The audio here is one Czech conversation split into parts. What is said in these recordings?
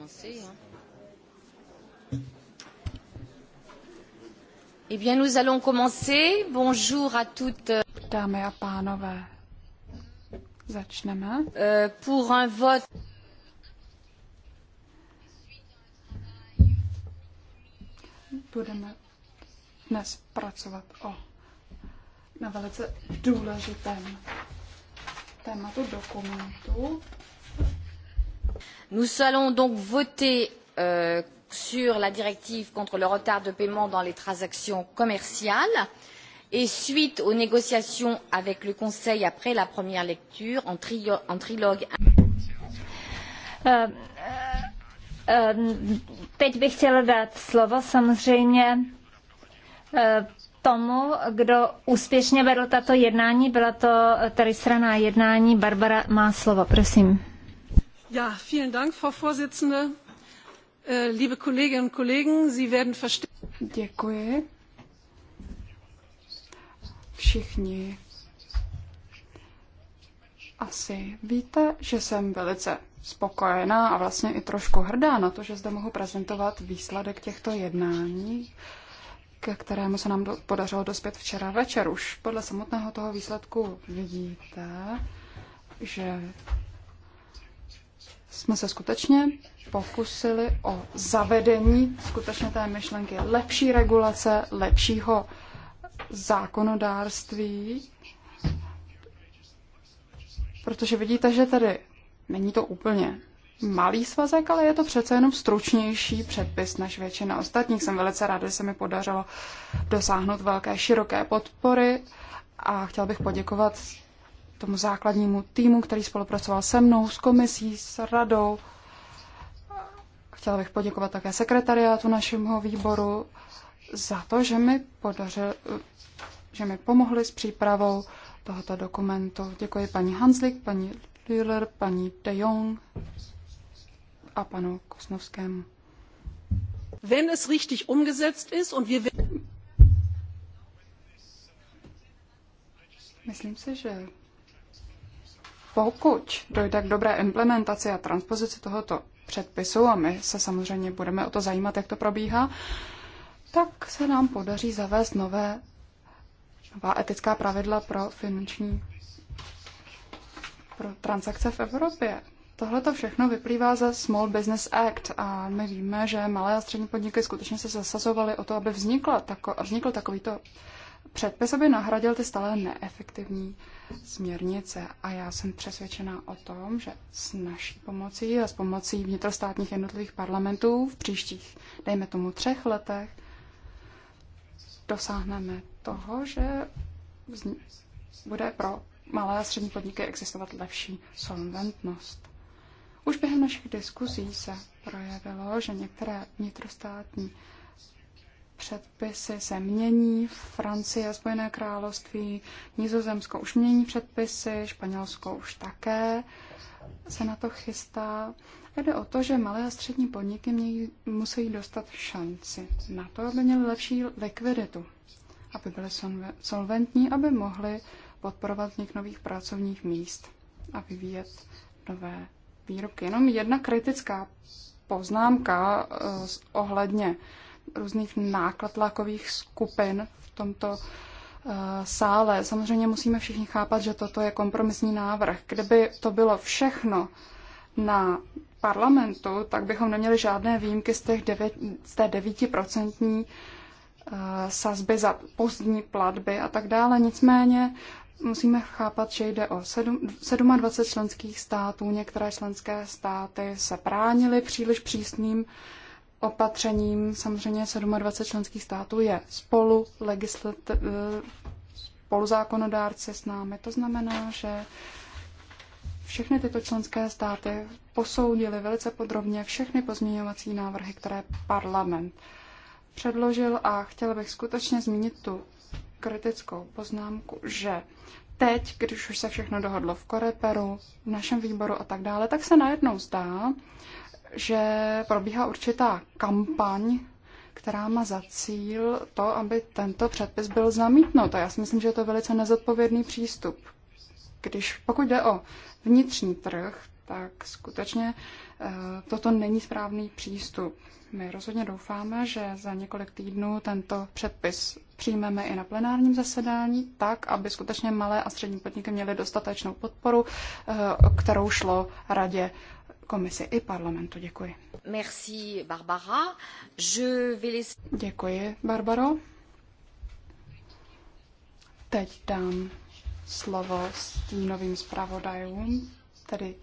commencer. Hein. Eh bien, nous allons commencer. Bonjour à toutes. Euh, Dámy a pánové, začneme. Euh, pour un vote. Budeme dnes pracovat o na velice důležitém tématu dokumentu, nous allons donc voter euh, sur la directive contre le retard de paiement dans les transactions commerciales et suite aux négociations avec le conseil après la première lecture en, tri en trilogue euh, euh, Teď bych chtěla dát slovo samozřejmě eh, tomu, kdo úspěšně vedl tato jednání. Byla to eh, tedy straná jednání. Barbara má slovo, prosím. Frau äh, Liebe Kolleginnen und Kollegen, Sie werden verstehen. Děkuji. Všichni asi víte, že jsem velice spokojená a vlastně i trošku hrdá na to, že zde mohu prezentovat výsledek těchto jednání, ke kterému se nám podařilo dospět včera večer. Už podle samotného toho výsledku vidíte, že jsme se skutečně pokusili o zavedení skutečně té myšlenky lepší regulace, lepšího zákonodárství, protože vidíte, že tady není to úplně malý svazek, ale je to přece jenom stručnější předpis než většina ostatních. Jsem velice rád, že se mi podařilo dosáhnout velké široké podpory a chtěl bych poděkovat tomu základnímu týmu, který spolupracoval se mnou, s komisí, s radou. Chtěla bych poděkovat také sekretariátu našeho výboru za to, že mi, podařil, že mi pomohli s přípravou tohoto dokumentu. Děkuji paní Hanslik, paní Lüller, paní De Jong a panu Kosnovskému. Wenn es richtig umgesetzt ist und wir Myslím si, že pokud dojde k dobré implementaci a transpozici tohoto předpisu, a my se samozřejmě budeme o to zajímat, jak to probíhá, tak se nám podaří zavést nové, nová etická pravidla pro finanční pro transakce v Evropě. Tohle to všechno vyplývá ze Small Business Act a my víme, že malé a střední podniky skutečně se zasazovaly o to, aby vznikla tako, vznikl takovýto předpis, aby nahradil ty stále neefektivní směrnice. A já jsem přesvědčena o tom, že s naší pomocí a s pomocí vnitrostátních jednotlivých parlamentů v příštích, dejme tomu, třech letech dosáhneme toho, že bude pro malé a střední podniky existovat lepší solventnost. Už během našich diskuzí se projevilo, že některé vnitrostátní předpisy se mění, Francie a Spojené království, Nizozemsko už mění předpisy, Španělsko už také se na to chystá. jde o to, že malé a střední podniky mějí, musí dostat šanci na to, aby měly lepší likviditu, aby byly solventní, aby mohly podporovat vznik nových pracovních míst a vyvíjet nové výrobky. Jenom jedna kritická poznámka eh, ohledně různých nákladlákových skupin v tomto eh, sále. Samozřejmě musíme všichni chápat, že toto je kompromisní návrh. Kdyby to bylo všechno na parlamentu, tak bychom neměli žádné výjimky z, těch 9, z té devítiprocentní eh, sazby za pozdní platby a tak dále. Nicméně musíme chápat, že jde o 7, 27 členských států. Některé členské státy se pránily příliš přísným opatřením samozřejmě 27 členských států je spolu legislat- eh, spoluzákonodárci s námi. To znamená, že všechny tyto členské státy posoudily velice podrobně všechny pozměňovací návrhy, které parlament předložil a chtěla bych skutečně zmínit tu kritickou poznámku, že teď, když už se všechno dohodlo v Koreperu, v našem výboru a tak dále, tak se najednou zdá, že probíhá určitá kampaň, která má za cíl to, aby tento předpis byl zamítnut. A já si myslím, že je to velice nezodpovědný přístup. Když pokud jde o vnitřní trh, tak skutečně eh, toto není správný přístup. My rozhodně doufáme, že za několik týdnů tento předpis přijmeme i na plenárním zasedání, tak, aby skutečně malé a střední podniky měly dostatečnou podporu, eh, kterou šlo radě komisi i parlamentu. Děkuji. Merci, Barbara. Je vais... Děkuji, Barbaro. Teď dám slovo stínovým zpravodajům, tedy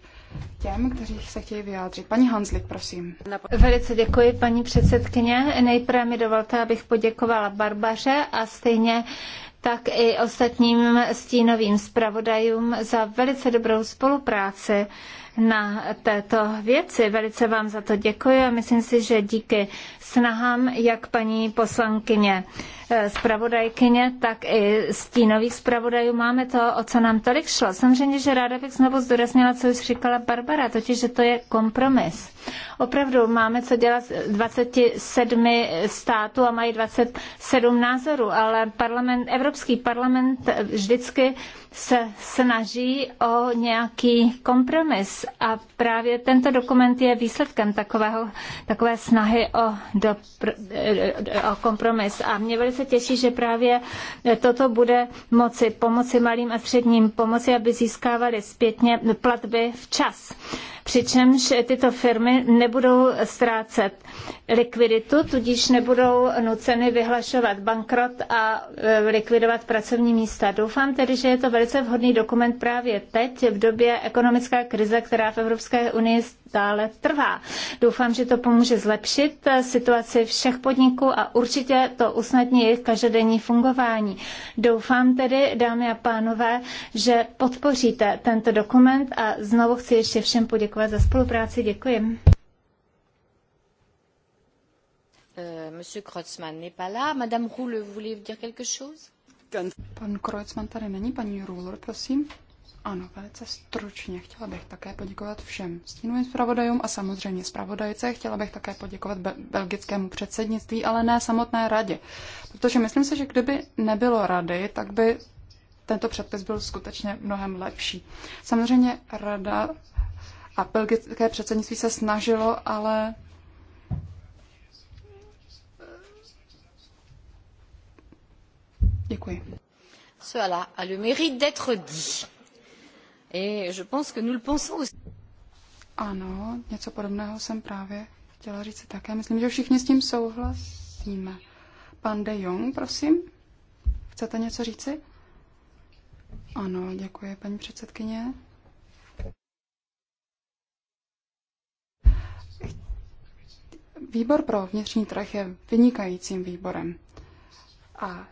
těm, kteří se chtějí vyjádřit. Paní Hanslik, prosím. Velice děkuji, paní předsedkyně. Nejprve mi dovolte, abych poděkovala Barbaře a stejně tak i ostatním stínovým zpravodajům za velice dobrou spolupráci na této věci. Velice vám za to děkuji a myslím si, že díky snahám jak paní poslankyně eh, zpravodajkyně, tak i stínových zpravodajů máme to, o co nám tolik šlo. Samozřejmě, že ráda bych znovu zdůraznila, co už říkala Barbara, totiž, že to je kompromis. Opravdu máme co dělat 27 států a mají 27 názorů, ale parlament, Evropský parlament vždycky se snaží o nějaký kompromis a právě tento dokument je výsledkem takového, takové snahy o, do, o kompromis. A mě velice těší, že právě toto bude moci pomoci malým a středním pomoci, aby získávali zpětně platby včas přičemž tyto firmy nebudou ztrácet likviditu, tudíž nebudou nuceny vyhlašovat bankrot a e, likvidovat pracovní místa. Doufám tedy, že je to velice vhodný dokument právě teď, v době ekonomické krize, která v Evropské unii stále trvá. Doufám, že to pomůže zlepšit e, situaci všech podniků a určitě to usnadní jejich každodenní fungování. Doufám tedy, dámy a pánové, že podpoříte tento dokument a znovu chci ještě všem poděkovat poděkovat za spolupráci. Děkuji. Euh, monsieur Kreutzmann n'est pas là. Madame Roule, vous voulez dire quelque chose? Pan Kreutzmann tady není, paní Ruler, prosím. Ano, velice stručně. Chtěla bych také poděkovat všem stínovým zpravodajům a samozřejmě zpravodajce. Chtěla bych také poděkovat belgickému předsednictví, ale ne samotné radě. Protože myslím si, že kdyby nebylo rady, tak by tento předpis byl skutečně mnohem lepší. Samozřejmě rada a belgické předsednictví se snažilo, ale Děkuji. Cela a le mérite d'être dit. Et je pense que nous le pensons aussi. Ano, něco podobného jsem právě chtěla říct také. Myslím, že všichni s tím souhlasíme. Pan De Jong, prosím, chcete něco říci? Ano, děkuji, paní předsedkyně. Výbor pro vnitřní trh je vynikajícím výborem. A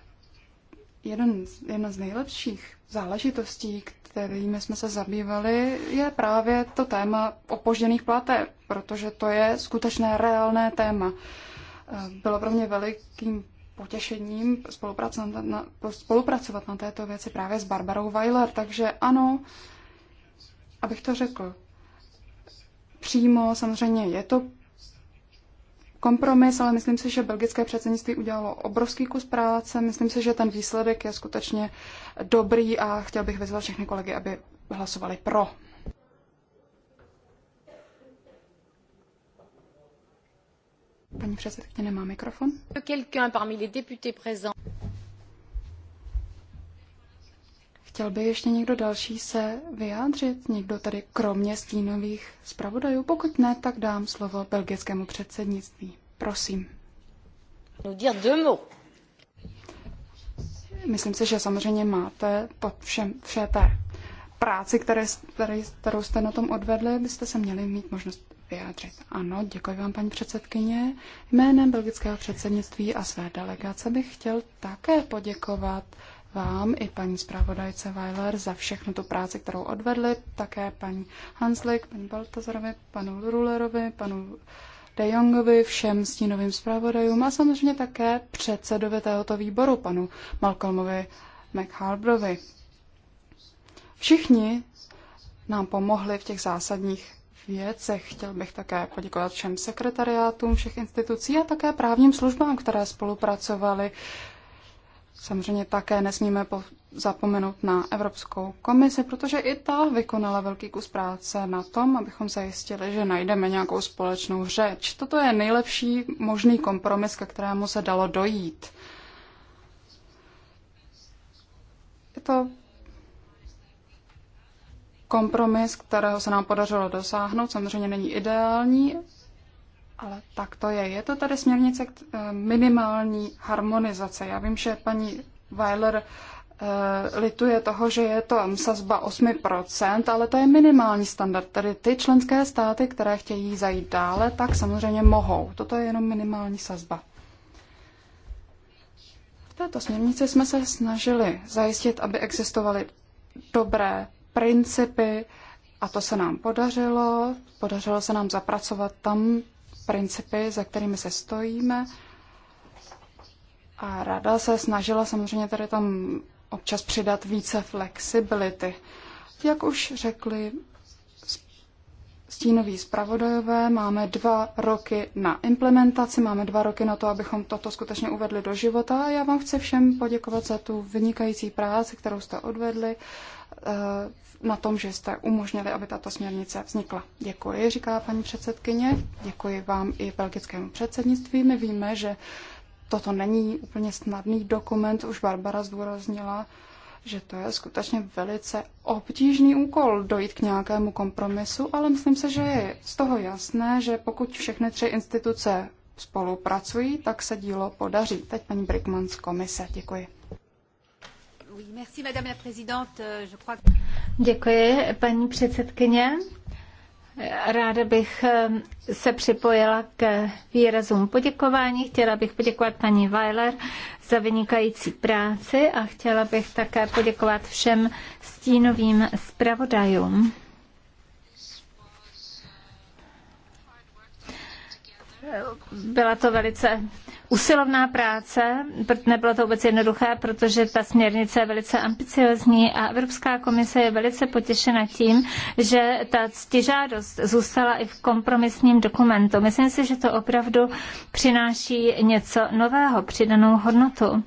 jeden, jedna z nejlepších záležitostí, kterými jsme se zabývali, je právě to téma opožděných plateb, protože to je skutečné reálné téma. Bylo pro mě velikým potěšením spolupracovat na, spolupracovat na této věci právě s Barbarou Weiler, takže ano, abych to řekl, přímo samozřejmě je to kompromis, ale myslím si, že belgické předsednictví udělalo obrovský kus práce. Myslím si, že ten výsledek je skutečně dobrý a chtěl bych vyzvat všechny kolegy, aby hlasovali pro. Paní předsedkyně nemá mikrofon. Chtěl by ještě někdo další se vyjádřit? Někdo tady kromě stínových zpravodajů? Pokud ne, tak dám slovo belgickému předsednictví. Prosím. Myslím si, že samozřejmě máte pod všem, vše té práci, které, které, kterou jste na tom odvedli, byste se měli mít možnost vyjádřit. Ano, děkuji vám, paní předsedkyně. Jménem belgického předsednictví a své delegace bych chtěl také poděkovat vám i paní zpravodajce Weiler za všechnu tu práci, kterou odvedli, také paní Hanslik, paní Baltazarovi, panu Rulerovi, panu De Jongovi, všem stínovým zpravodajům a samozřejmě také předsedovi tohoto výboru, panu Malcolmovi McHalbrovi. Všichni nám pomohli v těch zásadních věcech. Chtěl bych také poděkovat všem sekretariátům všech institucí a také právním službám, které spolupracovaly Samozřejmě také nesmíme zapomenout na Evropskou komisi, protože i ta vykonala velký kus práce na tom, abychom zajistili, že najdeme nějakou společnou řeč. Toto je nejlepší možný kompromis, ke kterému se dalo dojít. Je to kompromis, kterého se nám podařilo dosáhnout. Samozřejmě není ideální, ale tak to je. Je to tady směrnice k eh, minimální harmonizace. Já vím, že paní Weiler eh, lituje toho, že je to sazba 8%, ale to je minimální standard. Tedy ty členské státy, které chtějí zajít dále, tak samozřejmě mohou. Toto je jenom minimální sazba. V této směrnici jsme se snažili zajistit, aby existovaly dobré principy, a to se nám podařilo. Podařilo se nám zapracovat tam principy, za kterými se stojíme. A rada se snažila samozřejmě tady tam občas přidat více flexibility. Jak už řekli stínoví zpravodajové, máme dva roky na implementaci, máme dva roky na to, abychom toto skutečně uvedli do života. A já vám chci všem poděkovat za tu vynikající práci, kterou jste odvedli Eh, na tom, že jste umožnili, aby tato směrnice vznikla. Děkuji, říká paní předsedkyně. Děkuji vám i belgickému předsednictví. My víme, že toto není úplně snadný dokument, už Barbara zdůraznila, že to je skutečně velice obtížný úkol dojít k nějakému kompromisu, ale myslím se, že je z toho jasné, že pokud všechny tři instituce spolupracují, tak se dílo podaří. Teď paní Brickman z komise. Děkuji. Euh, Děkuji, paní předsedkyně. Ráda bych eh, se připojila k výrazům poděkování. Chtěla bych poděkovat paní Weiler za vynikající práci a chtěla bych také poděkovat všem stínovým zpravodajům. Byla to velice usilovná práce, nebylo to vůbec jednoduché, protože ta směrnice je velice ambiciozní a Evropská komise je velice potěšena tím, že ta ctižádost zůstala i v kompromisním dokumentu. Myslím si, že to opravdu přináší něco nového, přidanou hodnotu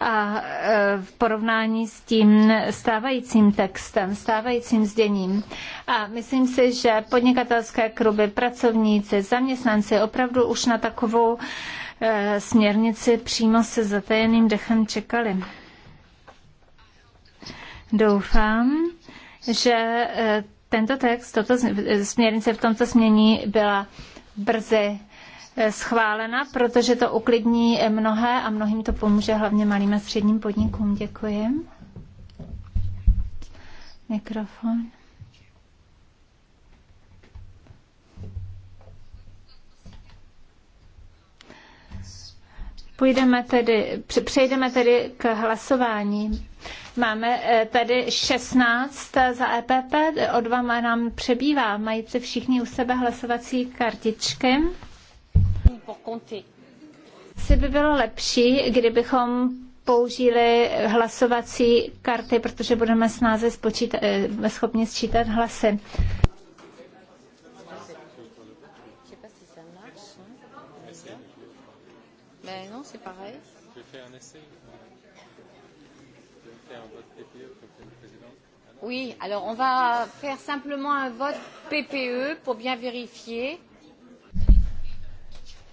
a e, v porovnání s tím stávajícím textem, stávajícím zděním. A myslím si, že podnikatelské kruby, pracovníci, zaměstnanci opravdu už na takovou Eh, směrnici přímo se zatajeným dechem čekali. Doufám, že eh, tento text, toto eh, směrnice v tomto smění byla brzy schválena, protože to uklidní mnohé a mnohým to pomůže, hlavně malým a středním podnikům. Děkuji. Mikrofon. Půjdeme tedy, přejdeme tedy k hlasování. Máme eh, tady 16 za EPP, o dva nám přebývá. Mají všichni u sebe hlasovací kartičky. Asi by bylo lepší, kdybychom použili hlasovací karty, protože budeme snáze eh, schopni sčítat hlasy. c'est pareil. Je vais faire un essai. Je vais faire un vote PPE comme le président. Ah oui, alors on va faire simplement un vote PPE pour bien vérifier.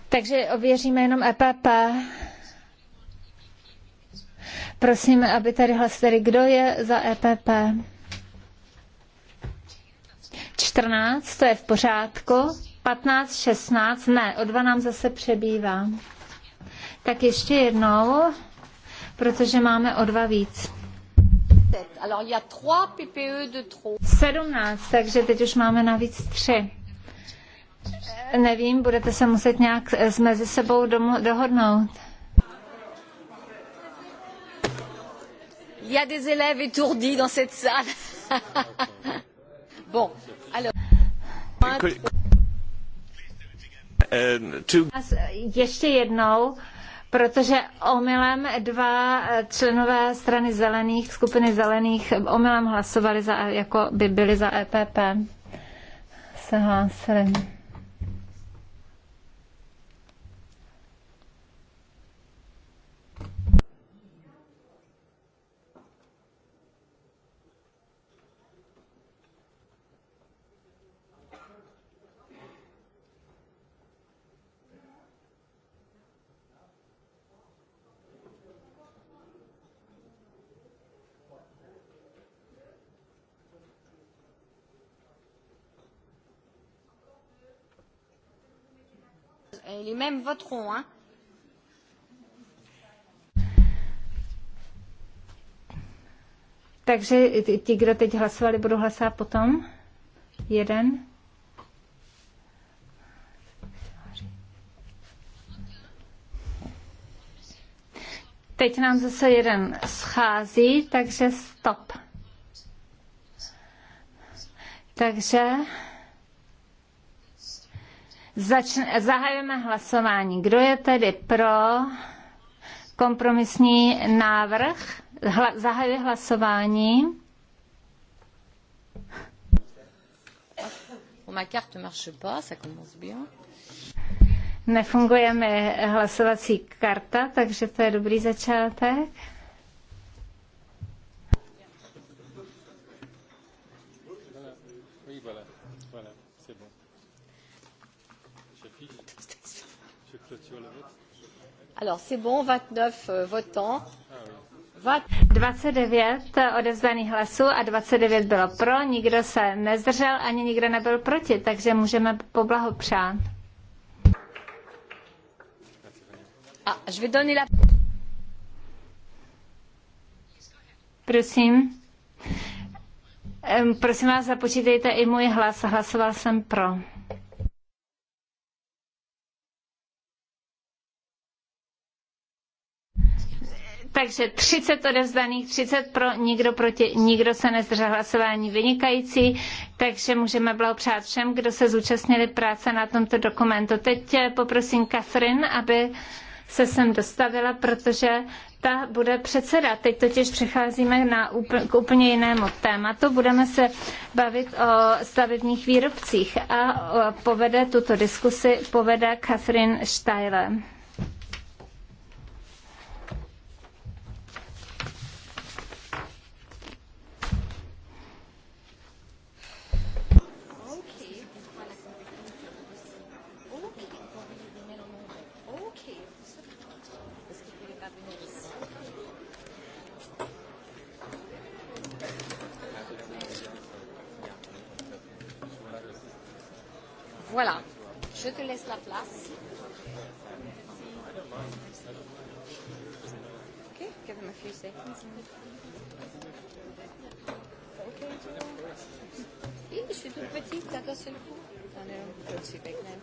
Takže ověříme jenom EPP. Prosím, aby tady hlasili, kdo je za EPP. 14, to je v pořádku. 15, 16, ne, o dva nám zase přebývá. Tak ještě jednou, protože máme o dva víc. 17, e takže teď už máme navíc tři. Nevím, budete se muset nějak mezi sebou dohodnout. Il y a des élèves étourdis dans cette salle. bon, alors. Ještě jednou protože omylem dva členové strany zelených, skupiny zelených, omylem hlasovali za, e- jako by byli za EPP. Se hlásili. les mêmes voteront, hein Takže ti, kdo teď hlasovali, budou hlasovat potom? Jeden. Teď nám zase jeden schází, takže stop. Takže Začne, zahajujeme hlasování. Kdo je tedy pro kompromisní návrh? Hla, zahajuje hlasování. Ma carte marche pas, ça commence bien. Nefunguje mi hlasovací karta, takže to je dobrý začátek. 29 euh, votants. odevzdaných hlasů a 29 bylo pro, nikdo se nezdržel ani nikdo nebyl proti, takže můžeme poblahopřát. Ah, je la... Prosím. Prosím vás, započítejte i můj hlas. Hlasoval jsem pro. Takže 30 odevzdaných, 30 pro, nikdo proti, nikdo se nezdržel hlasování vynikající, takže můžeme blahopřát všem, kdo se zúčastnili práce na tomto dokumentu. Teď eh, poprosím Katrin, aby se sem dostavila, protože ta bude předseda. Teď totiž přecházíme na úpl- k úplně jinému tématu. Budeme se bavit o stavebních výrobcích a povede tuto diskusi povede Catherine Steiler. laisse la place. Okay, give them a few seconds. Okay. Je suis toute petite, là, d'un seul coup. On est un peu au-dessus, maintenant.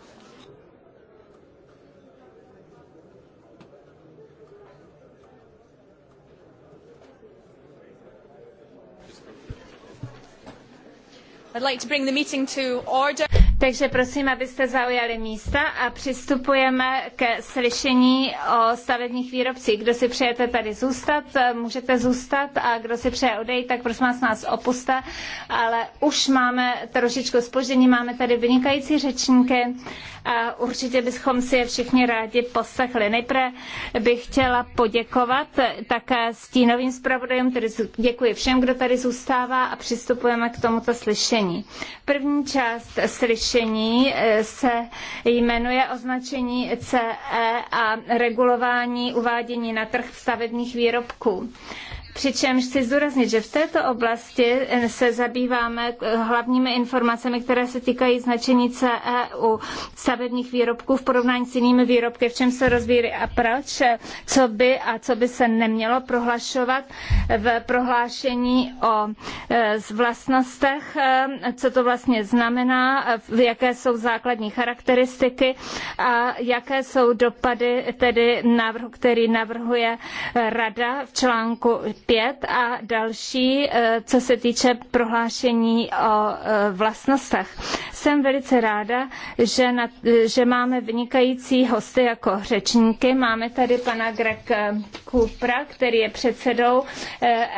I'd like to bring the meeting to order. Takže prosím, abyste zaujali místa a přistupujeme ke slyšení o stavebních výrobcích. Kdo si přejete tady zůstat, můžete zůstat a kdo si přeje odejít, tak prosím vás nás opuste, ale už máme trošičku spoždění, máme tady vynikající řečníky a určitě bychom si je všichni rádi poslechli. Nejprve bych chtěla poděkovat také stínovým zpravodajům, tedy děkuji všem, kdo tady zůstává a přistupujeme k tomuto slyšení. První část slyšení řešení eh, se jmenuje označení CE a regulování uvádění na trh stavebních výrobků. Přičemž chci zdůraznit, že v této oblasti eh, se zabýváme eh, hlavními informacemi, které se týkají značení CE u stavebních výrobků v porovnání s jinými výrobky, v čem se rozvíjí a proč, eh, co by a co by se nemělo prohlašovat v prohlášení o vlastnostech, co to vlastně znamená, jaké jsou základní charakteristiky a jaké jsou dopady tedy návrhu, který navrhuje Rada v článku five a další, eh, co se týče prohlášení o eh, vlastnostech. Jsem velice ráda, že, na, eh, že máme vynikající hosty jako řečníky. Máme tady pana Greg Kupra, který je předsedou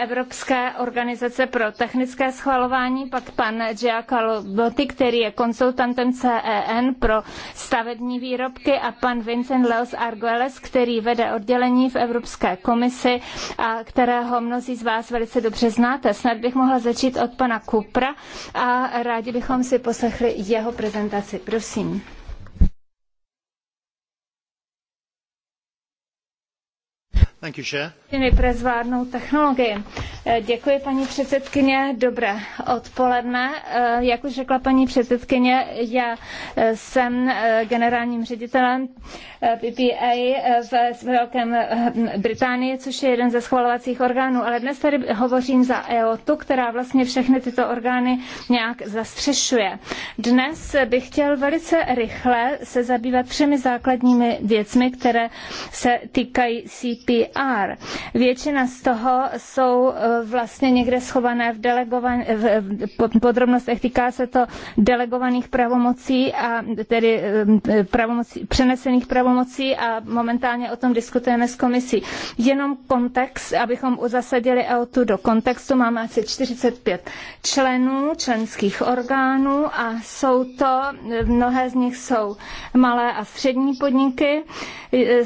Evropské organizace pro technické schvalování, pak pan Giacomo Botti, který je konzultantem CEN pro stavební výrobky a pan Vincent Leos Arguelles, který vede oddělení v Evropské komisi a kterého mnozí z vás velice dobře znáte. Snad bych mohla začít od pana Kupra a rádi bychom si poslechli jeho prezentaci. Prosím. pro zvládnou technologii. Eh, děkuji paní předsedkyně, dobré odpoledne. Eh, jak už řekla paní předsedkyně, já eh, jsem generálním ředitelem PPA v Velkém Británii, což je jeden ze schvalovacích orgánů, ale dnes tady hovořím za EOTu, která vlastně všechny tyto orgány nějak zastřešuje. Dnes bych chtěl velice rychle se zabývat třemi základními věcmi, které se týkají CPA ADR. Většina z toho jsou eh, vlastně někde schované v, delegovan- v eh, podrobnostech. Týká se to delegovaných pravomocí a tedy eh, pravomocí, přenesených pravomocí a momentálně o tom diskutujeme s komisí. Jenom kontext, abychom uzasadili EOTu do kontextu, máme asi 45 členů, členských orgánů a jsou to, mnohé z nich jsou malé a střední podniky.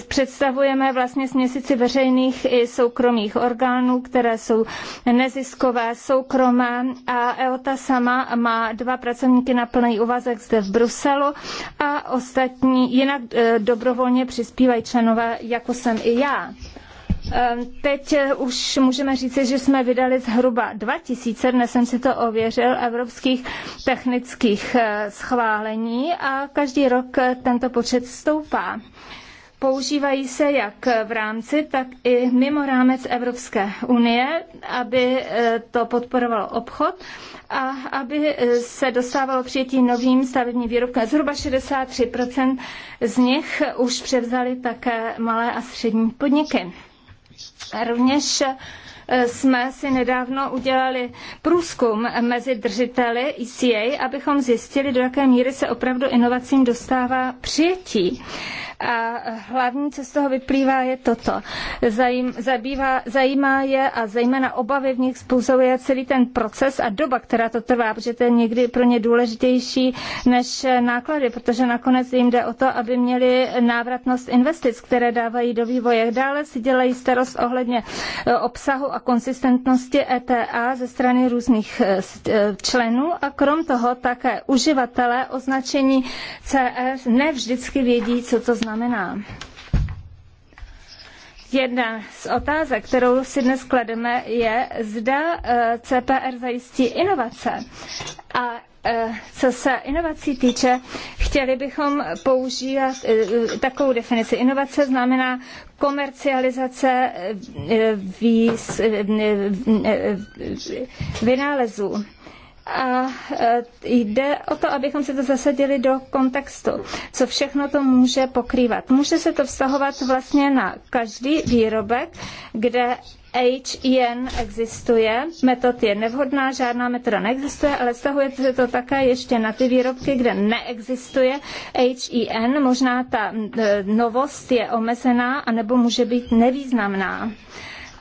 Představujeme vlastně směsici veřejných veřejných i soukromých orgánů, které jsou neziskové, soukromé. A EOTA sama má dva pracovníky na plný úvazek zde v Bruselu a ostatní jinak eh, dobrovolně přispívají členové, jako jsem i já. Ehm, teď eh, už můžeme říci, že jsme vydali zhruba 2000, dnes jsem si to ověřil, evropských technických eh, schválení a každý rok tento počet stoupá. Používají se jak v rámci, tak i mimo rámec Evropské unie, aby e, to podporovalo obchod a aby e, se dostávalo přijetí novým stavebním výrobkům. Zhruba 63% z nich už převzali také malé a střední podniky. A rovněž Eh, jsme si nedávno udělali průzkum mezi držiteli ECA, abychom zjistili, do jaké míry se opravdu inovacím dostává přijetí. A hlavní, co z toho vyplývá, je toto. Zajím, zabývá, zajímá je a zejména obavy v nich způsobuje celý ten proces a doba, která to trvá, protože to je někdy pro ně důležitější než náklady, protože nakonec jim jde o to, aby měli návratnost investic, které dávají do vývoje. Dále si dělají starost ohledně eh, obsahu a konsistentnosti ETA ze strany různých eh, eh, členů a krom toho také uživatelé označení CE ne vždycky vědí, co to znamená. Jedna z otázek, kterou si dnes klademe, je, zda eh, CPR zajistí inovace. A Eh, co se inovací týče, chtěli bychom používat eh, takovou definici. Inovace znamená komercializace eh, výz, vynálezů. A jde o to, abychom si to zasadili do kontextu, co všechno to může pokrývat. Může se to vztahovat vlastně na každý výrobek, kde H jen existuje, metod je nevhodná, žádná metoda neexistuje, ale stahuje se to také ještě na ty výrobky, kde neexistuje HEN. Možná ta e, novost je omezená, anebo může být nevýznamná.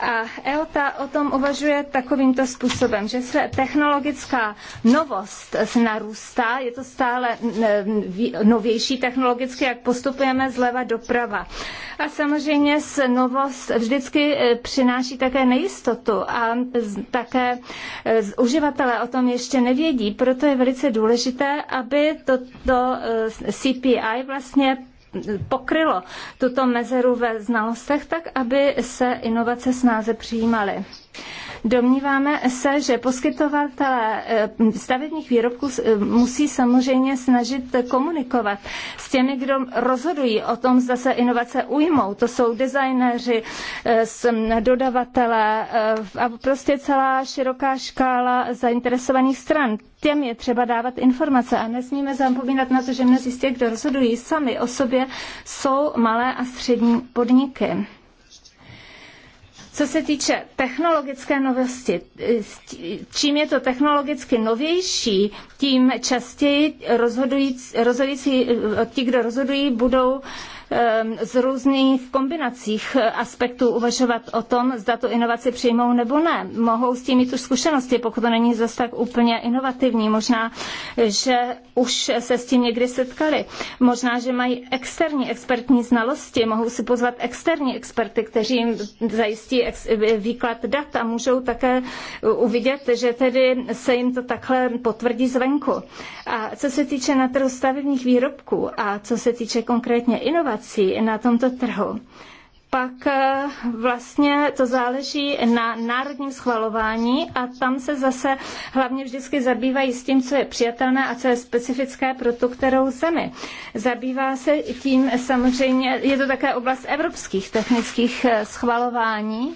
A EOTA o tom uvažuje takovýmto způsobem, že se technologická novost narůstá, je to stále novější technologicky, jak postupujeme zleva doprava. A samozřejmě s novost vždycky e, přináší také nejistotu a také e, uživatelé o tom ještě nevědí, proto je velice důležité, aby toto e, CPI vlastně pokrylo tuto mezeru ve znalostech, tak aby se inovace snáze přijímaly. Domníváme se, že poskytovatelé eh, stavebních výrobků eh, musí samozřejmě snažit komunikovat s těmi, kdo rozhodují o tom, zda se inovace ujmou. To jsou designéři, eh, dodavatelé a prostě celá široká škála zainteresovaných stran těm je třeba dávat informace a nesmíme zapomínat na to, že mnozí z těch, kdo rozhodují sami o sobě, jsou malé a střední podniky. Co se týče technologické novosti, čím je to technologicky novější, tím častěji rozhodující, ti, kdo rozhodují, budou Ehm, z různých kombinacích aspektů uvažovat o tom, zda tu inovaci přijmou nebo ne. Mohou s tím mít už zkušenosti, pokud to není zase tak úplně inovativní. Možná, že už se s tím někdy setkali. Možná, že mají externí expertní znalosti, mohou si pozvat externí experty, kteří jim zajistí výklad dat a můžou také uvidět, že tedy se jim to takhle potvrdí zvenku. A co se týče na trhu stavebních výrobků a co se týče konkrétně inovací, regulací na tomto trhu, pak eh, vlastně to záleží na národním schvalování a tam se zase hlavně vždycky zabývají s tím, co je přijatelné a co je specifické pro tu kterou zemi. Zabývá se tím samozřejmě, je to také oblast evropských technických eh, schvalování,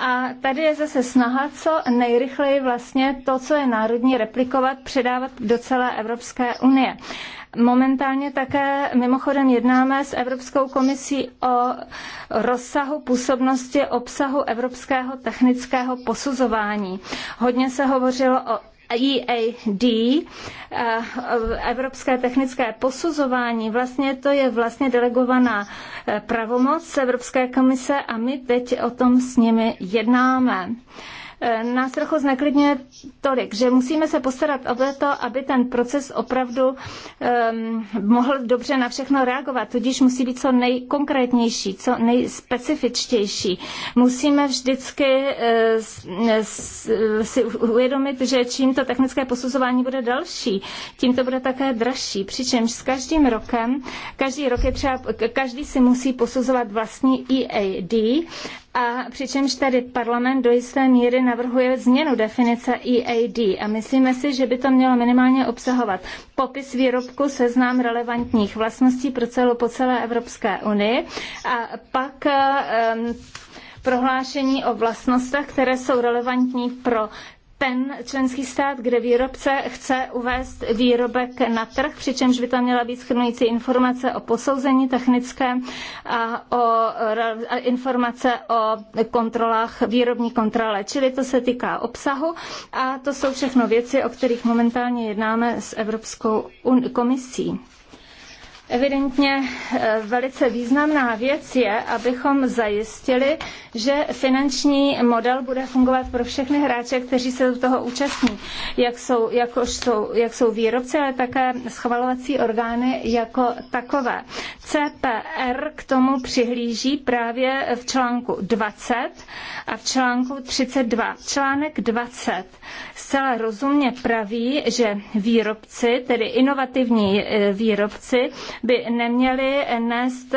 a tady je zase snaha, co nejrychleji vlastně to, co je národní, replikovat, předávat do celé Evropské unie. Momentálně také mimochodem jednáme s Evropskou komisí o rozsahu působnosti obsahu evropského technického posuzování. Hodně se hovořilo o EAD, eh, Evropské technické posuzování, vlastně to je vlastně delegovaná eh, pravomoc Evropské komise a my teď o tom s nimi jednáme. Eh, nás trochu zneklidně tolik, že musíme se postarat o to, aby ten proces opravdu um, mohl dobře na všechno reagovat, tudíž musí být co nejkonkrétnější, co nejspecifičtější. Musíme vždycky uh, si uvědomit, že čím to technické posuzování bude další, tím to bude také dražší, přičemž s každým rokem, každý rok je třeba, každý si musí posuzovat vlastní EAD a přičemž tady parlament do jisté míry navrhuje změnu definice EAD a myslíme si, že by to mělo minimálně obsahovat popis výrobku, seznam relevantních vlastností pro celou, po celé Evropské unii a pak um, prohlášení o vlastnostech, které jsou relevantní pro ten členský stát, kde výrobce chce uvést výrobek na trh, přičemž by tam měla být schrnující informace o posouzení technickém a, o, a informace o kontrolách, výrobní kontrole. Čili to se týká obsahu a to jsou všechno věci, o kterých momentálně jednáme s Evropskou komisí. Evidentně eh, velice významná věc je, abychom zajistili, že finanční model bude fungovat pro všechny hráče, kteří se do toho účastní, jak jsou, jako jsou, jak jsou výrobci, ale také schvalovací orgány jako takové. CPR k tomu přihlíží právě v článku 20 a v článku 32. Článek 20 zcela rozumně praví, že výrobci, tedy inovativní eh, výrobci, by neměly nést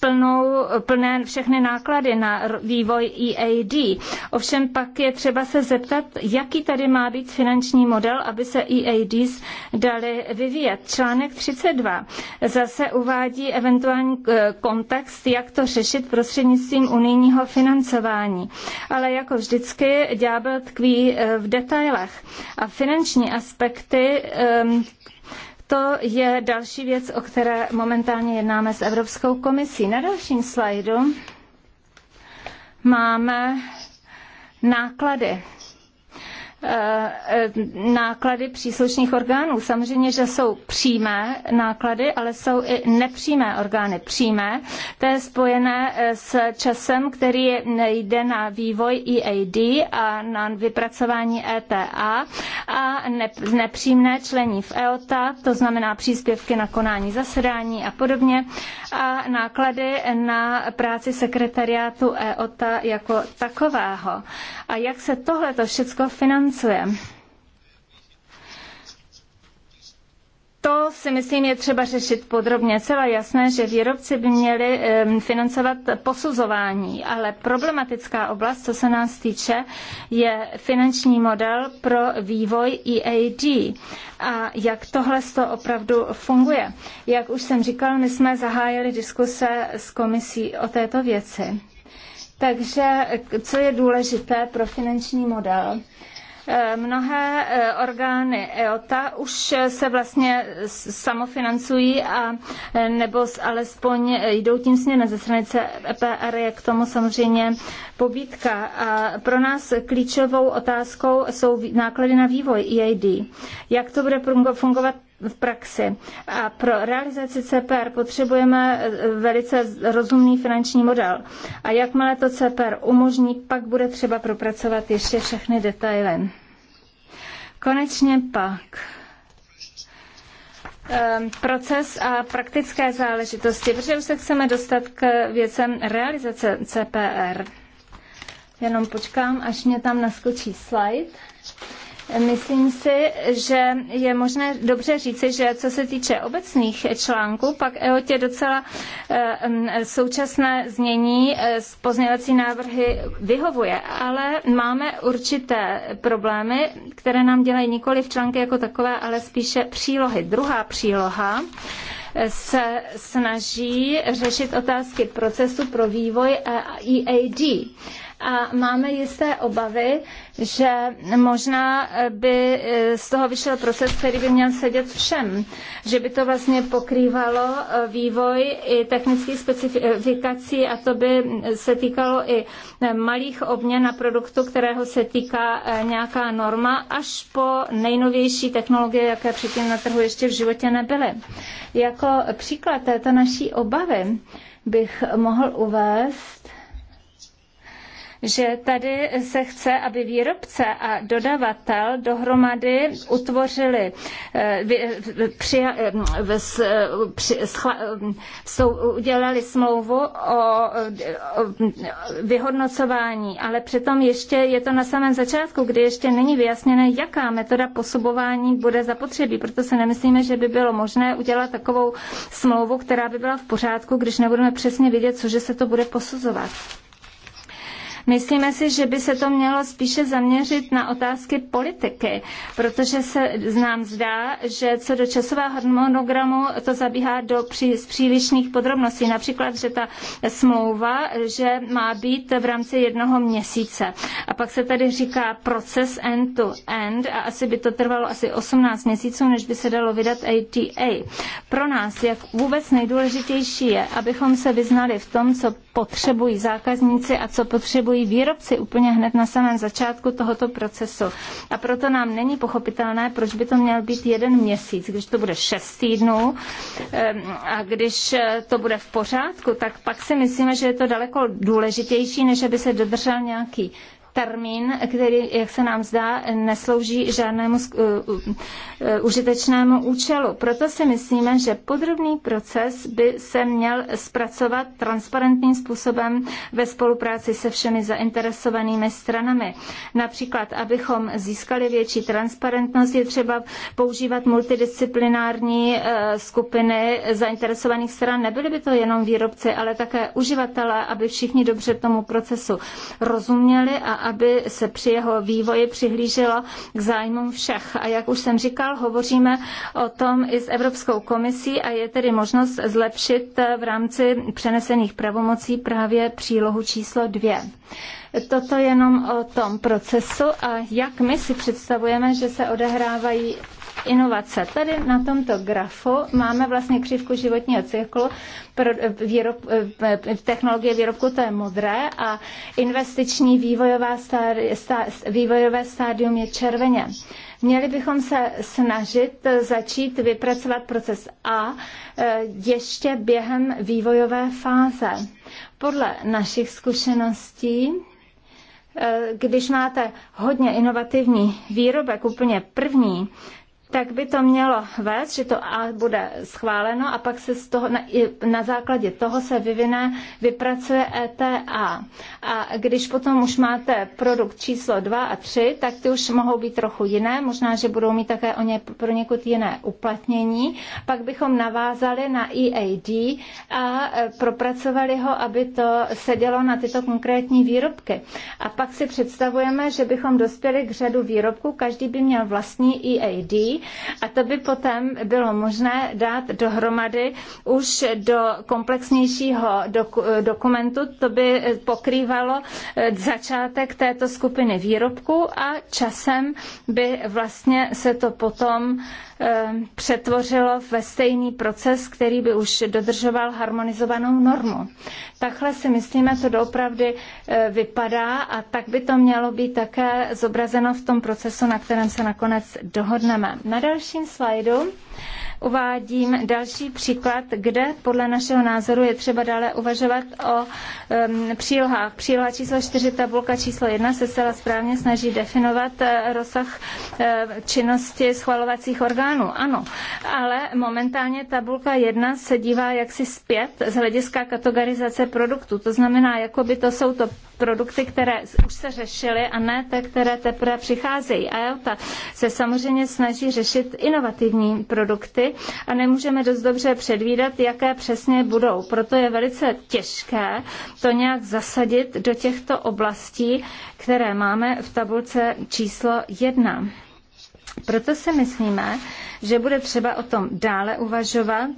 plnou, plné všechny náklady na vývoj EAD. Ovšem pak je třeba se zeptat, jaký tady má být finanční model, aby se EADs dali vyvíjet. Článek 32 zase uvádí eventuální eh, kontext, jak to řešit prostřednictvím unijního financování. Ale jako vždycky ďábel tkví eh, v detailech. A finanční aspekty ehm, to je další věc, o které momentálně jednáme s Evropskou komisí. Na dalším slajdu máme náklady Eh, náklady příslušných orgánů. Samozřejmě, že jsou přímé náklady, ale jsou i nepřímé orgány. Přímé, to je spojené eh, s časem, který jde na vývoj EAD a na vypracování ETA a nepřímné člení v EOTA, to znamená příspěvky na konání zasedání a podobně a náklady na práci sekretariátu EOTA jako takového. A jak se tohle to všechno financuje? Francie. To si myslím je třeba řešit podrobně. Celá jasné, že výrobci by měli financovat posuzování, ale problematická oblast, co se nás týče, je finanční model pro vývoj EAD. A jak tohle to opravdu funguje? Jak už jsem říkal, my jsme zahájili diskuse s komisí o této věci. Takže co je důležité pro finanční model? Eh, mnohé eh, orgány EOTA už eh, se vlastně samofinancují a nebo alespoň jdou tím směrem ze strany EPR, je k tomu samozřejmě pobídka. A pro nás klíčovou otázkou jsou náklady na vývoj EID. Jak to bude fungovat v praxi. A pro realizaci CPR potřebujeme eh, velice rozumný finanční model. A jakmile to CPR umožní, pak bude třeba propracovat ještě všechny detaily. Konečně pak ehm, proces a praktické záležitosti, protože už se chceme dostat k věcem realizace CPR. Jenom počkám, až mě tam naskočí slide. Myslím si, že je možné dobře říci, že co se týče obecných článků, pak EOT je docela eh, mm, současné znění z eh, pozměňovací návrhy vyhovuje, ale máme určité problémy, které nám dělají nikoli v články jako takové, ale spíše přílohy. Druhá příloha eh, se snaží řešit otázky procesu pro vývoj EAD a máme jisté obavy, že možná eh, by eh, z toho vyšel proces, který by měl sedět všem, že by to vlastně pokrývalo eh, vývoj i technických specifikací a to by se týkalo i malých obměn na produktu, kterého se týká nějaká norma, až po nejnovější technologie, jaké předtím na trhu ještě v životě nebyly. Jako příklad této naší obavy bych mohl uvést že tady se chce, aby výrobce a dodavatel dohromady utvořili eh, eh, při, eh, při, jsou, udělali smlouvu o, vyhodnocování, ale přitom ještě je to na samém začátku, kdy ještě není vyjasněné, jaká metoda posubování bude zapotřebí. Proto se nemyslíme, že by bylo možné udělat takovou smlouvu, která by byla v pořádku, když nebudeme přesně vědět, cože se to bude posuzovat. Myslíme si, že by se to mělo spíše zaměřit na otázky politiky, protože se nám zdá, že co do časového harmonogramu to zabíhá do pří, z přílišných podrobností. Například, že ta smlouva, že má být v rámci jednoho měsíce. A pak se tady říká proces end to end a asi by to trvalo asi 18 měsíců, než by se dalo vydat ATA. Pro nás, jak vůbec nejdůležitější je, abychom se vyznali v tom, co potřebují zákazníci a co potřebují výrobci úplně hned na samém začátku tohoto procesu. A proto nám není pochopitelné, proč by to měl být jeden měsíc, když to bude šest týdnů ehm, a když eh, to bude v pořádku, tak pak si myslíme, že je to daleko důležitější, než aby se dodržel nějaký termín, který, jak se nám zdá, neslouží žádnému eh, eh, eh, užitečnému účelu. Proto si myslíme, že podrobný proces by se měl zpracovat transparentním způsobem ve spolupráci se všemi zainteresovanými stranami. Například, abychom získali větší transparentnost, je třeba používat multidisciplinární skupiny zainteresovaných stran. Nebyly by to jenom výrobci, ale také uživatelé, aby všichni dobře tomu procesu rozuměli a aby se při jeho vývoji přihlíželo k zájmům všech. A jak už jsem říkal, hovoříme o tom i s Evropskou komisí a je tedy možnost zlepšit v rámci přenesených pravomocí právě přílohu číslo dvě toto jenom o tom procesu a jak my si představujeme, že se odehrávají inovace. Tady na tomto grafu máme vlastně křivku životního cyklu pro eh, výrob, eh, technologie výrobku, to je modré a investiční vývojová stádi, stá, vývojové stádium je červeně. Měli bychom se snažit začít vypracovat proces A eh, ještě během vývojové fáze. Podle našich zkušeností když máte hodně inovativní výrobek, úplně první, tak by to mělo vést, že to A bude schváleno a pak se z toho, na, na základě toho se vyvine, vypracuje ETA. A když potom už máte produkt číslo 2 a 3, tak ty už mohou být trochu jiné, možná, že budou mít také o ně, pro někud jiné uplatnění. Pak bychom navázali na EAD a e, propracovali ho, aby to sedělo na tyto konkrétní výrobky. A pak si představujeme, že bychom dospěli k řadu výrobků, každý by měl vlastní EAD a to by potom bylo možné dát dohromady už do komplexnějšího dokumentu. To by pokrývalo eh, začátek této skupiny výrobků a časem by vlastně se to potom Eh, přetvořilo ve stejný proces, který by už dodržoval harmonizovanou normu. Takhle si myslíme, to doopravdy eh, vypadá a tak by to mělo být také zobrazeno v tom procesu, na kterém se nakonec dohodneme. Na dalším slajdu uvádím další příklad, kde podle našeho názoru je třeba dále uvažovat o um, přílohách. Příloha číslo 4, tabulka číslo 1 se zcela správně snaží definovat eh, rozsah eh, činnosti schvalovacích orgánů. Ano, ale momentálně tabulka 1 se dívá jaksi zpět z hlediska kategorizace produktů. To znamená, jako by to jsou to produkty, které už se řešily a ne ty, které teprve přicházejí. IOTA se samozřejmě snaží řešit inovativní produkty a nemůžeme dost dobře předvídat, jaké přesně budou. Proto je velice těžké to nějak zasadit do těchto oblastí, které máme v tabulce číslo jedna. Proto si myslíme, že bude třeba o tom dále uvažovat,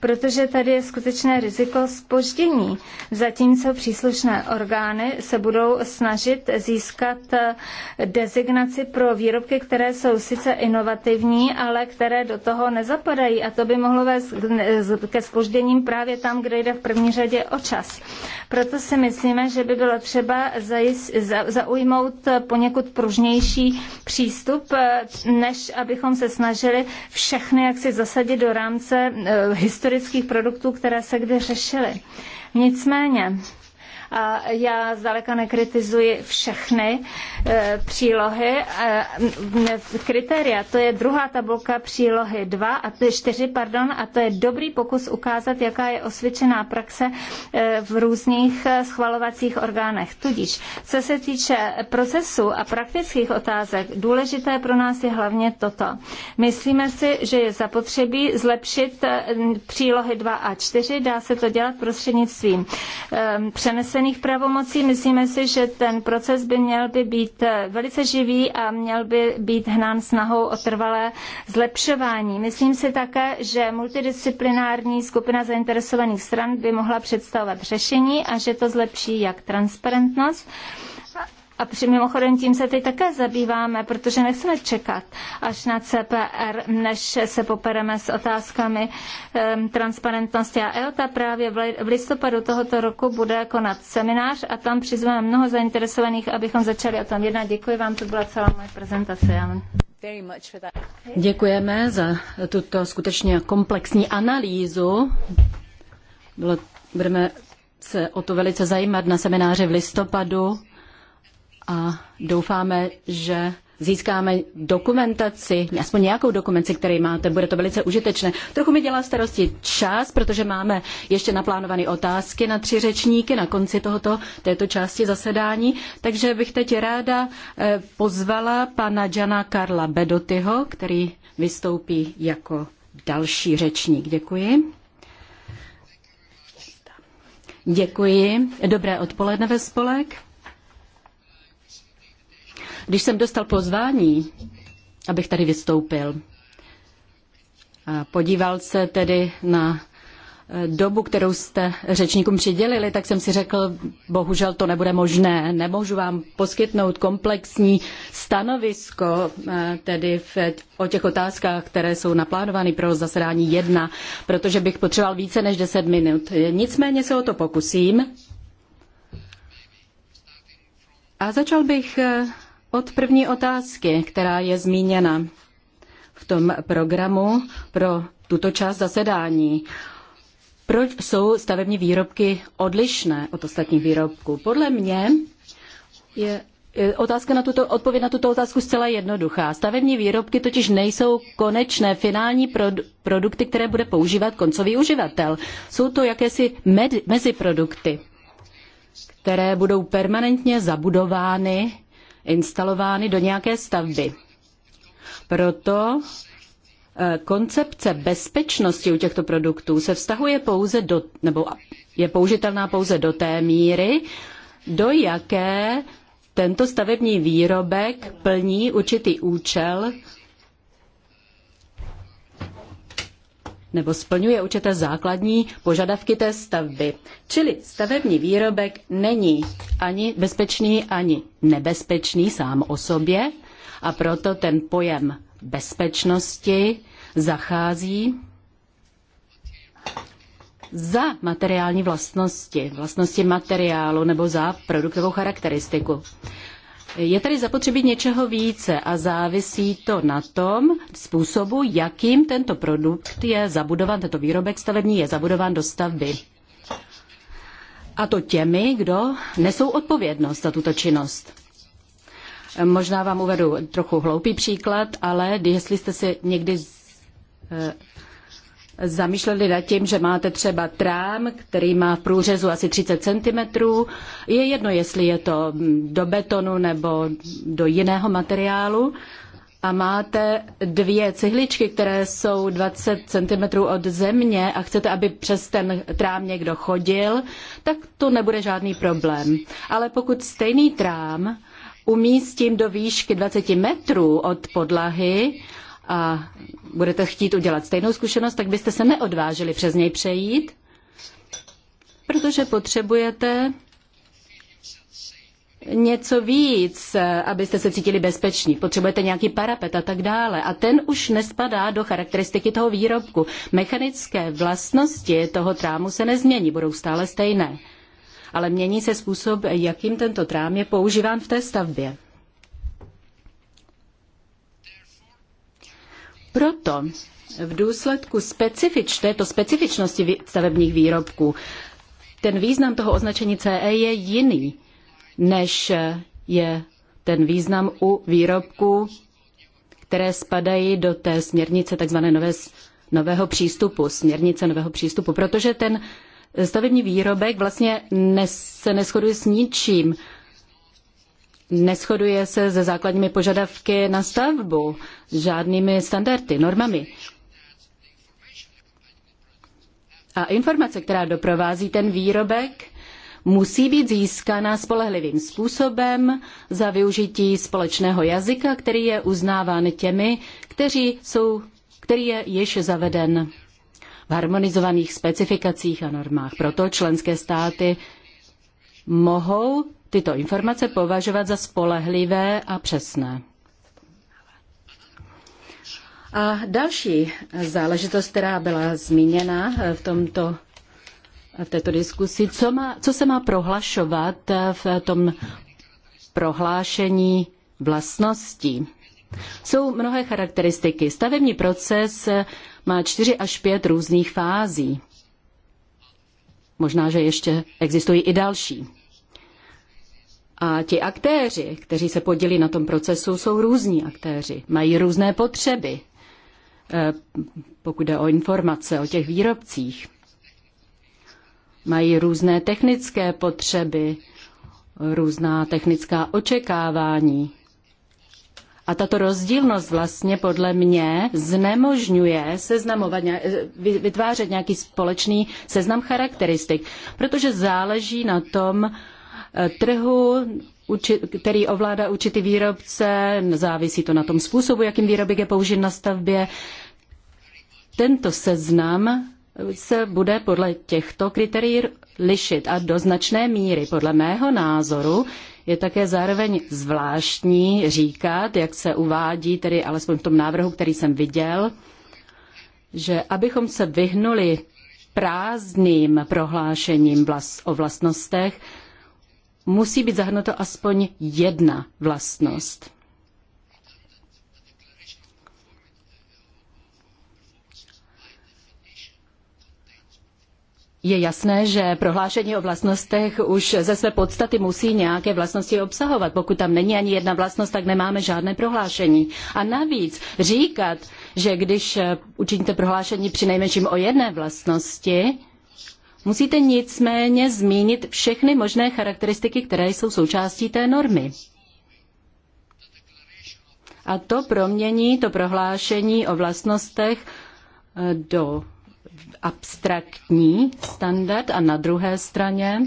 protože tady je skutečné riziko spoždění, zatímco příslušné orgány se budou snažit získat eh, designaci pro výrobky, které jsou sice inovativní, ale které do toho nezapadají a to by mohlo vést ke spožděním právě tam, kde jde v první řadě o čas. Proto si myslíme, že by bylo třeba zaujmout poněkud pružnější přístup, eh, než abychom se snažili všechny jaksi zasadit do rámce eh, historických produktů, které se kdy řešily. Nicméně, a já zdaleka nekritizuji všechny eh, přílohy. Eh, kritéria, to je druhá tabulka přílohy 2 a to je 4, pardon, a to je dobrý pokus ukázat, jaká je osvědčená praxe eh, v různých schvalovacích orgánech. Tudíž, co se týče procesu a praktických otázek, důležité pro nás je hlavně toto. Myslíme si, že je zapotřebí zlepšit přílohy 2 a 4, dá se to dělat prostřednictvím přenesených rozdělených pravomocí. Myslíme si, že ten proces by měl by být eh, velice živý a měl by být hnán snahou o trvalé zlepšování. Myslím si také, že multidisciplinární skupina zainteresovaných stran by mohla představovat řešení a že to zlepší jak transparentnost, a při mimochodem tím se teď také zabýváme, protože nechceme čekat až na CPR, než se popereme s otázkami um, transparentnosti. A EOTA právě v listopadu tohoto roku bude konat seminář a tam přizveme mnoho zainteresovaných, abychom začali o tom jednat. Děkuji vám, to byla celá moje prezentace. Děkujeme za tuto skutečně komplexní analýzu. Bylo, budeme se o to velice zajímat na semináři v listopadu a doufáme, že získáme dokumentaci, aspoň nějakou dokumentaci, který máte, bude to velice užitečné. Trochu mi dělá starosti čas, protože máme ještě naplánované otázky na tři řečníky na konci tohoto, této části zasedání, takže bych teď ráda eh, pozvala pana Jana Karla Bedotyho, který vystoupí jako další řečník. Děkuji. Děkuji. Dobré odpoledne ve spolek. Když jsem dostal pozvání, abych tady vystoupil, a podíval se tedy na e, dobu, kterou jste řečníkům přidělili, tak jsem si řekl, bohužel to nebude možné, nemůžu vám poskytnout komplexní stanovisko e, tedy v, o těch otázkách, které jsou naplánovány pro zasedání jedna, protože bych potřeboval více než 10 minut. Nicméně se o to pokusím. A začal bych e, od první otázky, která je zmíněna v tom programu pro tuto část zasedání. Proč jsou stavební výrobky odlišné od ostatních výrobků? Podle mě je Otázka na tuto, odpověď na tuto otázku zcela jednoduchá. Stavební výrobky totiž nejsou konečné finální produ, produkty, které bude používat koncový uživatel. Jsou to jakési med, meziprodukty, které budou permanentně zabudovány instalovány do nějaké stavby. Proto eh, koncepce bezpečnosti u těchto produktů se vztahuje pouze do, nebo je použitelná pouze do té míry, do jaké tento stavební výrobek plní určitý účel, nebo splňuje určité základní požadavky té stavby. Čili stavební výrobek není ani bezpečný, ani nebezpečný sám o sobě a proto ten pojem bezpečnosti zachází za materiální vlastnosti, vlastnosti materiálu nebo za produktovou charakteristiku. Je tady zapotřebí něčeho více a závisí to na tom způsobu, jakým tento produkt je zabudován, tento výrobek stavební je zabudován do stavby. A to těmi, kdo nesou odpovědnost za tuto činnost. Možná vám uvedu trochu hloupý příklad, ale jestli jste si někdy zamýšleli nad tím, že máte třeba trám, který má v průřezu asi 30 cm. Je jedno, jestli je to do betonu nebo do jiného materiálu. A máte dvě cihličky, které jsou 20 cm od země a chcete, aby přes ten trám někdo chodil, tak to nebude žádný problém. Ale pokud stejný trám umístím do výšky 20 metrů od podlahy, a budete chtít udělat stejnou zkušenost, tak byste se neodvážili přes něj přejít, protože potřebujete něco víc, abyste se cítili bezpeční. Potřebujete nějaký parapet a tak dále. A ten už nespadá do charakteristiky toho výrobku. Mechanické vlastnosti toho trámu se nezmění, budou stále stejné. Ale mění se způsob, jakým tento trám je používán v té stavbě. Proto v důsledku specifič, této specifičnosti stavebních výrobků ten význam toho označení CE je jiný, než je ten význam u výrobků, které spadají do té směrnice tzv. Nové, nového přístupu, směrnice nového přístupu, protože ten stavební výrobek vlastně nes, se neschoduje s ničím, neschoduje se se základními požadavky na stavbu, žádnými standardy, normami. A informace, která doprovází ten výrobek, musí být získána spolehlivým způsobem za využití společného jazyka, který je uznáván těmi, kteří jsou, který je již zaveden v harmonizovaných specifikacích a normách. Proto členské státy mohou tyto informace považovat za spolehlivé a přesné. A další záležitost, která byla zmíněna v tomto v této diskusi, co, má, co se má prohlašovat v tom prohlášení vlastností. Jsou mnohé charakteristiky. Stavební proces má čtyři až pět různých fází. Možná, že ještě existují i další. A ti aktéři, kteří se podělí na tom procesu, jsou různí aktéři, mají různé potřeby, eh, pokud jde o informace o těch výrobcích. Mají různé technické potřeby, různá technická očekávání. A tato rozdílnost vlastně podle mě znemožňuje seznamovat, vytvářet nějaký společný seznam charakteristik, protože záleží na tom, trhu, který ovládá určitý výrobce, závisí to na tom způsobu, jakým výrobek je použit na stavbě. Tento seznam se bude podle těchto kritérií lišit a do značné míry, podle mého názoru, je také zároveň zvláštní říkat, jak se uvádí, tedy alespoň v tom návrhu, který jsem viděl, že abychom se vyhnuli prázdným prohlášením vlast, o vlastnostech, musí být zahrnuto aspoň jedna vlastnost. Je jasné, že prohlášení o vlastnostech už ze své podstaty musí nějaké vlastnosti obsahovat. Pokud tam není ani jedna vlastnost, tak nemáme žádné prohlášení. A navíc říkat, že když učiníte prohlášení při nejmenším o jedné vlastnosti, Musíte nicméně zmínit všechny možné charakteristiky, které jsou součástí té normy. A to promění to prohlášení o vlastnostech eh, do abstraktní standard a na druhé straně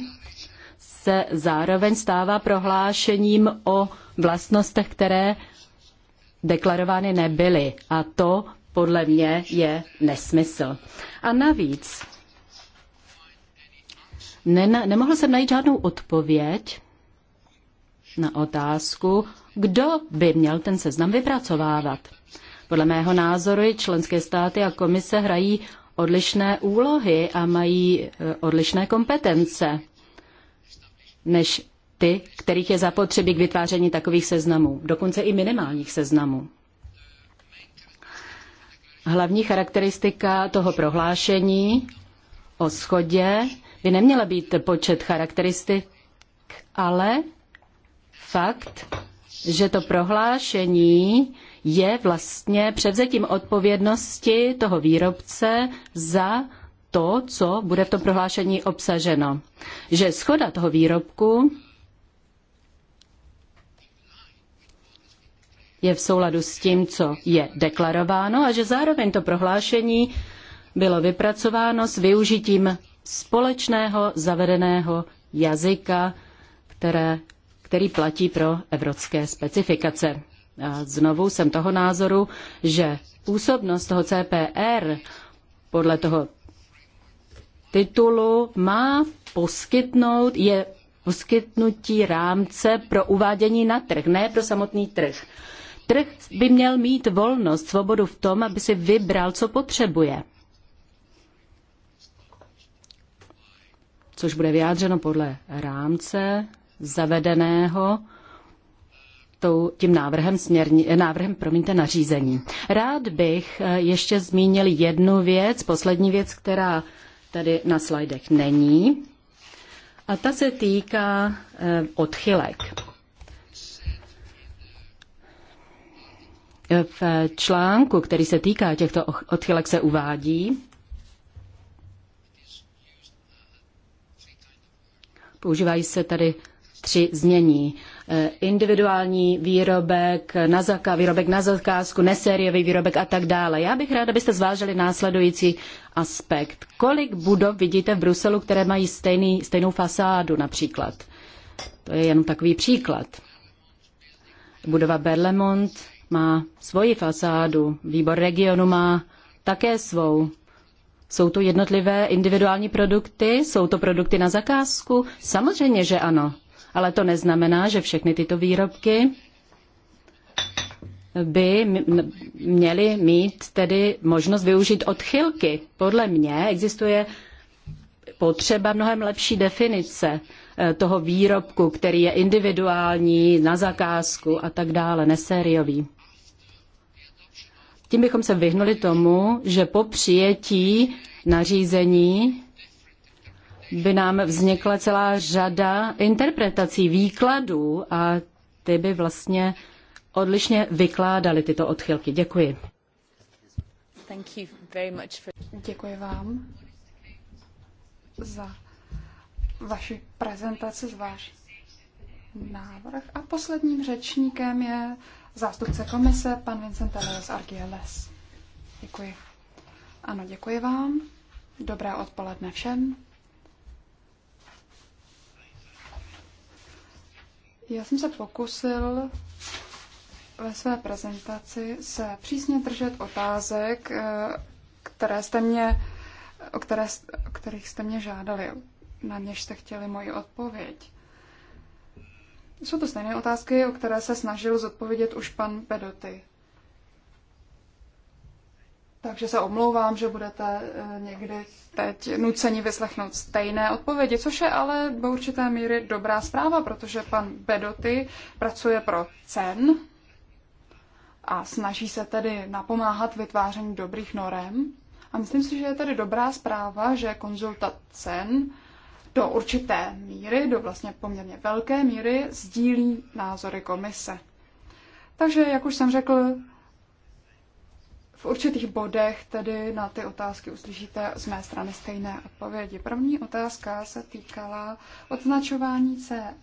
se zároveň stává prohlášením o vlastnostech, které deklarovány nebyly. A to podle mě je nesmysl. A navíc Nena, nemohl jsem najít žádnou odpověď na otázku, kdo by měl ten seznam vypracovávat. Podle mého názoru členské státy a komise hrají odlišné úlohy a mají eh, odlišné kompetence než ty, kterých je zapotřebí k vytváření takových seznamů, dokonce i minimálních seznamů. Hlavní charakteristika toho prohlášení o schodě by neměla být počet charakteristik, ale fakt, že to prohlášení je vlastně převzetím odpovědnosti toho výrobce za to, co bude v tom prohlášení obsaženo. Že schoda toho výrobku je v souladu s tím, co je deklarováno a že zároveň to prohlášení bylo vypracováno s využitím společného zavedeného jazyka, které, který platí pro evropské specifikace. A znovu jsem toho názoru, že působnost toho CPR podle toho titulu má poskytnout, je poskytnutí rámce pro uvádění na trh, ne pro samotný trh. Trh by měl mít volnost, svobodu v tom, aby si vybral, co potřebuje. což bude vyjádřeno podle rámce zavedeného tou, tím návrhem, směrni, eh, návrhem promiňte, nařízení. Rád bych eh, ještě zmínil jednu věc, poslední věc, která tady na slajdech není, a ta se týká eh, odchylek. V článku, který se týká těchto odchylek, se uvádí, Používají se tady tři změní. Eh, individuální výrobek, na zaka, výrobek na zakázku, nesériový výrobek a tak dále. Já bych ráda, abyste zvážili následující aspekt. Kolik budov vidíte v Bruselu, které mají stejný, stejnou fasádu například? To je jenom takový příklad. Budova Berlemont má svoji fasádu, výbor regionu má také svou. Jsou to jednotlivé individuální produkty? Jsou to produkty na zakázku? Samozřejmě, že ano. Ale to neznamená, že všechny tyto výrobky by měly mít tedy možnost využít odchylky. Podle mě existuje potřeba mnohem lepší definice eh, toho výrobku, který je individuální, na zakázku a tak dále, nesériový. Tím bychom se vyhnuli tomu, že po přijetí nařízení by nám vznikla celá řada interpretací, výkladů a ty by vlastně odlišně vykládaly tyto odchylky. Děkuji. For... Děkuji vám za vaši prezentaci, za váš návrh. A posledním řečníkem je zástupce komise, pan Vincent Elias Argyeles. Děkuji. Ano, děkuji vám. Dobré odpoledne všem. Já jsem se pokusil ve své prezentaci se přísně držet otázek, eh, které jste mě, o, které, o kterých jste mě žádali, na něž jste chtěli moji odpověď. Jsou to stejné otázky, o které se snažil zodpovědět už pan Pedoty. Takže se omlouvám, že budete eh, někdy teď nuceni vyslechnout stejné odpovědi, což je ale do určité míry dobrá zpráva, protože pan Bedoty pracuje pro cen a snaží se tedy napomáhat vytváření dobrých norem. A myslím si, že je tedy dobrá zpráva, že konzultat cen do určité míry, do vlastně poměrně velké míry, sdílí názory komise. Takže, jak už jsem řekl, v určitých bodech tedy na ty otázky uslyšíte z mé strany stejné odpovědi. První otázka se týkala označování CE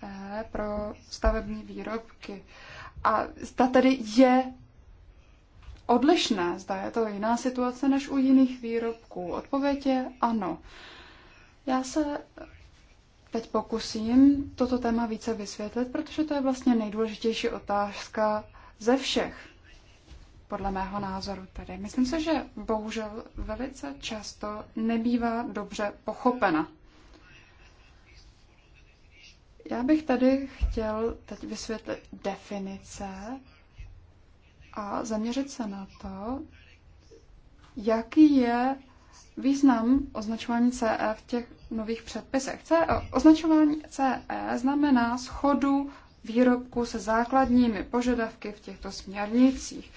pro stavební výrobky. A zda tedy je odlišné, zda je to jiná situace než u jiných výrobků. Odpověď je ano. Já se teď pokusím toto téma více vysvětlit, protože to je vlastně nejdůležitější otázka ze všech, podle mého názoru tedy. Myslím se, že bohužel velice často nebývá dobře pochopena. Já bych tady chtěl teď vysvětlit definice a zaměřit se na to, jaký je význam označování CE v těch nových předpisech. CE, označování CE znamená schodu výrobku se základními požadavky v těchto směrnicích.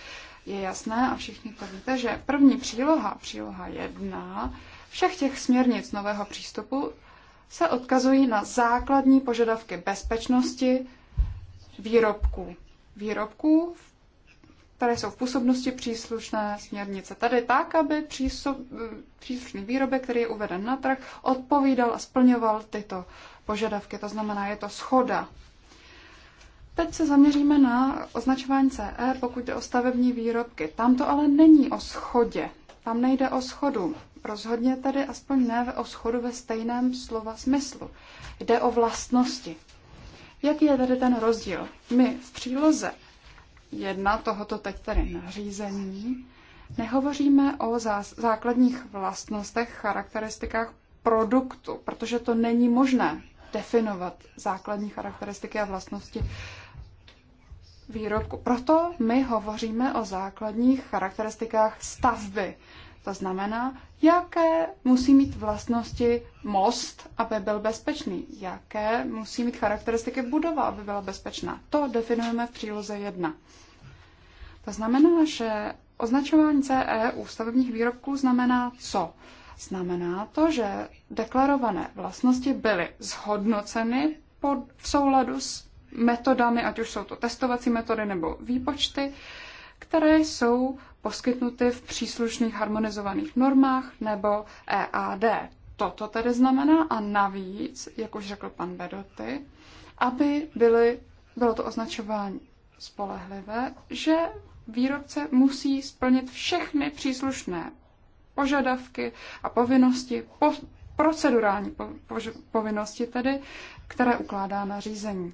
Je jasné, a všichni to víte, že první příloha, příloha 1, všech těch směrnic nového přístupu se odkazují na základní požadavky bezpečnosti výrobků. Výrobků v které jsou v působnosti příslušné směrnice. Tady tak, aby příslušný výrobek, který je uveden na trh, odpovídal a splňoval tyto požadavky. To znamená, je to schoda. Teď se zaměříme na označování CE, pokud jde o stavební výrobky. Tam to ale není o schodě. Tam nejde o schodu. Rozhodně tedy aspoň ne o schodu ve stejném slova smyslu. Jde o vlastnosti. Jaký je tedy ten rozdíl? My v příloze 1 tohoto teď tedy nařízení nehovoříme o základních vlastnostech, charakteristikách produktu, protože to není možné definovat základní charakteristiky a vlastnosti výrobku. Proto my hovoříme o základních charakteristikách stavby. To znamená, jaké musí mít vlastnosti most, aby byl bezpečný, jaké musí mít charakteristiky budova, aby byla bezpečná. To definujeme v příloze 1. To znamená, že označování CE u stavebních výrobků znamená co? Znamená to, že deklarované vlastnosti byly zhodnoceny pod, v souladu s metodami, ať už jsou to testovací metody nebo výpočty, které jsou poskytnuty v příslušných harmonizovaných normách nebo EAD. Toto tedy znamená a navíc, jak už řekl pan Bedoty, aby byly, bylo to označování spolehlivé, že výrobce musí splnit všechny příslušné požadavky a povinnosti, po, procedurální po, po, povinnosti tedy, které ukládá nařízení.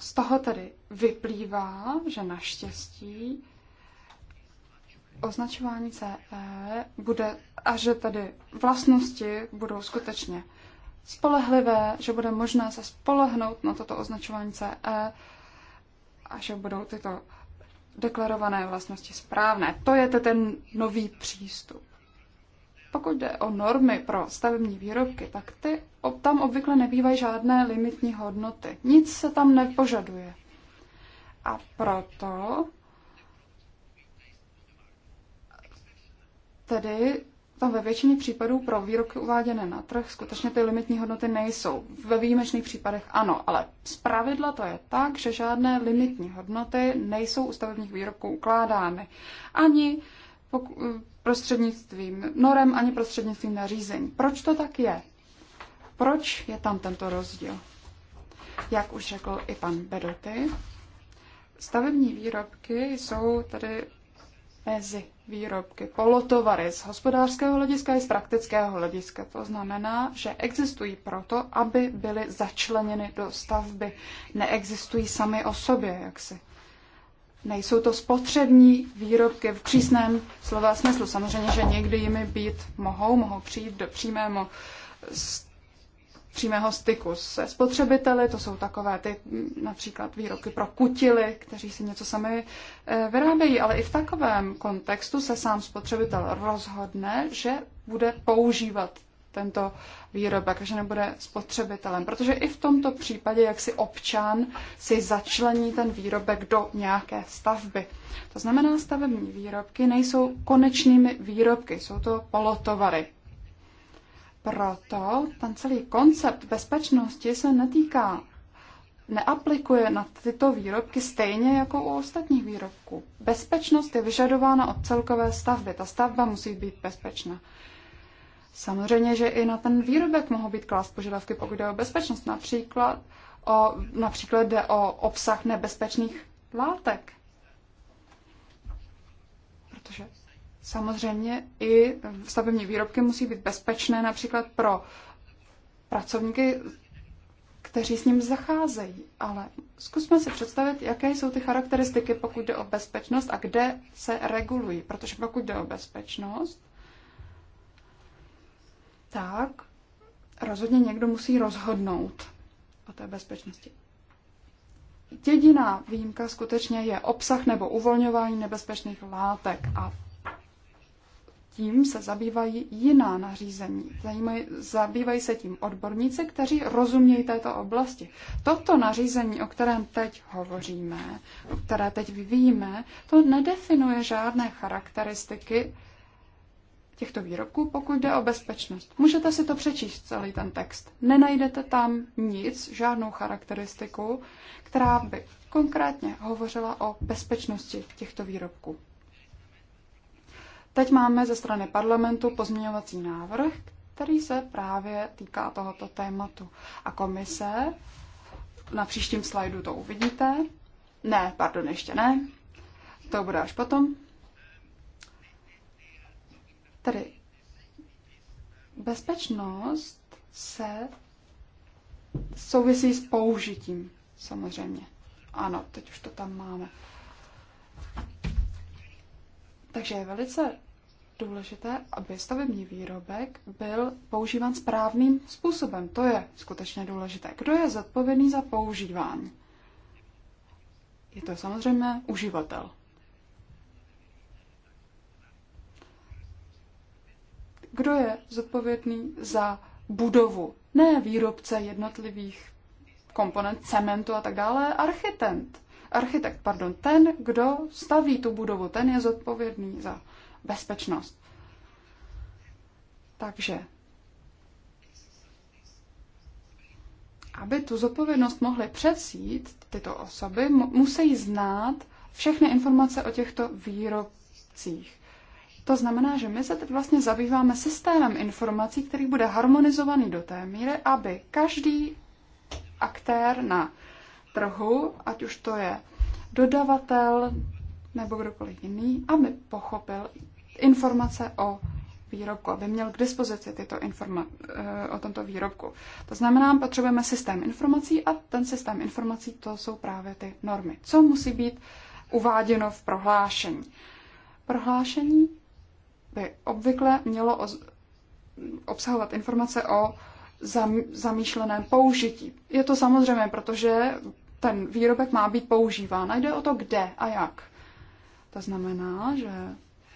Z toho tedy vyplývá, že naštěstí označování CE bude a že tedy vlastnosti budou skutečně spolehlivé, že bude možné se spolehnout na toto označování CE a že budou tyto deklarované vlastnosti správné. To je ten nový přístup. Pokud jde o normy pro stavební výrobky, tak ty tam obvykle nebývají žádné limitní hodnoty. Nic se tam nepožaduje. A proto tedy tam ve většině případů pro výrobky uváděné na trh skutečně ty limitní hodnoty nejsou. Ve výjimečných případech ano, ale z pravidla to je tak, že žádné limitní hodnoty nejsou u stavebních výrobků ukládány. Ani prostřednictvím norem ani prostřednictvím nařízení. Proč to tak je? Proč je tam tento rozdíl? Jak už řekl i pan Bedoty, stavební výrobky jsou tedy mezi výrobky, polotovary z hospodářského hlediska i z praktického hlediska. To znamená, že existují proto, aby byly začleněny do stavby. Neexistují sami o sobě, jaksi. Nejsou to spotřební výrobky v přísném slova smyslu. Samozřejmě, že někdy jimi být mohou, mohou přijít do přímého, přímého styku se spotřebiteli. To jsou takové ty mm, například výrobky pro kutily, kteří si něco sami eh, vyrábějí. Ale i v takovém kontextu se sám spotřebitel rozhodne, že bude používat tento výrobek, že nebude spotřebitelem. Protože i v tomto případě, jak si občan si začlení ten výrobek do nějaké stavby. To znamená, stavební výrobky nejsou konečnými výrobky, jsou to polotovary. Proto ten celý koncept bezpečnosti se netýká, neaplikuje na tyto výrobky stejně jako u ostatních výrobků. Bezpečnost je vyžadována od celkové stavby. Ta stavba musí být bezpečná. Samozřejmě, že i na ten výrobek mohou být klást požadavky, pokud jde o bezpečnost. Například, o, například jde o obsah nebezpečných látek. Protože samozřejmě i stavební výrobky musí být bezpečné například pro pracovníky, kteří s ním zacházejí. Ale zkusme si představit, jaké jsou ty charakteristiky, pokud jde o bezpečnost a kde se regulují. Protože pokud jde o bezpečnost, tak rozhodně někdo musí rozhodnout o té bezpečnosti. Jediná výjimka skutečně je obsah nebo uvolňování nebezpečných látek a tím se zabývají jiná nařízení. Zajímají, zabývají se tím odborníci, kteří rozumějí této oblasti. Toto nařízení, o kterém teď hovoříme, o které teď vyvíjíme, to nedefinuje žádné charakteristiky těchto výrobků, pokud jde o bezpečnost. Můžete si to přečíst, celý ten text. Nenajdete tam nic, žádnou charakteristiku, která by konkrétně hovořila o bezpečnosti těchto výrobků. Teď máme ze strany parlamentu pozměňovací návrh, který se právě týká tohoto tématu. A komise, na příštím slajdu to uvidíte, ne, pardon, ještě ne, to bude až potom, Tedy bezpečnost se souvisí s použitím, samozřejmě. Ano, teď už to tam máme. Takže je velice důležité, aby stavební výrobek byl používán správným způsobem. To je skutečně důležité. Kdo je zodpovědný za používání? Je to samozřejmě uživatel. kdo je zodpovědný za budovu. Ne výrobce jednotlivých komponent cementu a tak dále, architekt. Architekt, pardon, ten, kdo staví tu budovu, ten je zodpovědný za bezpečnost. Takže, aby tu zodpovědnost mohly přesít tyto osoby, musí znát všechny informace o těchto výrobcích. To znamená, že my se teď vlastně zabýváme systémem informací, který bude harmonizovaný do té míry, aby každý aktér na trhu, ať už to je dodavatel nebo kdokoliv jiný, aby pochopil informace o výrobku, aby měl k dispozici tyto informa- eh, o tomto výrobku. To znamená, potřebujeme systém informací a ten systém informací to jsou právě ty normy. Co musí být uváděno v prohlášení? Prohlášení by obvykle mělo obsahovat informace o zamýšleném použití. Je to samozřejmé, protože ten výrobek má být používán a jde o to, kde a jak. To znamená, že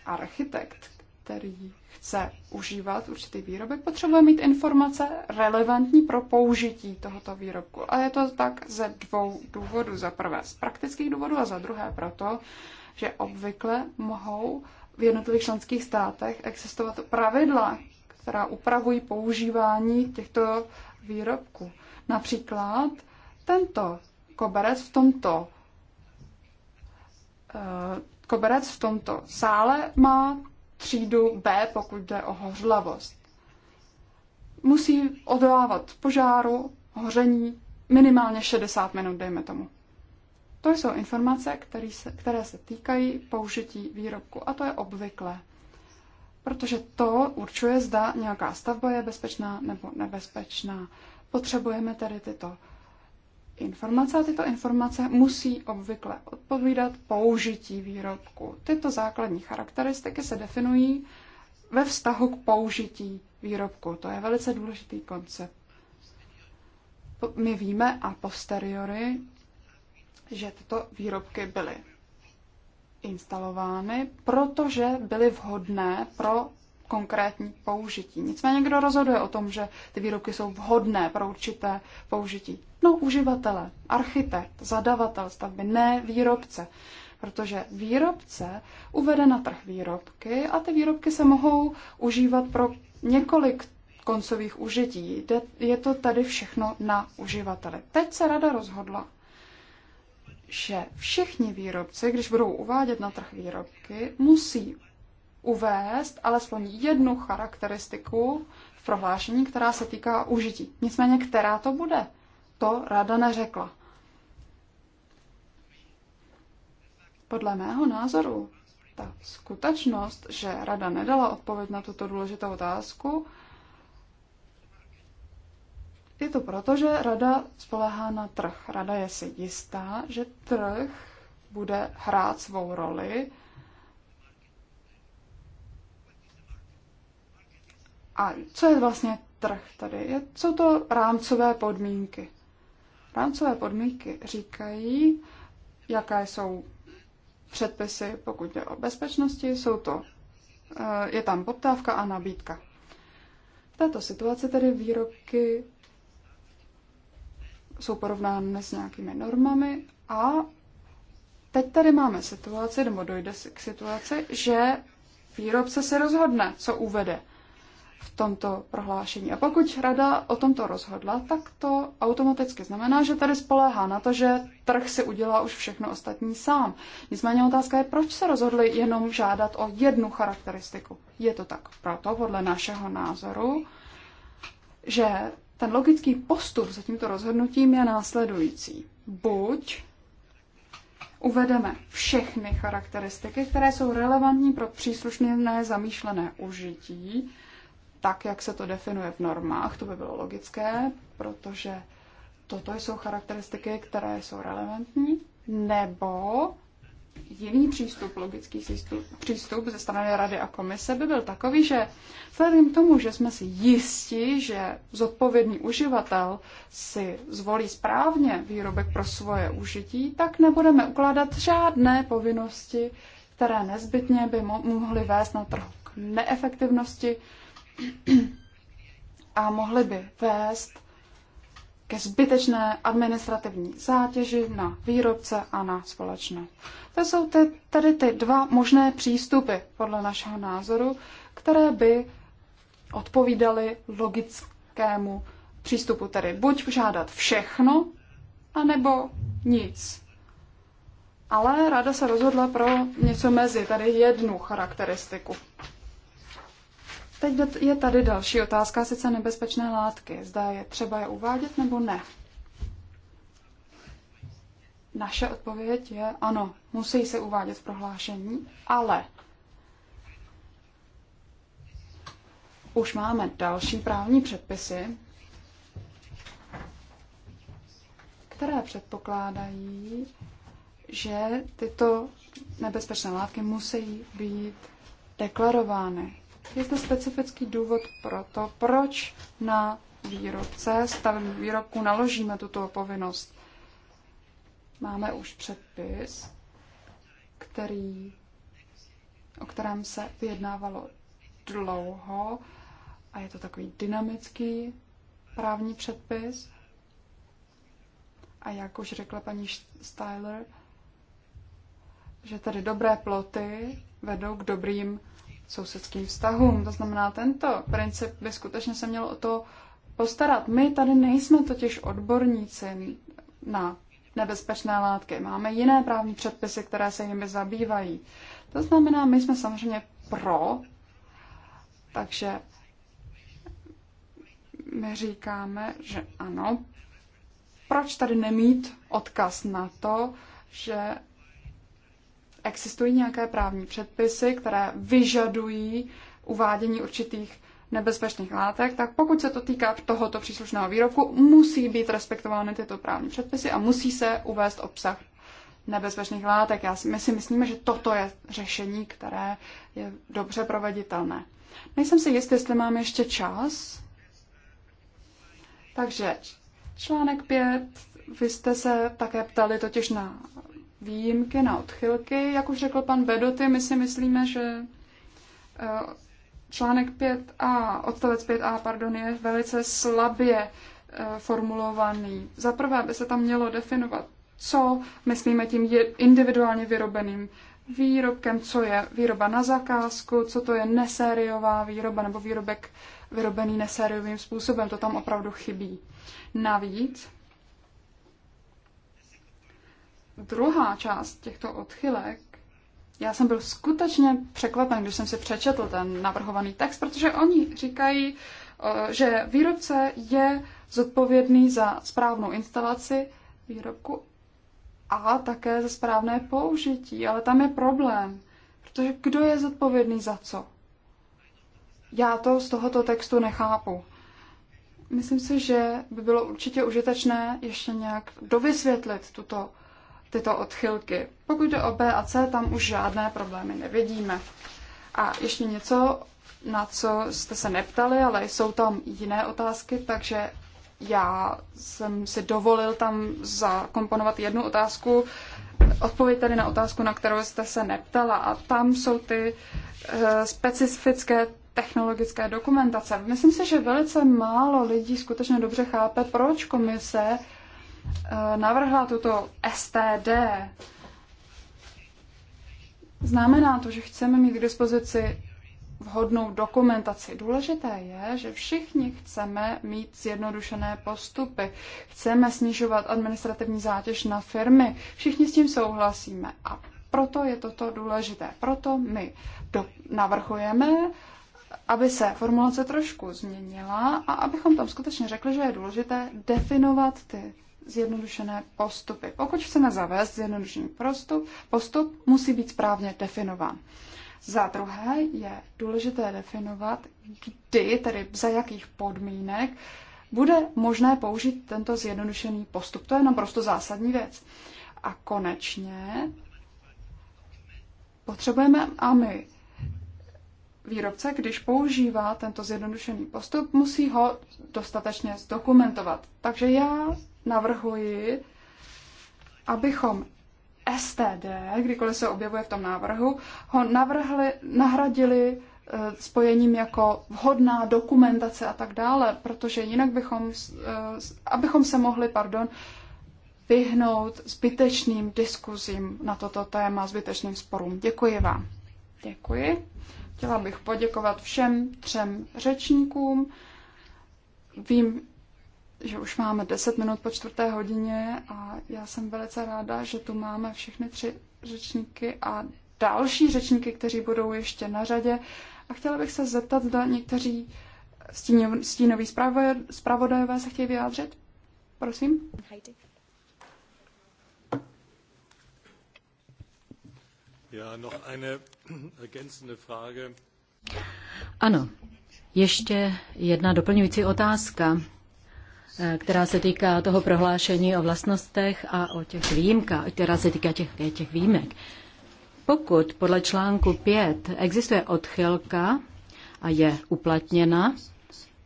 architekt, který chce užívat určitý výrobek, potřebuje mít informace relevantní pro použití tohoto výrobku. A je to tak ze dvou důvodů. Za prvé z praktických důvodů a za druhé proto, že obvykle mohou v jednotlivých členských státech existovat pravidla, která upravují používání těchto výrobků. Například tento koberec v tomto eh, koberec v tomto sále má třídu B, pokud jde o hořlavost. Musí odolávat požáru, hoření minimálně 60 minut, dejme tomu. To jsou informace, které se, které se týkají použití výrobku a to je obvykle, protože to určuje, zda nějaká stavba je bezpečná nebo nebezpečná. Potřebujeme tedy tyto informace a tyto informace musí obvykle odpovídat použití výrobku. Tyto základní charakteristiky se definují ve vztahu k použití výrobku. To je velice důležitý koncept. My víme a posteriori, že tyto výrobky byly instalovány, protože byly vhodné pro konkrétní použití. Nicméně kdo rozhoduje o tom, že ty výrobky jsou vhodné pro určité použití? No uživatele, architekt, zadavatel stavby, ne výrobce. Protože výrobce uvede na trh výrobky a ty výrobky se mohou užívat pro několik koncových užití. Je to tady všechno na uživateli. Teď se rada rozhodla, že všichni výrobci, když budou uvádět na trh výrobky, musí uvést alespoň jednu charakteristiku v prohlášení, která se týká užití. Nicméně, která to bude, to rada neřekla. Podle mého názoru, ta skutečnost, že rada nedala odpověď na tuto důležitou otázku, je to proto, že rada spolehá na trh. Rada je si jistá, že trh bude hrát svou roli A co je vlastně trh tady? jsou to rámcové podmínky. Rámcové podmínky říkají, jaké jsou předpisy, pokud jde o bezpečnosti, jsou to, eh, je tam poptávka a nabídka. V této situaci tedy výrobky jsou porovnány s nějakými normami a teď tady máme situaci, nebo dojde k situaci, že výrobce se rozhodne, co uvede v tomto prohlášení. A pokud rada o tomto rozhodla, tak to automaticky znamená, že tady spoléhá na to, že trh si udělá už všechno ostatní sám. Nicméně otázka je, proč se rozhodli jenom žádat o jednu charakteristiku. Je to tak proto, podle našeho názoru, že ten logický postup za tímto rozhodnutím je následující. Buď uvedeme všechny charakteristiky, které jsou relevantní pro příslušné zamýšlené užití, tak, jak se to definuje v normách, to by bylo logické, protože toto jsou charakteristiky, které jsou relevantní, nebo jiný přístup, logický přístup, přístup ze strany Rady a komise by byl takový, že vzhledem k tomu, že jsme si jisti, že zodpovědný uživatel si zvolí správně výrobek pro svoje užití, tak nebudeme ukládat žádné povinnosti, které nezbytně by mohly vést na trhu k neefektivnosti a mohly by vést ke zbytečné administrativní zátěži na výrobce a na společnost. To jsou ty, tedy ty dva možné přístupy, podle našeho názoru, které by odpovídaly logickému přístupu, tedy buď žádat všechno, anebo nic. Ale rada se rozhodla pro něco mezi, tady jednu charakteristiku. Teď je tady další otázka, sice nebezpečné látky. Zda je třeba je uvádět nebo ne. Naše odpověď je ano, musí se uvádět v prohlášení, ale už máme další právní předpisy, které předpokládají, že tyto nebezpečné látky musí být deklarovány. Je to specifický důvod pro to, proč na výrobce stavebních výrobku naložíme tuto povinnost. Máme už předpis, který, o kterém se vyjednávalo dlouho a je to takový dynamický právní předpis. A jak už řekla paní Styler, že tady dobré ploty vedou k dobrým sousedským vztahům. To znamená, tento princip by skutečně se měl o to postarat. My tady nejsme totiž odborníci na nebezpečné látky. Máme jiné právní předpisy, které se jimi zabývají. To znamená, my jsme samozřejmě pro, takže my říkáme, že ano. Proč tady nemít odkaz na to, že existují nějaké právní předpisy, které vyžadují uvádění určitých nebezpečných látek, tak pokud se to týká tohoto příslušného výrobku, musí být respektovány tyto právní předpisy a musí se uvést obsah nebezpečných látek. Já si, my si myslíme, že toto je řešení, které je dobře proveditelné. Nejsem si jistý, jestli mám ještě čas. Takže článek 5, vy jste se také ptali totiž na výjimky na odchylky. Jak už řekl pan Bedoty, my si myslíme, že eh, článek 5a, odstavec 5a, pardon, je velice slabě eh, formulovaný. Za prvé by se tam mělo definovat, co myslíme tím individuálně vyrobeným výrobkem, co je výroba na zakázku, co to je nesériová výroba nebo výrobek vyrobený nesériovým způsobem. To tam opravdu chybí. Navíc druhá část těchto odchylek, já jsem byl skutečně překvapen, když jsem si přečetl ten navrhovaný text, protože oni říkají, eh, že výrobce je zodpovědný za správnou instalaci výrobku a také za správné použití. Ale tam je problém, protože kdo je zodpovědný za co? Já to z tohoto textu nechápu. Myslím si, že by bylo určitě užitečné ještě nějak dovysvětlit tuto tyto odchylky. Pokud jde o B a C, tam už žádné problémy nevidíme. A ještě něco, na co jste se neptali, ale jsou tam jiné otázky, takže já jsem si dovolil tam zakomponovat jednu otázku, odpověď tady na otázku, na kterou jste se neptala. A tam jsou ty eh, specifické technologické dokumentace. Myslím si, že velice málo lidí skutečně dobře chápe, proč komise Eh, navrhla tuto STD, znamená to, že chceme mít k dispozici vhodnou dokumentaci. Důležité je, že všichni chceme mít zjednodušené postupy, chceme snižovat administrativní zátěž na firmy, všichni s tím souhlasíme a proto je toto důležité. Proto my do, navrhujeme, aby se formulace trošku změnila a abychom tam skutečně řekli, že je důležité definovat ty zjednodušené postupy. Pokud chceme zavést zjednodušený postup, postup musí být správně definován. Za druhé je důležité definovat, kdy, tedy za jakých podmínek, bude možné použít tento zjednodušený postup. To je naprosto zásadní věc. A konečně potřebujeme a my výrobce, když používá tento zjednodušený postup, musí ho dostatečně zdokumentovat. Takže já navrhuji, abychom STD, kdykoliv se objevuje v tom návrhu, ho navrhli, nahradili eh, spojením jako vhodná dokumentace a tak dále, protože jinak bychom, eh, abychom se mohli, pardon, vyhnout zbytečným diskuzím na toto téma, zbytečným sporům. Děkuji vám. Děkuji. Chtěla bych poděkovat všem třem řečníkům. Vím, že už máme 10 minut po čtvrté hodině a já jsem velice ráda, že tu máme všechny tři řečníky a další řečníky, kteří budou ještě na řadě. A chtěla bych se zeptat, zda někteří stínoví zpravodajové se chtějí vyjádřit? Prosím. Ja, noch eine ergänzende Frage. Ano, ještě jedna doplňující otázka. Eh, která se týká toho prohlášení o vlastnostech a o těch výjimkách, která se týká těch, těch výjimek. Pokud podle článku 5 existuje odchylka a je uplatněna,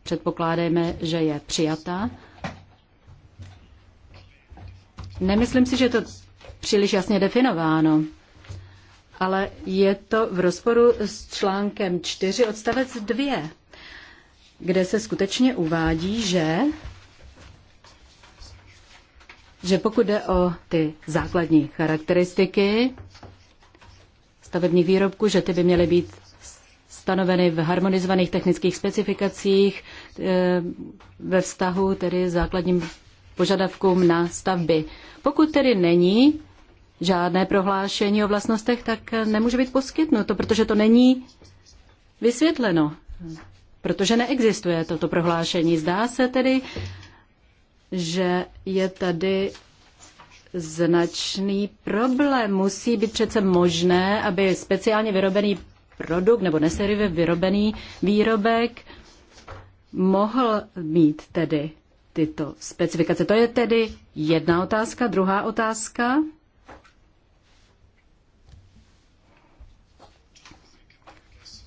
předpokládejme, že je přijatá, nemyslím si, že je to příliš jasně definováno, ale je to v rozporu s článkem 4 odstavec 2, kde se skutečně uvádí, že že pokud jde o ty základní charakteristiky stavebních výrobků, že ty by měly být stanoveny v harmonizovaných technických specifikacích eh, ve vztahu tedy základním požadavkům na stavby. Pokud tedy není žádné prohlášení o vlastnostech, tak nemůže být poskytnuto, protože to není vysvětleno, protože neexistuje toto prohlášení. Zdá se tedy, že je tady značný problém. Musí být přece možné, aby speciálně vyrobený produkt nebo neserivě vyrobený výrobek mohl mít tedy tyto specifikace. To je tedy jedna otázka. Druhá otázka.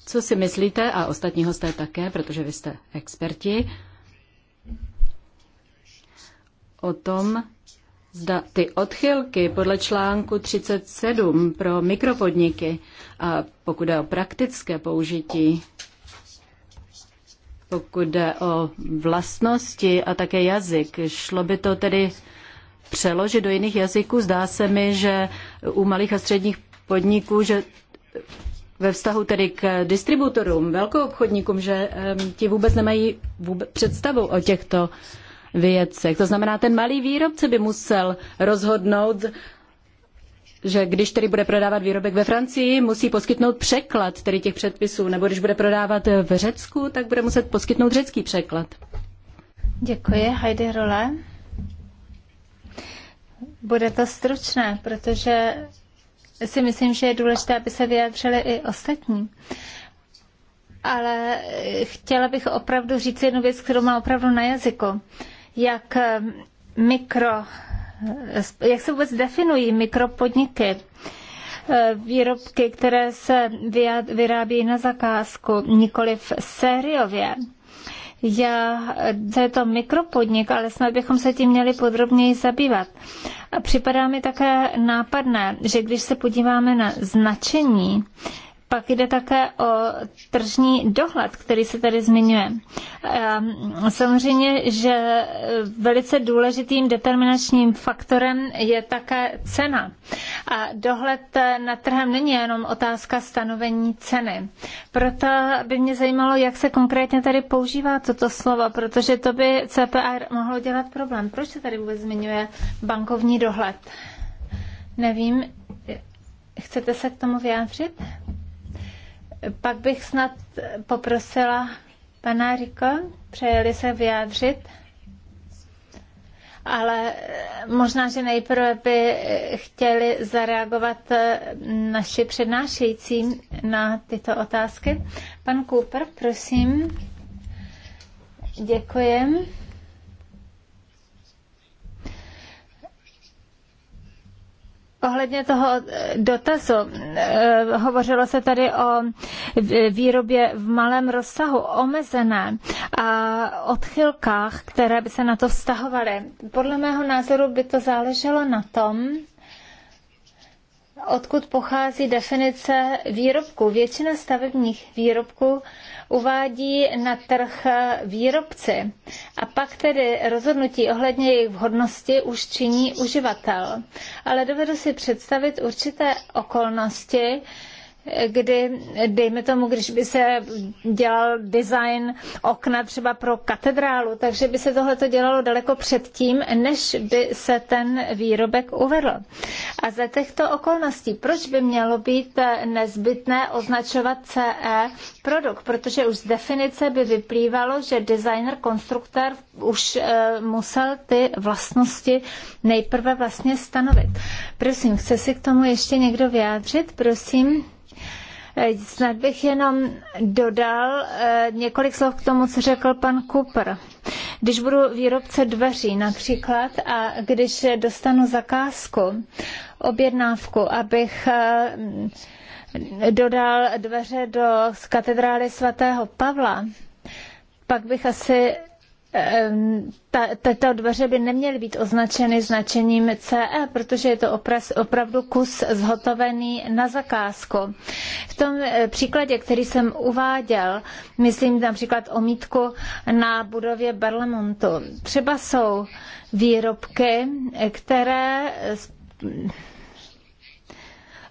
Co si myslíte, a ostatní hosté také, protože vy jste experti, o tom, zda ty odchylky podle článku 37 pro mikropodniky a pokud je o praktické použití, pokud jde o vlastnosti a také jazyk, šlo by to tedy přeložit do jiných jazyků? Zdá se mi, že u malých a středních podniků, že ve vztahu tedy k distributorům, velkou obchodníkům, že ehm, ti vůbec nemají vůbec představu o těchto věcech. To znamená, ten malý výrobce by musel rozhodnout, že když tedy bude prodávat výrobek ve Francii, musí poskytnout překlad tedy těch předpisů, nebo když bude prodávat v Řecku, tak bude muset poskytnout řecký překlad. Děkuji, Heidi Role. Bude to stručné, protože si myslím, že je důležité, aby se vyjádřili i ostatní. Ale chtěla bych opravdu říct jednu věc, kterou mám opravdu na jazyku jak eh, mikro, eh, jak se vůbec definují mikropodniky, eh, výrobky, které se vyrábí na zakázku, nikoli v sériově. Já, to je to mikropodnik, ale snad bychom se tím měli podrobněji zabývat. A připadá mi také nápadné, že když se podíváme na značení, pak jde také o tržní dohled, který se tady zmiňuje. Ehm, samozřejmě, že velice důležitým determinačním faktorem je také cena. A dohled na trhem není jenom otázka stanovení ceny. Proto by mě zajímalo, jak se konkrétně tady používá toto slovo, protože to by CPR mohlo dělat problém. Proč se tady vůbec zmiňuje bankovní dohled? Nevím, chcete se k tomu vyjádřit? Pak bych snad poprosila pana Riko, přejeli se vyjádřit? ale možná, že nejprve by chtěli zareagovat naši přednášející na tyto otázky. Pan Cooper, prosím. Děkujem. Ohledně toho eh, dotazu, eh, hovořilo se tady o výrobě v malém rozsahu, omezené a odchylkách, které by se na to vztahovaly. Podle mého názoru by to záleželo na tom, odkud pochází definice výrobku. Většina stavebních výrobků uvádí na trh výrobci a pak tedy rozhodnutí ohledně jejich vhodnosti už činí uživatel. Ale dovedu si představit určité okolnosti, kdy, dejme tomu, když by se dělal design okna třeba pro katedrálu, takže by se tohle to dělalo daleko předtím, než by se ten výrobek uvedl. A za těchto okolností, proč by mělo být nezbytné označovat CE produkt? Protože už z definice by vyplývalo, že designer, konstruktor už eh, musel ty vlastnosti nejprve vlastně stanovit. Prosím, chce si k tomu ještě někdo vyjádřit? Prosím. Eh, snad bych jenom dodal eh, několik slov k tomu, co řekl pan Cooper. Když budu výrobce dveří například a když dostanu zakázku, objednávku, abych eh, dodal dveře do katedrály svatého Pavla, pak bych asi Ehm, tyto dveře by neměly být označeny značením CE, protože je to opras, opravdu kus zhotovený na zakázku. V tom eh, příkladě, který jsem uváděl, myslím například o mítku na budově parlamentu. Třeba jsou výrobky, které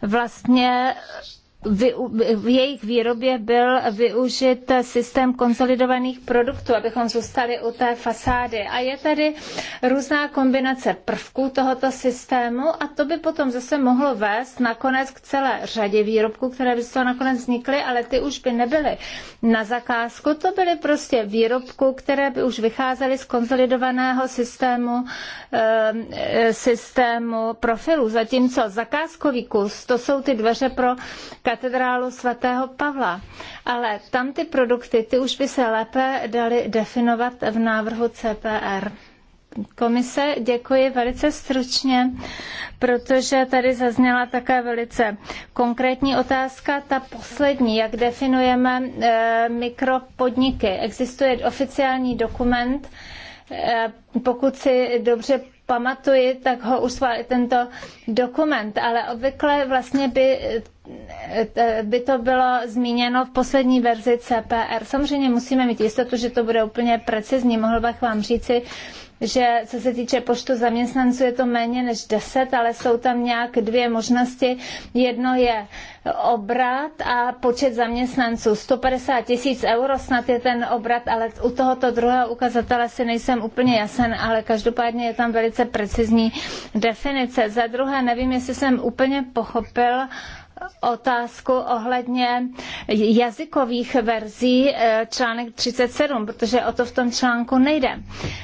vlastně v jejich výrobě byl využit systém konsolidovaných produktů, abychom zůstali u té fasády. A je tady různá kombinace prvků tohoto systému a to by potom zase mohlo vést nakonec k celé řadě výrobků, které by z toho nakonec vznikly, ale ty už by nebyly na zakázku. To byly prostě výrobky, které by už vycházely z konsolidovaného systému, ehm, e, systému profilů. Zatímco zakázkový kus, to jsou ty dveře pro katedrálu svatého Pavla. Ale tam ty produkty, ty už by se lépe daly definovat v návrhu CPR komise. Děkuji velice stručně, protože tady zazněla také velice konkrétní otázka. Ta poslední, jak definujeme eh, mikropodniky. Existuje oficiální dokument, eh, pokud si dobře pamatuji, tak ho uschválil tento dokument, ale obvykle vlastně by by to bylo zmíněno v poslední verzi CPR. Samozřejmě musíme mít jistotu, že to bude úplně precizní. Mohl bych vám říci, že co se týče počtu zaměstnanců je to méně než 10, ale jsou tam nějak dvě možnosti. Jedno je obrat a počet zaměstnanců. 150 tisíc euro snad je ten obrat, ale u tohoto druhého ukazatele si nejsem úplně jasen, ale každopádně je tam velice precizní definice. Za druhé, nevím, jestli jsem úplně pochopil, otázku ohledně jazykových verzí eh, článek 37, protože o to v tom článku nejde.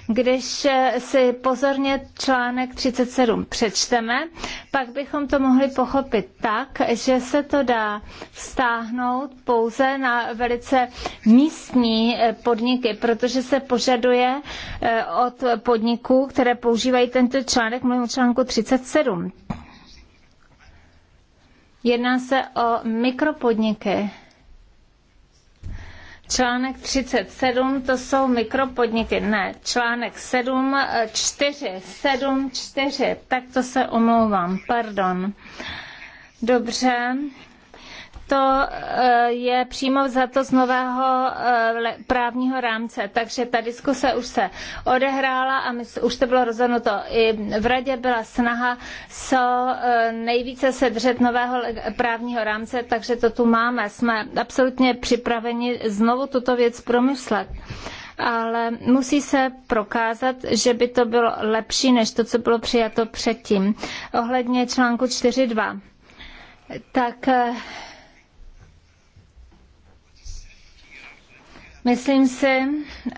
Když eh, si pozorně článek 37 přečteme, pak bychom to mohli pochopit tak, že se to dá stáhnout pouze na velice místní eh, podniky, protože se požaduje od podniků, které používají tento článek, mluvím o článku 37 Jedná se o mikropodniky. Článek 37, to jsou mikropodniky. Ne, článek 7, 4, 7, 4, tak to se omlouvám, pardon. Dobře, to eh, je přímo za to z nového eh, právního rámce. Takže ta diskuse už se odehrála a my, už to bylo rozhodnuto. I v radě byla snaha co eh, nejvíce se držet nového právního rámce, takže to tu máme. Jsme absolutně připraveni znovu tuto věc promyslet ale musí se prokázat, že by to bylo lepší než to, co bylo přijato předtím. Ohledně článku 4.2. Tak Myslím si,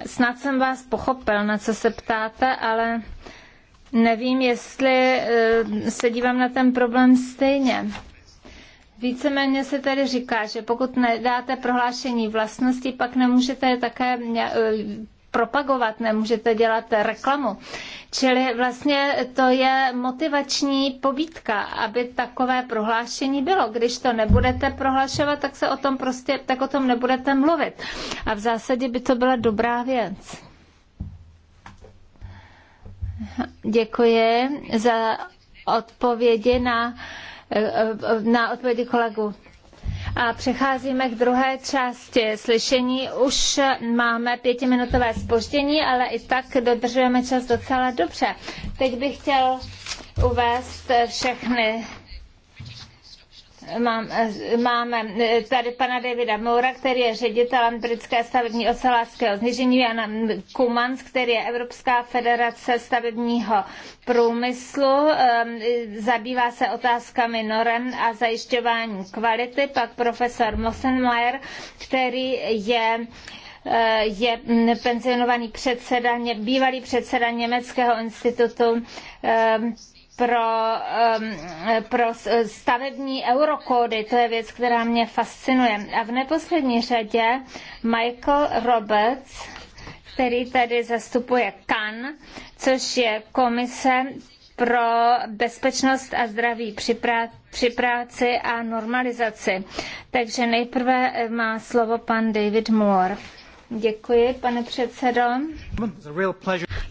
snad jsem vás pochopil, na co se ptáte, ale nevím, jestli eh, se dívám na ten problém stejně. Víceméně se tady říká, že pokud nedáte prohlášení vlastnosti, pak nemůžete také eh, propagovat, nemůžete dělat reklamu. Čili vlastně to je motivační pobítka, aby takové prohlášení bylo. Když to nebudete prohlašovat, tak se o tom prostě, tak o tom nebudete mluvit. A v zásadě by to byla dobrá věc. Děkuji za odpovědi na, na odpovědi kolegu. A přecházíme k druhé části slyšení. Už máme pětiminutové spoždění, ale i tak dodržujeme čas docela dobře. Teď bych chtěl uvést všechny mám, máme tady pana Davida Moura, který je ředitelem britské stavební ocelářského znižení, Jana Kumans, který je Evropská federace stavebního průmyslu, ehm, zabývá se otázkami norem a zajišťování kvality, pak profesor Mossenmayer, který je eh, je penzionovaný předseda, bývalý předseda Německého institutu ehm, pro, um, pro stavební eurokódy. To je věc, která mě fascinuje. A v neposlední řadě Michael Roberts, který tady zastupuje CAN, což je komise pro bezpečnost a zdraví při, prá- při práci a normalizaci. Takže nejprve má slovo pan David Moore. Děkuji, pane předsedo.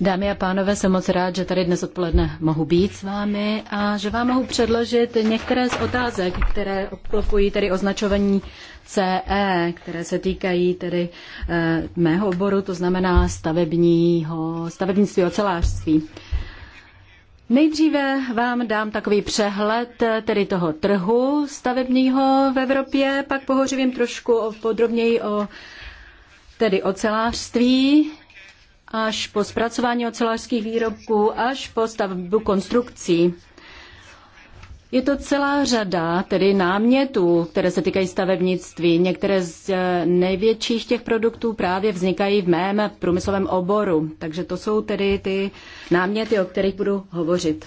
Dámy a pánové, jsem moc rád, že tady dnes odpoledne mohu být s vámi a že vám mohu předložit některé z otázek, které obklopují tedy označování CE, které se týkají tedy e, mého oboru, to znamená stavebního, stavebnictví ocelářství. Nejdříve vám dám takový přehled eh, tedy toho trhu stavebního v Evropě, pak pohořím trošku o, podrobněji o tedy ocelářství, až po zpracování ocelářských výrobků, až po stavbu konstrukcí. Je to celá řada tedy námětů, které se týkají stavebnictví. Některé z eh, největších těch produktů právě vznikají v mém průmyslovém oboru. Takže to jsou tedy ty náměty, o kterých budu hovořit.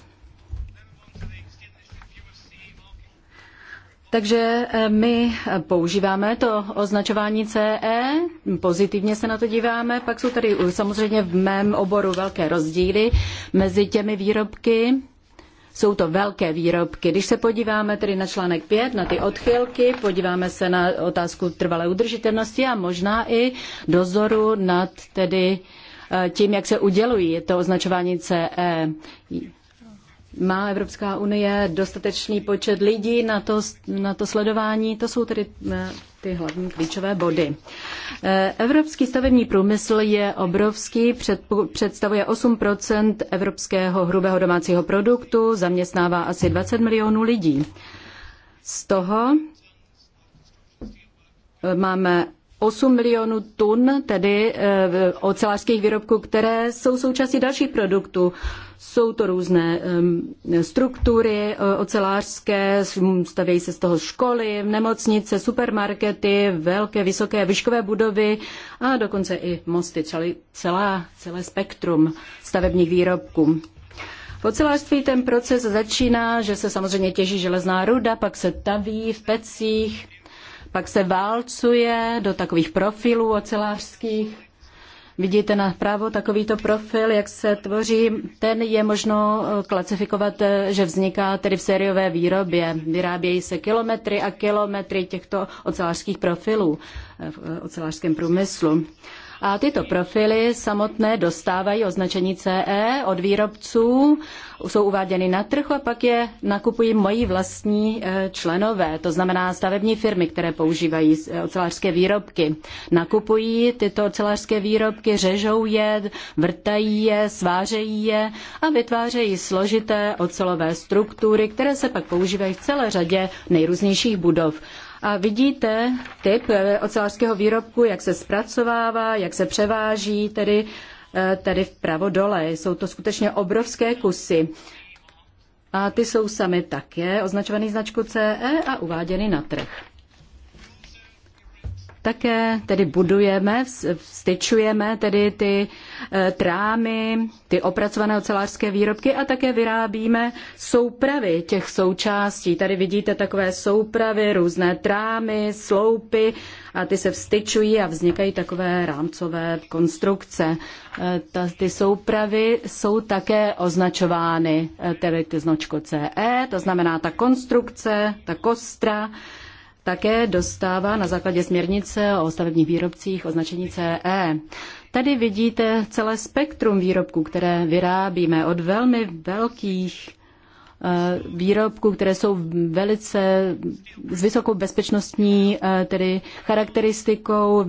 Takže eh, my používáme to označování CE, pozitivně se na to díváme, pak jsou tady samozřejmě v mém oboru velké rozdíly mezi těmi výrobky, jsou to velké výrobky. Když se podíváme tedy na článek 5, na ty odchylky, podíváme se na otázku trvalé udržitelnosti a možná i dozoru nad tedy eh, tím, jak se udělují to označování CE. Má Evropská unie dostatečný počet lidí na to, na to sledování? To jsou tedy eh, ty hlavní klíčové body. Eh, evropský stavební průmysl je obrovský, představuje 8 evropského hrubého domácího produktu, zaměstnává asi 20 milionů lidí. Z toho eh, máme 8 milionů tun, tedy eh, ocelářských výrobků, které jsou součástí dalších produktů. Jsou to různé struktury eh, ocelářské, stavějí se z toho školy, nemocnice, supermarkety, velké, vysoké výškové budovy a dokonce i mosty, čili celá, celé spektrum stavebních výrobků. V ocelářství ten proces začíná, že se samozřejmě těží železná ruda, pak se taví v pecích, pak se válcuje do takových profilů ocelářských. Vidíte na právo takovýto profil, jak se tvoří. Ten je možno eh, klasifikovat, eh, že vzniká tedy v sériové výrobě. Vyrábějí se kilometry a kilometry těchto ocelářských profilů eh, v ocelářském průmyslu. A tyto profily samotné dostávají označení CE od výrobců, jsou uváděny na trh a pak je nakupují moji vlastní e, členové, to znamená stavební firmy, které používají e, ocelářské výrobky. Nakupují tyto ocelářské výrobky, řežou je, vrtají je, svářejí je a vytvářejí složité ocelové struktury, které se pak používají v celé řadě nejrůznějších budov. A vidíte typ eh, ocelářského výrobku, jak se zpracovává, jak se převáží, tedy eh, tady vpravo dole. Jsou to skutečně obrovské kusy. A ty jsou sami také označovaný značku CE a uváděny na trh. Také tedy budujeme, styčujeme tedy ty eh, trámy, ty opracované ocelářské výrobky a také vyrábíme soupravy těch součástí. Tady vidíte takové soupravy, různé trámy, sloupy a ty se vstyčují a vznikají takové rámcové konstrukce. Eh, ta, ty soupravy jsou také označovány, eh, tedy ty značko CE, to znamená ta konstrukce, ta kostra, také dostává na základě směrnice o stavebních výrobcích označení CE. Tady vidíte celé spektrum výrobků, které vyrábíme od velmi velkých eh, výrobků, které jsou velice s vysokou bezpečnostní eh, tedy charakteristikou,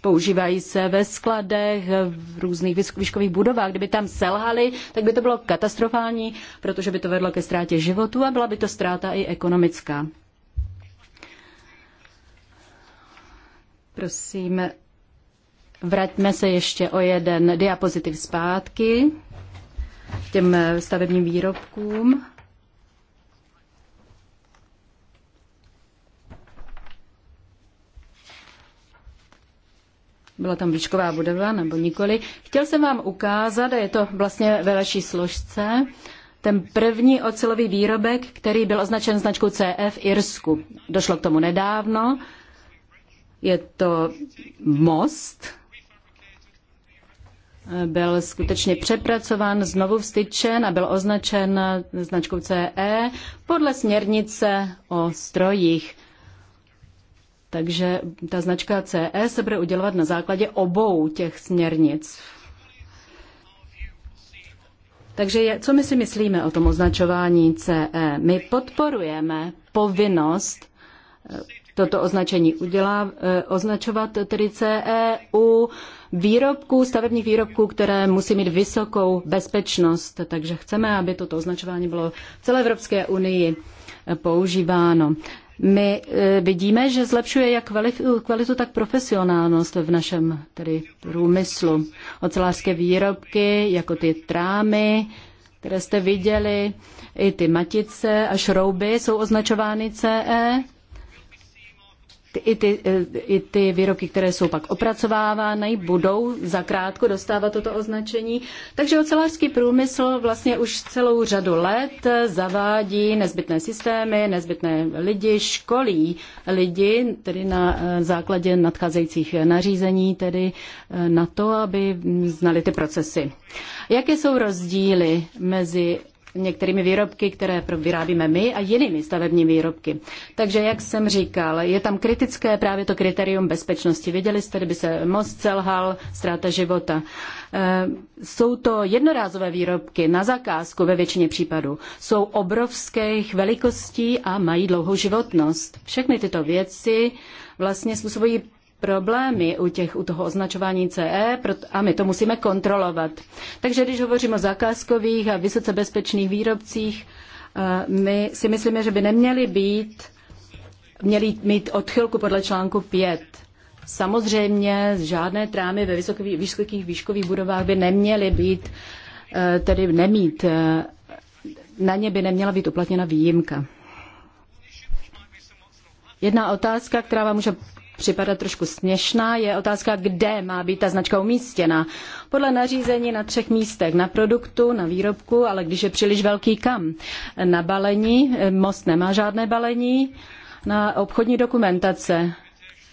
používají se ve skladech, v různých výškových budovách. Kdyby tam selhali, tak by to bylo katastrofální, protože by to vedlo ke ztrátě životu a byla by to ztráta i ekonomická. Prosím, vraťme se ještě o jeden diapozitiv zpátky k těm stavebním výrobkům. byla tam výšková budova nebo nikoli. Chtěl jsem vám ukázat, a je to vlastně ve vaší složce, ten první ocelový výrobek, který byl označen značkou CF v Irsku. Došlo k tomu nedávno je to most, byl skutečně přepracován, znovu vstyčen a byl označen značkou CE podle směrnice o strojích. Takže ta značka CE se bude udělovat na základě obou těch směrnic. Takže je, co my si myslíme o tom označování CE? My podporujeme povinnost toto označení udělá, eh, označovat tedy CE u výrobků, stavebních výrobků, které musí mít vysokou bezpečnost. Takže chceme, aby toto označování bylo v celé Evropské unii eh, používáno. My eh, vidíme, že zlepšuje jak kvalitu, tak profesionálnost v našem tedy průmyslu. Ocelářské výrobky, jako ty trámy, které jste viděli, i ty matice a šrouby jsou označovány CE i ty, eh, i ty výroky, které jsou pak opracovávány, budou zakrátko dostávat toto označení. Takže ocelářský průmysl vlastně už celou řadu let zavádí nezbytné systémy, nezbytné lidi, školí lidi, tedy na eh, základě nadcházejících nařízení, tedy eh, na to, aby znali ty procesy. Jaké jsou rozdíly mezi některými výrobky, které vyrábíme my a jinými stavebními výrobky. Takže, jak jsem říkal, je tam kritické právě to kritérium bezpečnosti. Viděli jste, kdyby se most selhal, ztráta života. Eh, jsou to jednorázové výrobky na zakázku ve většině případů. Jsou obrovských velikostí a mají dlouhou životnost. Všechny tyto věci vlastně způsobují problémy u, těch, u toho označování CE a my to musíme kontrolovat. Takže když hovořím o zakázkových a vysoce bezpečných výrobcích, eh, my si myslíme, že by neměly být, měly mít odchylku podle článku 5. Samozřejmě žádné trámy ve vysokých, vysokých výškových budovách by neměly být, eh, tedy nemít, eh, na ně by neměla být uplatněna výjimka. Jedna otázka, která vám může připadat trošku směšná, je otázka, kde má být ta značka umístěna. Podle nařízení na třech místech, na produktu, na výrobku, ale když je příliš velký kam. Na balení, most nemá žádné balení, na obchodní dokumentace,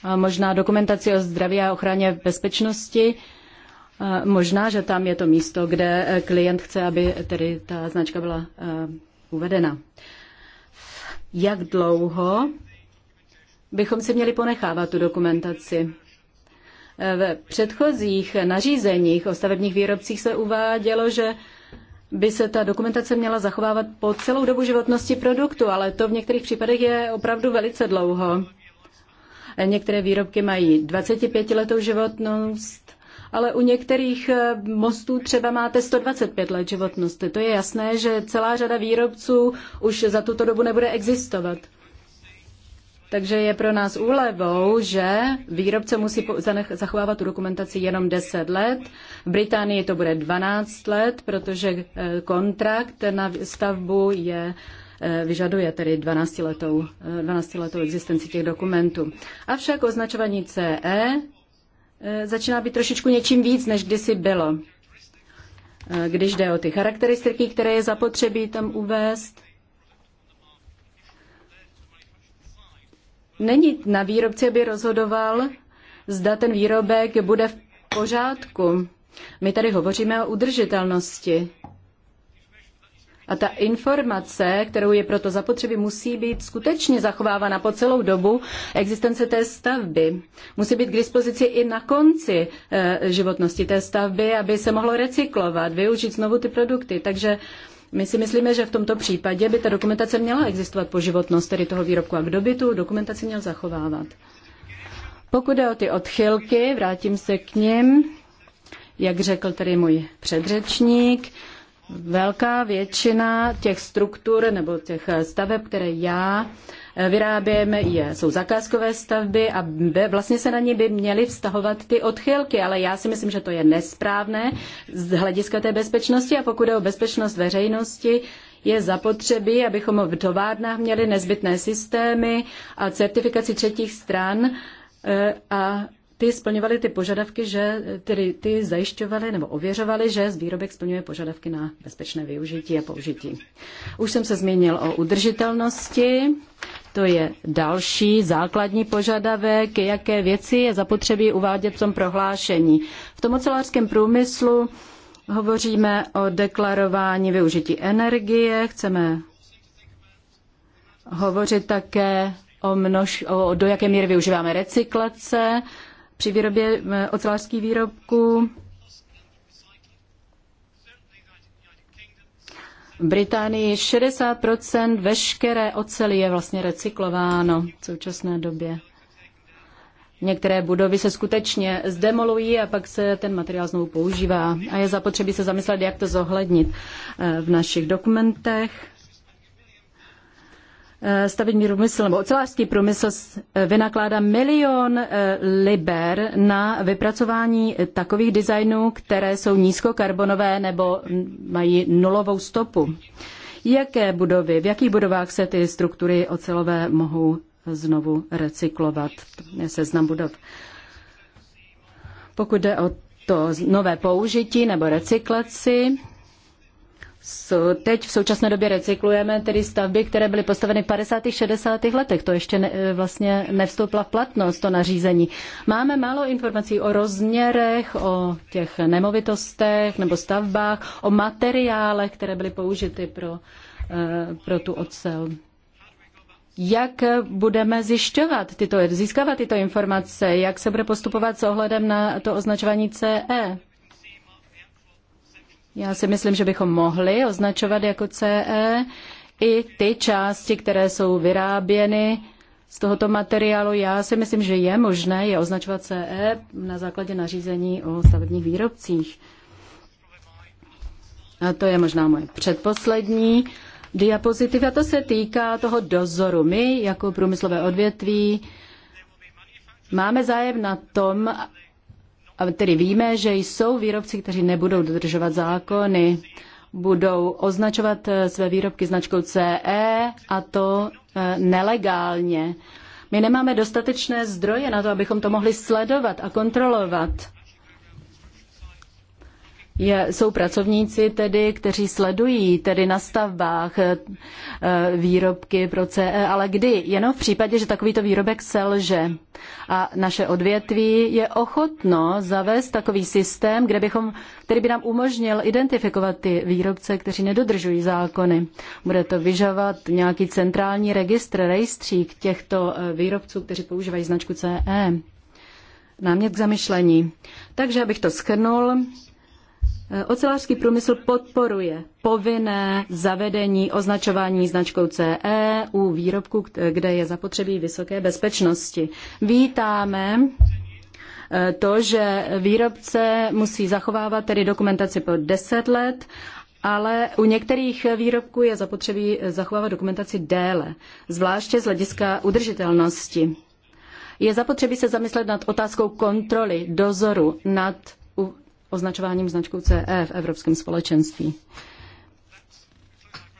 a možná dokumentaci o zdraví a ochraně bezpečnosti, a možná, že tam je to místo, kde eh, klient chce, aby tedy ta značka byla eh, uvedena. Jak dlouho bychom si měli ponechávat tu dokumentaci. V předchozích nařízeních o stavebních výrobcích se uvádělo, že by se ta dokumentace měla zachovávat po celou dobu životnosti produktu, ale to v některých případech je opravdu velice dlouho. Některé výrobky mají 25 letou životnost, ale u některých eh, mostů třeba máte 125 let životnosti. To je jasné, že celá řada výrobců už za tuto dobu nebude existovat. Takže je pro nás úlevou, že výrobce musí zachovávat tu dokumentaci jenom 10 let. V Británii to bude 12 let, protože eh, kontrakt na stavbu je eh, vyžaduje tedy 12 letou, 12 letou existenci těch dokumentů. Avšak označování CE eh, začíná být trošičku něčím víc, než kdysi bylo. Když jde o ty charakteristiky, které je zapotřebí tam uvést, Není na výrobci, aby rozhodoval, zda ten výrobek bude v pořádku. My tady hovoříme o udržitelnosti. A ta informace, kterou je proto zapotřebí, musí být skutečně zachovávána po celou dobu existence té stavby. Musí být k dispozici i na konci eh, životnosti té stavby, aby se mohlo recyklovat, využít znovu ty produkty. Takže my si myslíme, že v tomto případě by ta dokumentace měla existovat po životnost tedy toho výrobku a kdo by tu dokumentaci měl zachovávat. Pokud jde o ty odchylky, vrátím se k ním. Jak řekl tedy můj předřečník, velká většina těch struktur nebo těch staveb, které já vyrábějeme, je, jsou zakázkové stavby a vlastně se na ně by měly vztahovat ty odchylky, ale já si myslím, že to je nesprávné z hlediska té bezpečnosti a pokud je o bezpečnost veřejnosti, je zapotřebí, abychom v továrnách měli nezbytné systémy a certifikaci třetích stran e, a ty splňovaly ty požadavky, že tedy ty zajišťovaly nebo ověřovaly, že z výrobek splňuje požadavky na bezpečné využití a použití. Už jsem se zmínil o udržitelnosti. To je další základní požadavek, jaké věci je zapotřebí uvádět v tom prohlášení. V tom ocelářském průmyslu hovoříme o deklarování využití energie, chceme hovořit také o, množ, o do jaké míry využíváme recyklace při výrobě e, ocelářských výrobků. V Británii 60 veškeré oceli je vlastně recyklováno v současné době. Některé budovy se skutečně zdemolují a pak se ten materiál znovu používá. A je zapotřebí se zamyslet, jak to zohlednit eh, v našich dokumentech. Eh, stavební průmysl nebo ocelářský průmysl eh, vynakládá milion eh, liber na vypracování takových designů, které jsou nízkokarbonové nebo mají nulovou stopu. Jaké budovy, v jakých budovách se ty struktury ocelové mohou znovu recyklovat? Seznam budov. Pokud jde o to nové použití nebo recyklaci, Teď v současné době recyklujeme tedy stavby, které byly postaveny v 50. 60. letech. To ještě ne, e, vlastně nevstoupila v platnost, to nařízení. Máme málo informací o rozměrech, o těch nemovitostech nebo stavbách, o materiálech, které byly použity pro, e, pro tu ocel jak budeme zjišťovat tyto, získávat tyto informace, jak se bude postupovat s ohledem na to označování CE. Já si myslím, že bychom mohli označovat jako CE i ty části, které jsou vyráběny z tohoto materiálu. Já si myslím, že je možné je označovat CE na základě nařízení o stavebních výrobcích. A to je možná moje předposlední diapozitiva. To se týká toho dozoru. My jako průmyslové odvětví máme zájem na tom, tedy víme, že jsou výrobci, kteří nebudou dodržovat zákony, budou označovat eh, své výrobky značkou CE a to eh, nelegálně. My nemáme dostatečné zdroje na to, abychom to mohli sledovat a kontrolovat je, jsou pracovníci tedy, kteří sledují tedy na stavbách eh, výrobky pro CE, ale kdy? Jenom v případě, že takovýto výrobek selže. A naše odvětví je ochotno zavést takový systém, kde bychom, který by nám umožnil identifikovat ty výrobce, kteří nedodržují zákony. Bude to vyžovat nějaký centrální registr, rejstřík těchto eh, výrobců, kteří používají značku CE. Námět k zamyšlení. Takže abych to schrnul, Ocelářský průmysl podporuje povinné zavedení označování značkou CE u výrobku, kde je zapotřebí vysoké bezpečnosti. Vítáme eh, to, že výrobce musí zachovávat tedy dokumentaci po 10 let, ale u některých výrobků je zapotřebí zachovávat dokumentaci déle, zvláště z hlediska udržitelnosti. Je zapotřebí se zamyslet nad otázkou kontroly, dozoru nad označováním značkou CE v Evropském společenství.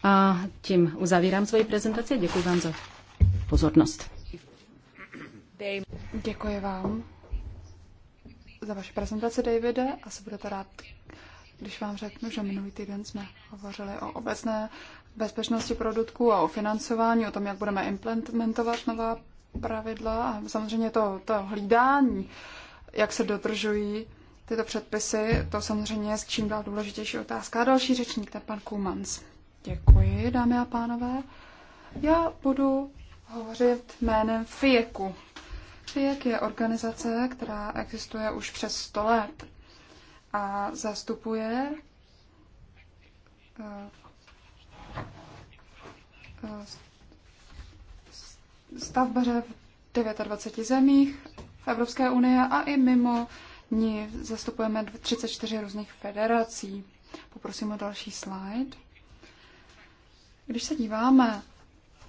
A tím uzavírám svoji prezentaci. Děkuji vám za pozornost. Děkuji vám za vaši prezentaci, Davide. se budete rád, když vám řeknu, že minulý týden jsme hovořili o obecné bezpečnosti produktů a o financování, o tom, jak budeme implementovat nová pravidla a samozřejmě to, to hlídání, jak se dodržují tyto předpisy, to samozřejmě je s čím dál důležitější otázka. A další řečník, ten pan Kumans. Děkuji, dámy a pánové. Já budu hovořit jménem FIEKu. FIEK je organizace, která existuje už přes 100 let a zastupuje eh, eh, stavbaře v 29 zemích v Evropské unii a i mimo my zastupujeme 34 různých federací. Poprosím o další slide. Když se díváme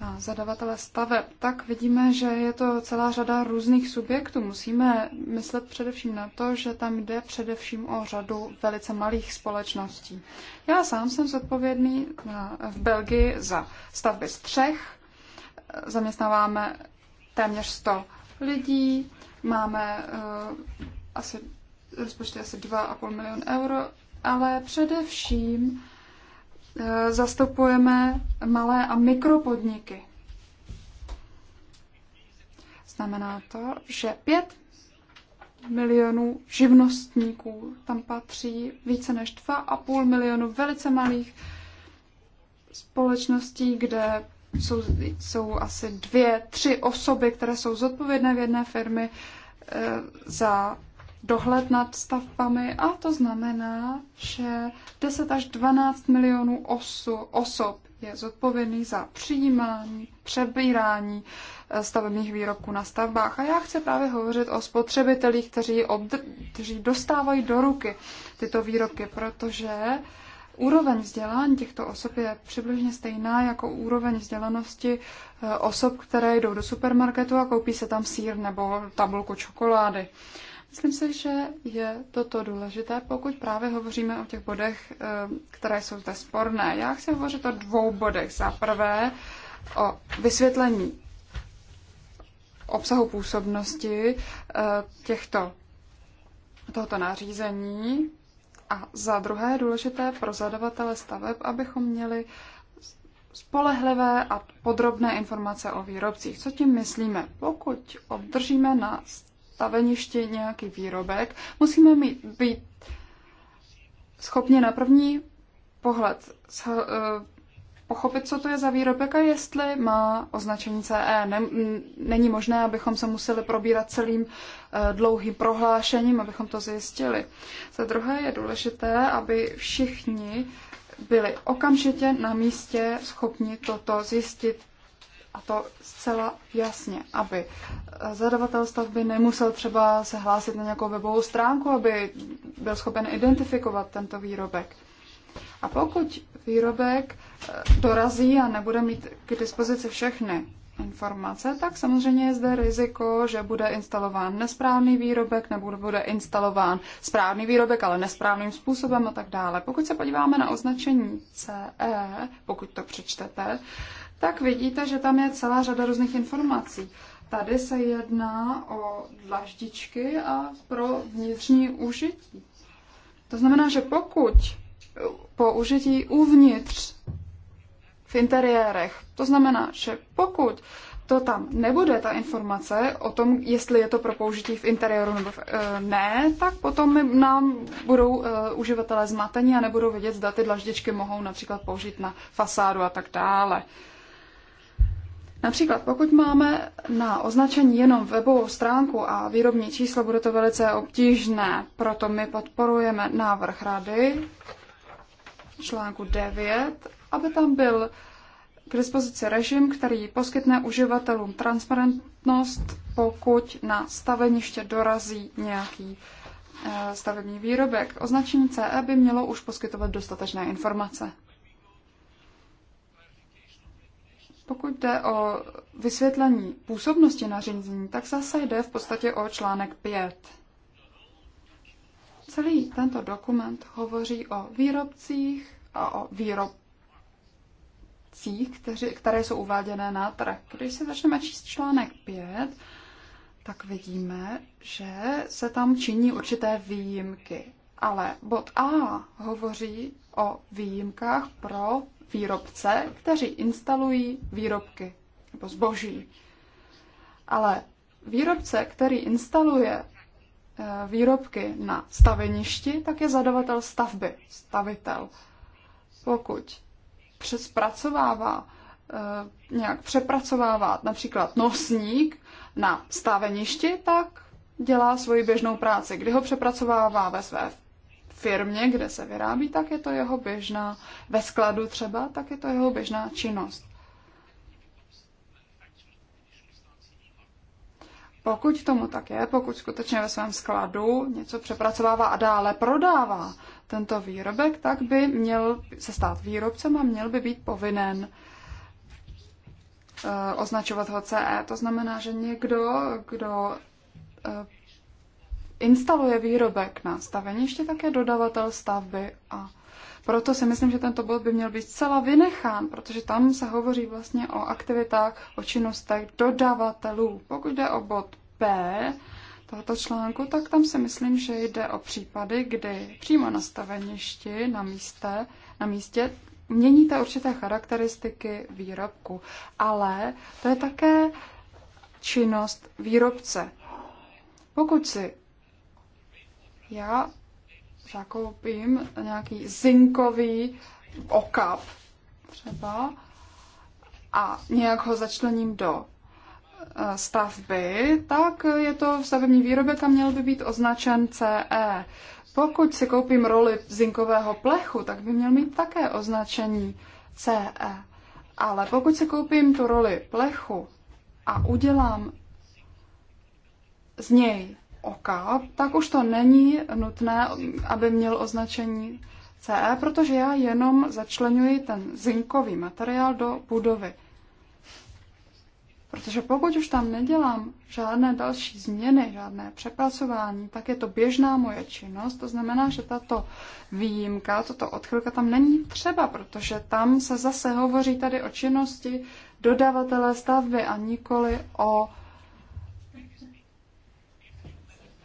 na zadavatele staveb, tak vidíme, že je to celá řada různých subjektů. Musíme myslet především na to, že tam jde především o řadu velice malých společností. Já sám jsem zodpovědný na, v Belgii za stavby střech. Zaměstnáváme téměř 100 lidí, máme uh, asi, rozpočty asi 2,5 milion euro, ale především eh, zastupujeme malé a mikropodniky. Znamená to, že 5 milionů živnostníků tam patří, více než 2,5 milionu velice malých společností, kde jsou, jsou asi dvě, tři osoby, které jsou zodpovědné v jedné firmy eh, za dohled nad stavbami a to znamená, že 10 až 12 milionů osu, osob je zodpovědný za přijímání, přebírání eh, stavebních výrobků na stavbách. A já chci právě hovořit o spotřebitelích, kteří, obdr- kteří dostávají do ruky tyto výrobky, protože Úroveň vzdělání těchto osob je přibližně stejná jako úroveň vzdělanosti eh, osob, které jdou do supermarketu a koupí se tam sír nebo tabulku čokolády. Myslím si, že je toto důležité, pokud právě hovoříme o těch bodech, eh, které jsou zde sporné. Já chci hovořit o dvou bodech. Za prvé o vysvětlení obsahu působnosti eh, těchto, tohoto nařízení a za druhé je důležité pro zadavatele staveb, abychom měli spolehlivé a podrobné informace o výrobcích. Co tím myslíme? Pokud obdržíme na staveniště nějaký výrobek, musíme mít, být schopni na první pohled eh, pochopit, co to je za výrobek a jestli má označení CE. Není možné, abychom se museli probírat celým eh, dlouhým prohlášením, abychom to zjistili. Za druhé je důležité, aby všichni byli okamžitě na místě schopni toto zjistit a to zcela jasně, aby eh, zadavatel stavby nemusel třeba se hlásit na nějakou webovou stránku, aby byl schopen identifikovat tento výrobek. A pokud výrobek eh, dorazí a nebude mít k dispozici všechny informace, tak samozřejmě je zde riziko, že bude instalován nesprávný výrobek nebo bude instalován správný výrobek, ale nesprávným způsobem a tak dále. Pokud se podíváme na označení CE, pokud to přečtete, tak vidíte, že tam je celá řada různých informací. Tady se jedná o dlaždičky a pro vnitřní užití. To znamená, že pokud po užití uvnitř v interiérech, to znamená, že pokud to tam nebude, ta informace o tom, jestli je to pro použití v interiéru nebo v, e, ne, tak potom nám budou e, uživatelé zmatení a nebudou vědět, zda ty dlaždičky mohou například použít na fasádu a tak dále. Například pokud máme na označení jenom webovou stránku a výrobní číslo, bude to velice obtížné. Proto my podporujeme návrh rady článku 9, aby tam byl k dispozici režim, který poskytne uživatelům transparentnost, pokud na staveniště dorazí nějaký eh, stavební výrobek. Označení CE by mělo už poskytovat dostatečné informace. Pokud jde o vysvětlení působnosti nařízení, tak zase jde v podstatě o článek 5. Celý tento dokument hovoří o výrobcích a o výrobcích, kteři, které jsou uváděné na trh. Když se začneme číst článek 5, tak vidíme, že se tam činí určité výjimky. Ale bod A hovoří o výjimkách pro výrobce, kteří instalují výrobky nebo zboží. Ale výrobce, který instaluje eh, výrobky na staveništi, tak je zadavatel stavby, stavitel. Pokud přespracovává, eh, nějak přepracovává například nosník na staveništi, tak dělá svoji běžnou práci. Kdy ho přepracovává ve své firmě, kde se vyrábí, tak je to jeho běžná, ve skladu třeba, tak je to jeho běžná činnost. Pokud tomu tak je, pokud skutečně ve svém skladu něco přepracovává a dále prodává tento výrobek, tak by měl se stát výrobcem a měl by být povinen eh, označovat ho CE. To znamená, že někdo, kdo eh, instaluje výrobek na staveniště, tak je dodavatel stavby a proto si myslím, že tento bod by měl být zcela vynechán, protože tam se hovoří vlastně o aktivitách, o činnostech dodavatelů. Pokud jde o bod B tohoto článku, tak tam si myslím, že jde o případy, kdy přímo na staveništi, na, místě, na místě měníte určité charakteristiky výrobku. Ale to je také činnost výrobce. Pokud si já zakoupím nějaký zinkový okap třeba a nějak ho začlením do eh, stavby, tak je to v stavební výrobě a měl by být označen CE. Pokud si koupím roli zinkového plechu, tak by měl mít také označení CE. Ale pokud si koupím tu roli plechu a udělám z něj oka, tak už to není nutné, aby měl označení CE, protože já jenom začlenuji ten zinkový materiál do budovy. Protože pokud už tam nedělám žádné další změny, žádné přepracování, tak je to běžná moje činnost. To znamená, že tato výjimka, toto odchylka tam není třeba, protože tam se zase hovoří tady o činnosti dodavatele stavby a nikoli o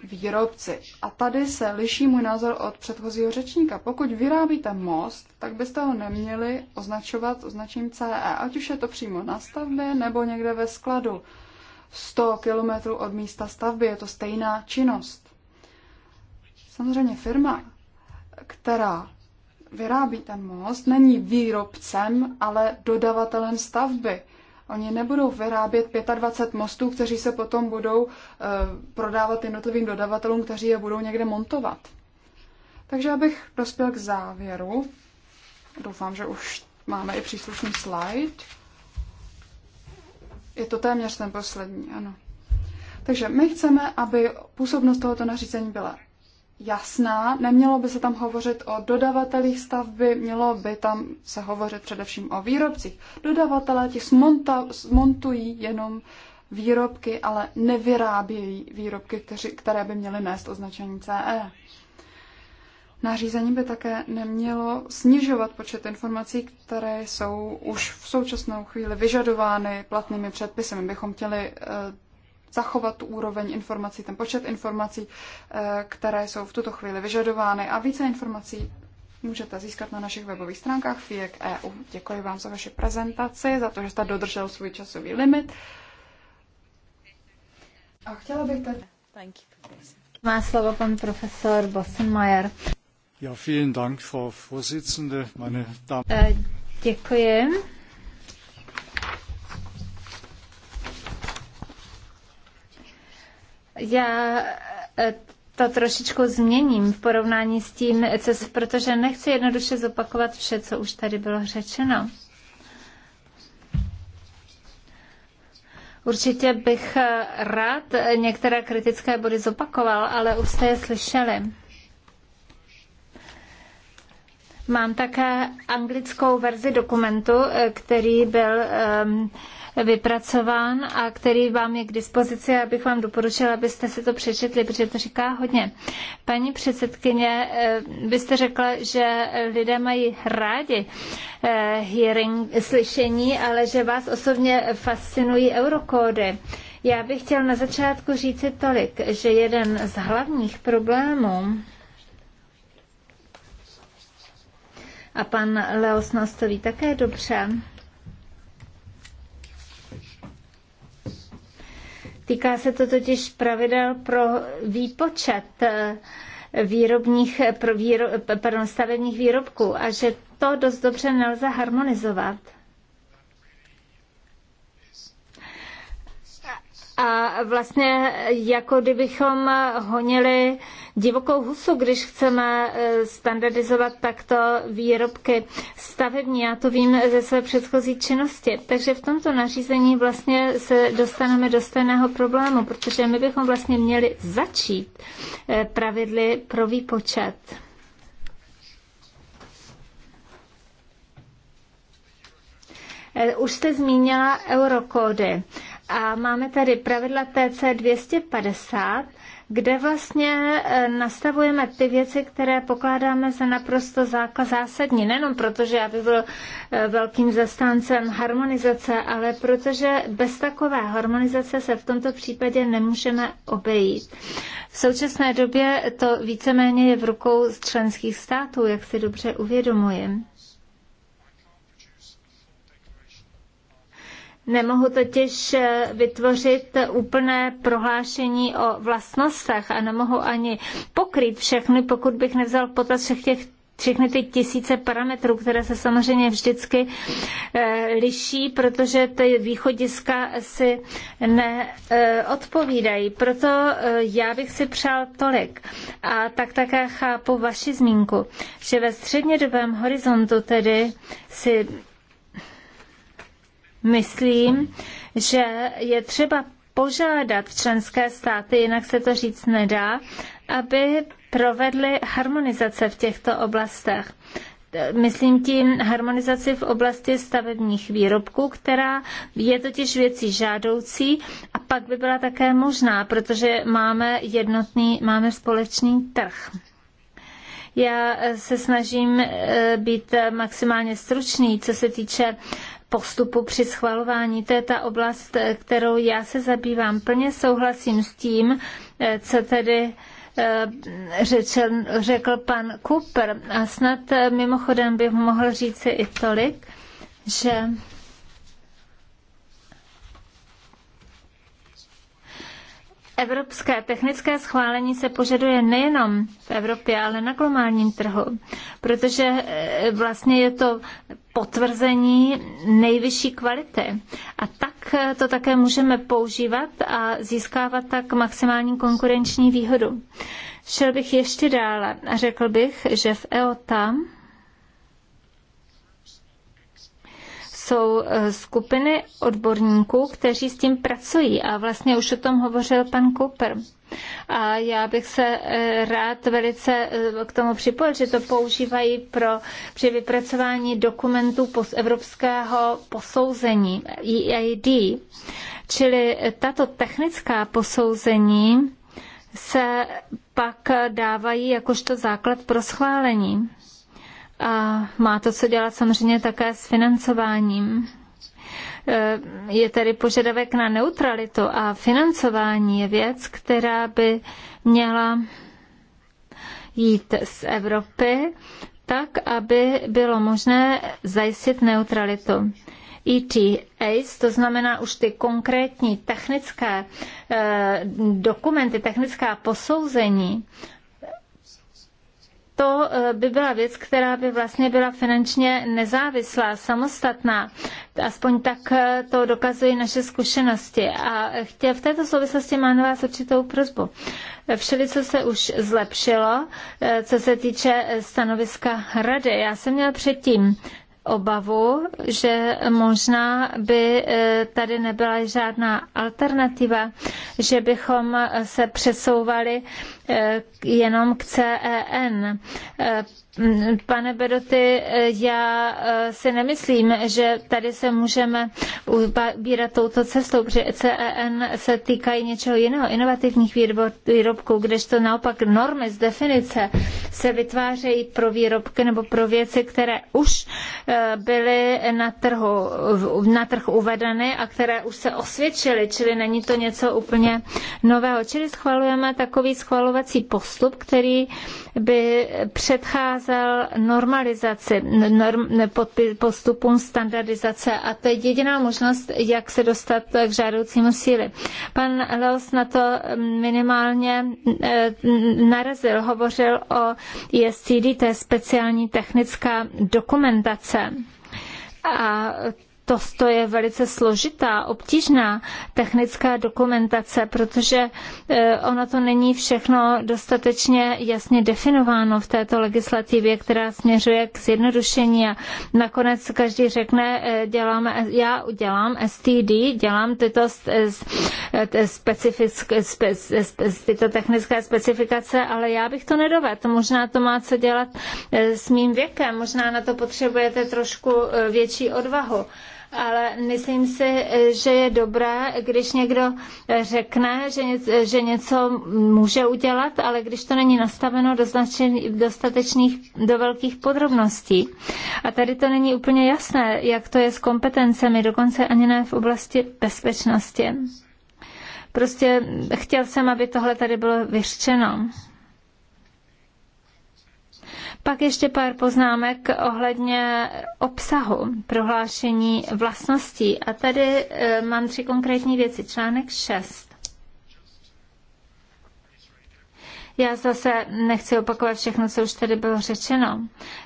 výrobci. A tady se liší můj názor od předchozího řečníka. Pokud vyrábíte most, tak byste ho neměli označovat označením CE, ať už je to přímo na stavbě nebo někde ve skladu. 100 kilometrů od místa stavby je to stejná činnost. Samozřejmě firma, která vyrábí ten most, není výrobcem, ale dodavatelem stavby. Oni nebudou vyrábět 25 mostů, kteří se potom budou eh, prodávat jednotlivým dodavatelům, kteří je budou někde montovat. Takže abych dospěl k závěru, doufám, že už máme i příslušný slide. Je to téměř ten poslední, ano. Takže my chceme, aby působnost tohoto nařízení byla jasná. Nemělo by se tam hovořit o dodavatelích stavby, mělo by tam se hovořit především o výrobcích. Dodavatelé ti smonta, smontují jenom výrobky, ale nevyrábějí výrobky, kteři, které by měly nést označení CE. Nařízení by také nemělo snižovat počet informací, které jsou už v současnou chvíli vyžadovány platnými předpisy. My bychom chtěli eh, zachovat tu úroveň informací, ten počet informací, eh, které jsou v tuto chvíli vyžadovány a více informací můžete získat na našich webových stránkách FIEK.eu. Děkuji vám za vaši prezentaci, za to, že jste dodržel svůj časový limit. A chtěla bych teď... Má slovo pan profesor Bossenmayer. Ja, vielen Dank, Frau Vorsitzende, meine Damen. Eh, děkuji. Já eh, to trošičku změním v porovnání s tím, co, protože nechci jednoduše zopakovat vše, co už tady bylo řečeno. Určitě bych eh, rád některé kritické body zopakoval, ale už jste je slyšeli. Mám také anglickou verzi dokumentu, eh, který byl um, vypracován a který vám je k dispozici, abych vám doporučila, abyste si to přečetli, protože to říká hodně. Paní předsedkyně, byste eh, řekla, že lidé mají rádi eh, hearing, slyšení, ale že vás osobně fascinují eurokódy. Já bych chtěl na začátku říci tolik, že jeden z hlavních problémů, a pan Leos nás to ví také dobře, Týká se to totiž pravidel pro výpočet eh, výrobních, pro výro, pardon, stavebních výrobků a že to dost dobře nelze harmonizovat. a vlastně jako kdybychom honili divokou husu, když chceme eh, standardizovat takto výrobky stavební. Já to vím ze své předchozí činnosti. Takže v tomto nařízení vlastně se dostaneme do stejného problému, protože my bychom vlastně měli začít eh, pravidly pro výpočet. Eh, už jste zmínila eurokódy a máme tady pravidla TC 250, kde vlastně e, nastavujeme ty věci, které pokládáme za naprosto zásadní. Nenom proto, že já bych byl e, velkým zastáncem harmonizace, ale protože bez takové harmonizace se v tomto případě nemůžeme obejít. V současné době to víceméně je v rukou členských států, jak si dobře uvědomujeme. Nemohu totiž eh, vytvořit úplné prohlášení o vlastnostech a nemohu ani pokrýt všechny, pokud bych nevzal potaz všech těch všechny ty tisíce parametrů, které se samozřejmě vždycky eh, liší, protože ty východiska si neodpovídají. Proto eh, já bych si přál tolik. A tak také chápu vaši zmínku, že ve střednědobém horizontu tedy si myslím, že je třeba požádat členské státy, jinak se to říct nedá, aby provedly harmonizace v těchto oblastech. Myslím tím harmonizaci v oblasti stavebních výrobků, která je totiž věcí žádoucí a pak by byla také možná, protože máme jednotný, máme společný trh. Já se snažím eh, být maximálně stručný, co se týče postupu při schvalování. To je ta oblast, kterou já se zabývám. Plně souhlasím s tím, eh, co tedy eh, řečel, řekl pan Cooper. A snad eh, mimochodem bych mohl říci i tolik, že Evropské technické schválení se požaduje nejenom v Evropě, ale na globálním trhu, protože e, vlastně je to potvrzení nejvyšší kvality. A tak e, to také můžeme používat a získávat tak maximální konkurenční výhodu. Šel bych ještě dále a řekl bych, že v EOTA jsou eh, skupiny odborníků, kteří s tím pracují a vlastně už o tom hovořil pan Cooper. A já bych se eh, rád velice eh, k tomu připojil, že to používají pro, při vypracování dokumentů evropského posouzení EID. Čili tato technická posouzení se pak dávají jakožto základ pro schválení. A má to co dělat samozřejmě také s financováním e, je tedy požadavek na neutralitu a financování je věc, která by měla jít z Evropy tak, aby bylo možné zajistit neutralitu. ETAs, to znamená už ty konkrétní technické e, dokumenty, technická posouzení to eh, by byla věc, která by vlastně byla finančně nezávislá, samostatná. Aspoň tak eh, to dokazují naše zkušenosti. A chtěl v této souvislosti mám na vás určitou prozbu. Všeli, co se už zlepšilo, eh, co se týče stanoviska rady. Já jsem měla předtím obavu, že možná by tady nebyla žádná alternativa, že bychom se přesouvali Eh, jenom k CEN. Eh, pane Bedoty, eh, já si nemyslím, že tady se můžeme ubírat touto cestou, protože CEN se týkají něčeho jiného, inovativních výrobků, kdežto naopak normy z definice se vytvářejí pro výrobky nebo pro věci, které už byly na, trhu, na trh uvedeny a které už se osvědčily, čili není to něco úplně nového. Čili schvalujeme takový schvalovaný schvalovací postup, který by předcházel normalizaci, norm, postupům standardizace a to je jediná možnost, jak se dostat k žádoucímu síli. Pan Leos na to minimálně eh, narazil, hovořil o ESCD, to je speciální technická dokumentace. A to, to je velice složitá, obtížná technická dokumentace, protože eh, ono to není všechno dostatečně jasně definováno v této legislativě, která směřuje k zjednodušení a nakonec každý řekne, eh, dělám, já udělám STD, dělám tyto, eh, specific, tyto technické specifikace, ale já bych to nedovedl. Možná to má co dělat s mým věkem, možná na to potřebujete trošku větší odvahu ale myslím si, že je dobré, když někdo řekne, že, něco, že něco může udělat, ale když to není nastaveno do, značen, dostatečných, do velkých podrobností. A tady to není úplně jasné, jak to je s kompetencemi, dokonce ani ne v oblasti bezpečnosti. Prostě chtěl jsem, aby tohle tady bylo vyřčeno. Pak ještě pár poznámek ohledně obsahu prohlášení vlastností. A tady eh, mám tři konkrétní věci. Článek 6 Já zase nechci opakovat všechno, co už tady bylo řečeno.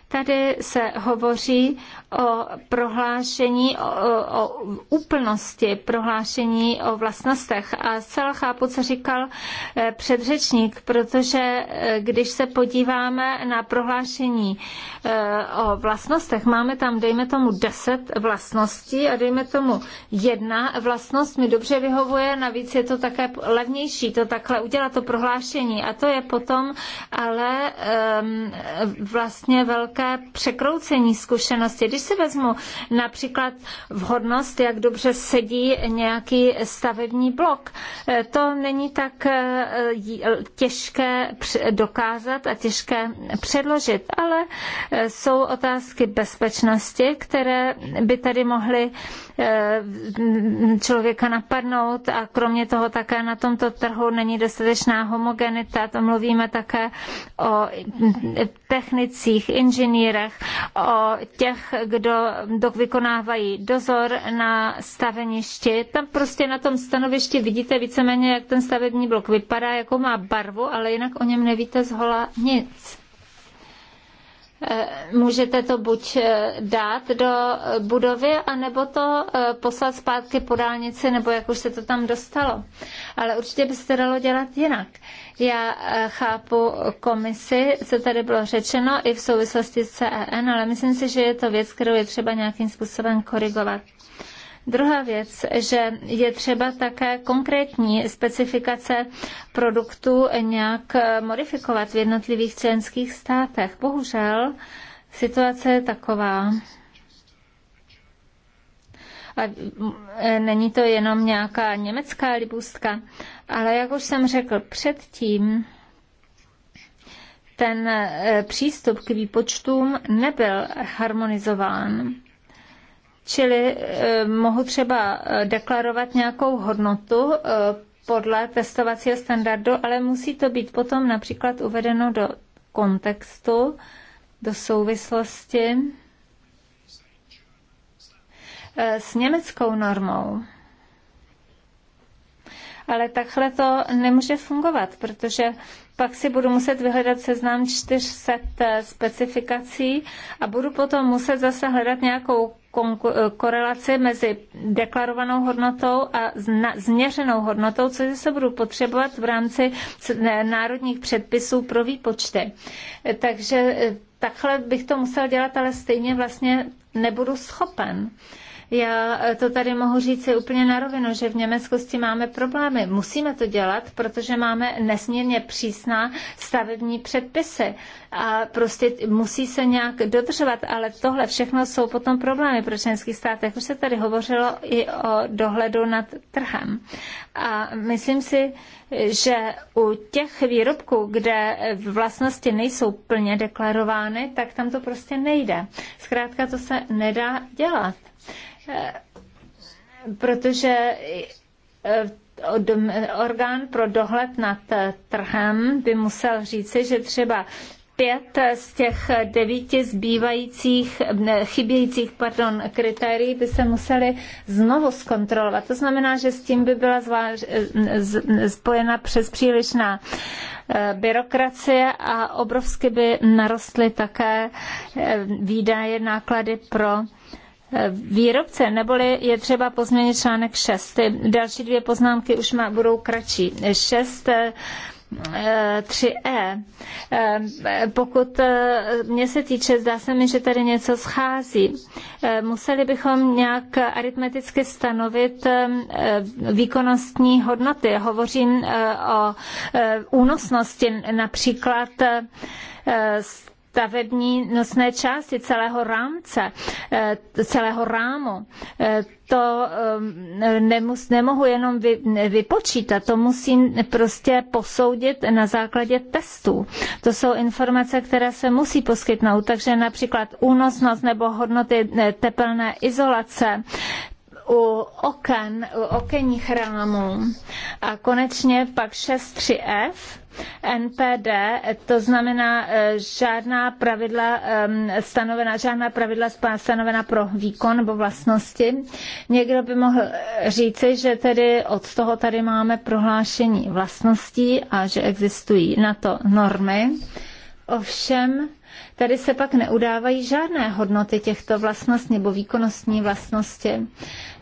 Tady se hovoří o prohlášení o, o, o úplnosti, prohlášení o vlastnostech. A zcela chápu, co říkal eh, předřečník, protože eh, když se podíváme na prohlášení eh, o vlastnostech, máme tam, dejme tomu, deset vlastností a dejme tomu jedna vlastnost mi dobře vyhovuje, navíc je to také levnější to takhle udělat, to prohlášení. A to je potom ale um, vlastně velké překroucení zkušenosti. Když si vezmu například vhodnost, jak dobře sedí nějaký stavební blok, eh, to není tak eh, těžké dokázat a těžké předložit, ale eh, jsou otázky bezpečnosti, které by tady mohly Eh, člověka napadnout a kromě toho také na tomto trhu není dostatečná homogenita. To mluvíme také o technicích, inženýrech, o těch, kdo vykonávají dozor na staveništi. Tam prostě na tom stanovišti vidíte víceméně, jak ten stavební blok vypadá, jakou má barvu, ale jinak o něm nevíte zhola nic. Eh, můžete to buď eh, dát do budovy, anebo to eh, poslat zpátky po dálnici, nebo jak už se to tam dostalo. Ale určitě by se to dalo dělat jinak. Já chápu komisi, co tady bylo řečeno i v souvislosti s CEN, ale myslím si, že je to věc, kterou je třeba nějakým způsobem korigovat. Druhá věc, že je třeba také konkrétní specifikace produktů nějak modifikovat v jednotlivých členských státech. Bohužel situace je taková, a e, není to jenom nějaká německá libůstka, ale jak už jsem řekl předtím, ten e, přístup k výpočtům nebyl harmonizován. Čili eh, mohu třeba eh, deklarovat nějakou hodnotu eh, podle testovacího standardu, ale musí to být potom například uvedeno do kontextu, do souvislosti s německou normou. Ale takhle to nemůže fungovat, protože pak si budu muset vyhledat seznam 400 specifikací a budu potom muset zase hledat nějakou Eh, korelace mezi deklarovanou hodnotou a změřenou hodnotou, co se budou potřebovat v rámci národních předpisů pro výpočty. Eh, takže eh, takhle bych to musel dělat, ale stejně vlastně nebudu schopen. Uh, já eh, to tady mohu říct si úplně na rovinu, že v Německu s tím máme problémy. Musíme to dělat, protože máme nesmírně přísná stavební předpisy a prostě musí se nějak dodržovat, ale tohle všechno jsou potom problémy pro stát. Jak Už se tady hovořilo i o dohledu nad trhem. A myslím si, že u těch výrobků, kde vlastnosti nejsou plně deklarovány, tak tam to prostě nejde. Zkrátka to se nedá dělat protože eh, orgán pro dohled nad eh, trhem by musel říci, že třeba pět z těch devíti zbývajících, chybějících pardon, kritérií by se museli znovu zkontrolovat. To znamená, že s tím by byla zváž, eh, z, spojena přes přílišná byrokracie a obrovsky by narostly také výdaje, náklady pro výrobce, neboli je třeba pozměnit článek 6. další dvě poznámky už má, budou kratší. 6 3E. Eh, eh, pokud eh, mě se týče, zdá se mi, že tady něco schází. Museli bychom nějak aritmeticky stanovit výkonnostní hodnoty. Hovořím o únosnosti například stavební nosné části celého rámce, eh, celého rámu. Eh, to eh, nemus, nemohu jenom vy, vypočítat, to musím prostě posoudit na základě testů. To jsou informace, které se musí poskytnout, takže například únosnost nebo hodnoty tepelné izolace, u oken, u okenních chrámu a konečně pak 63F NPD, to znamená e, žádná pravidla stanovená, žádná pravidla stanovená pro výkon nebo vlastnosti. Někdo by mohl e, říci, že tedy od toho tady máme prohlášení vlastností a že existují na to normy. Ovšem, Tady se pak neudávají žádné hodnoty těchto vlastností nebo výkonnostní vlastnosti.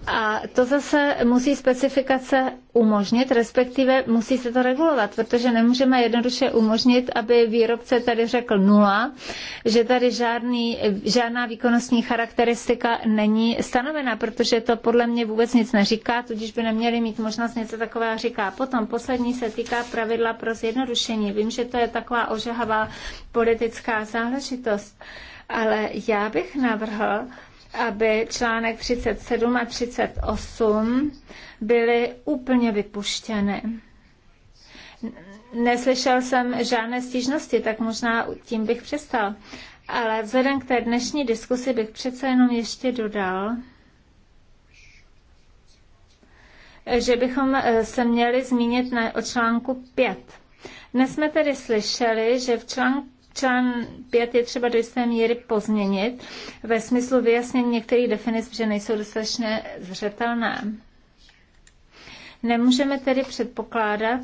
A to zase musí specifikace umožnit, respektive musí se to regulovat, protože nemůžeme jednoduše umožnit, aby výrobce tady řekl nula, že tady žádný, žádná výkonnostní charakteristika není stanovena, protože to podle mě vůbec nic neříká, tudíž by neměli mít možnost něco takového říká. Potom poslední se týká pravidla pro zjednodušení. Vím, že to je taková ožehavá politická záležitost záležitost. Ale já bych navrhl, aby článek 37 a 38 byly úplně vypuštěny. Neslyšel jsem žádné stížnosti, tak možná tím bych přestal. Ale vzhledem k té dnešní diskusi bych přece jenom ještě dodal, že bychom eh, se měli zmínit na, o článku 5. Dnes jsme tedy slyšeli, že v článku člán 5 je třeba do jisté míry pozměnit ve smyslu vyjasnění některých definic, že nejsou dostatečně zřetelné. Nemůžeme tedy předpokládat,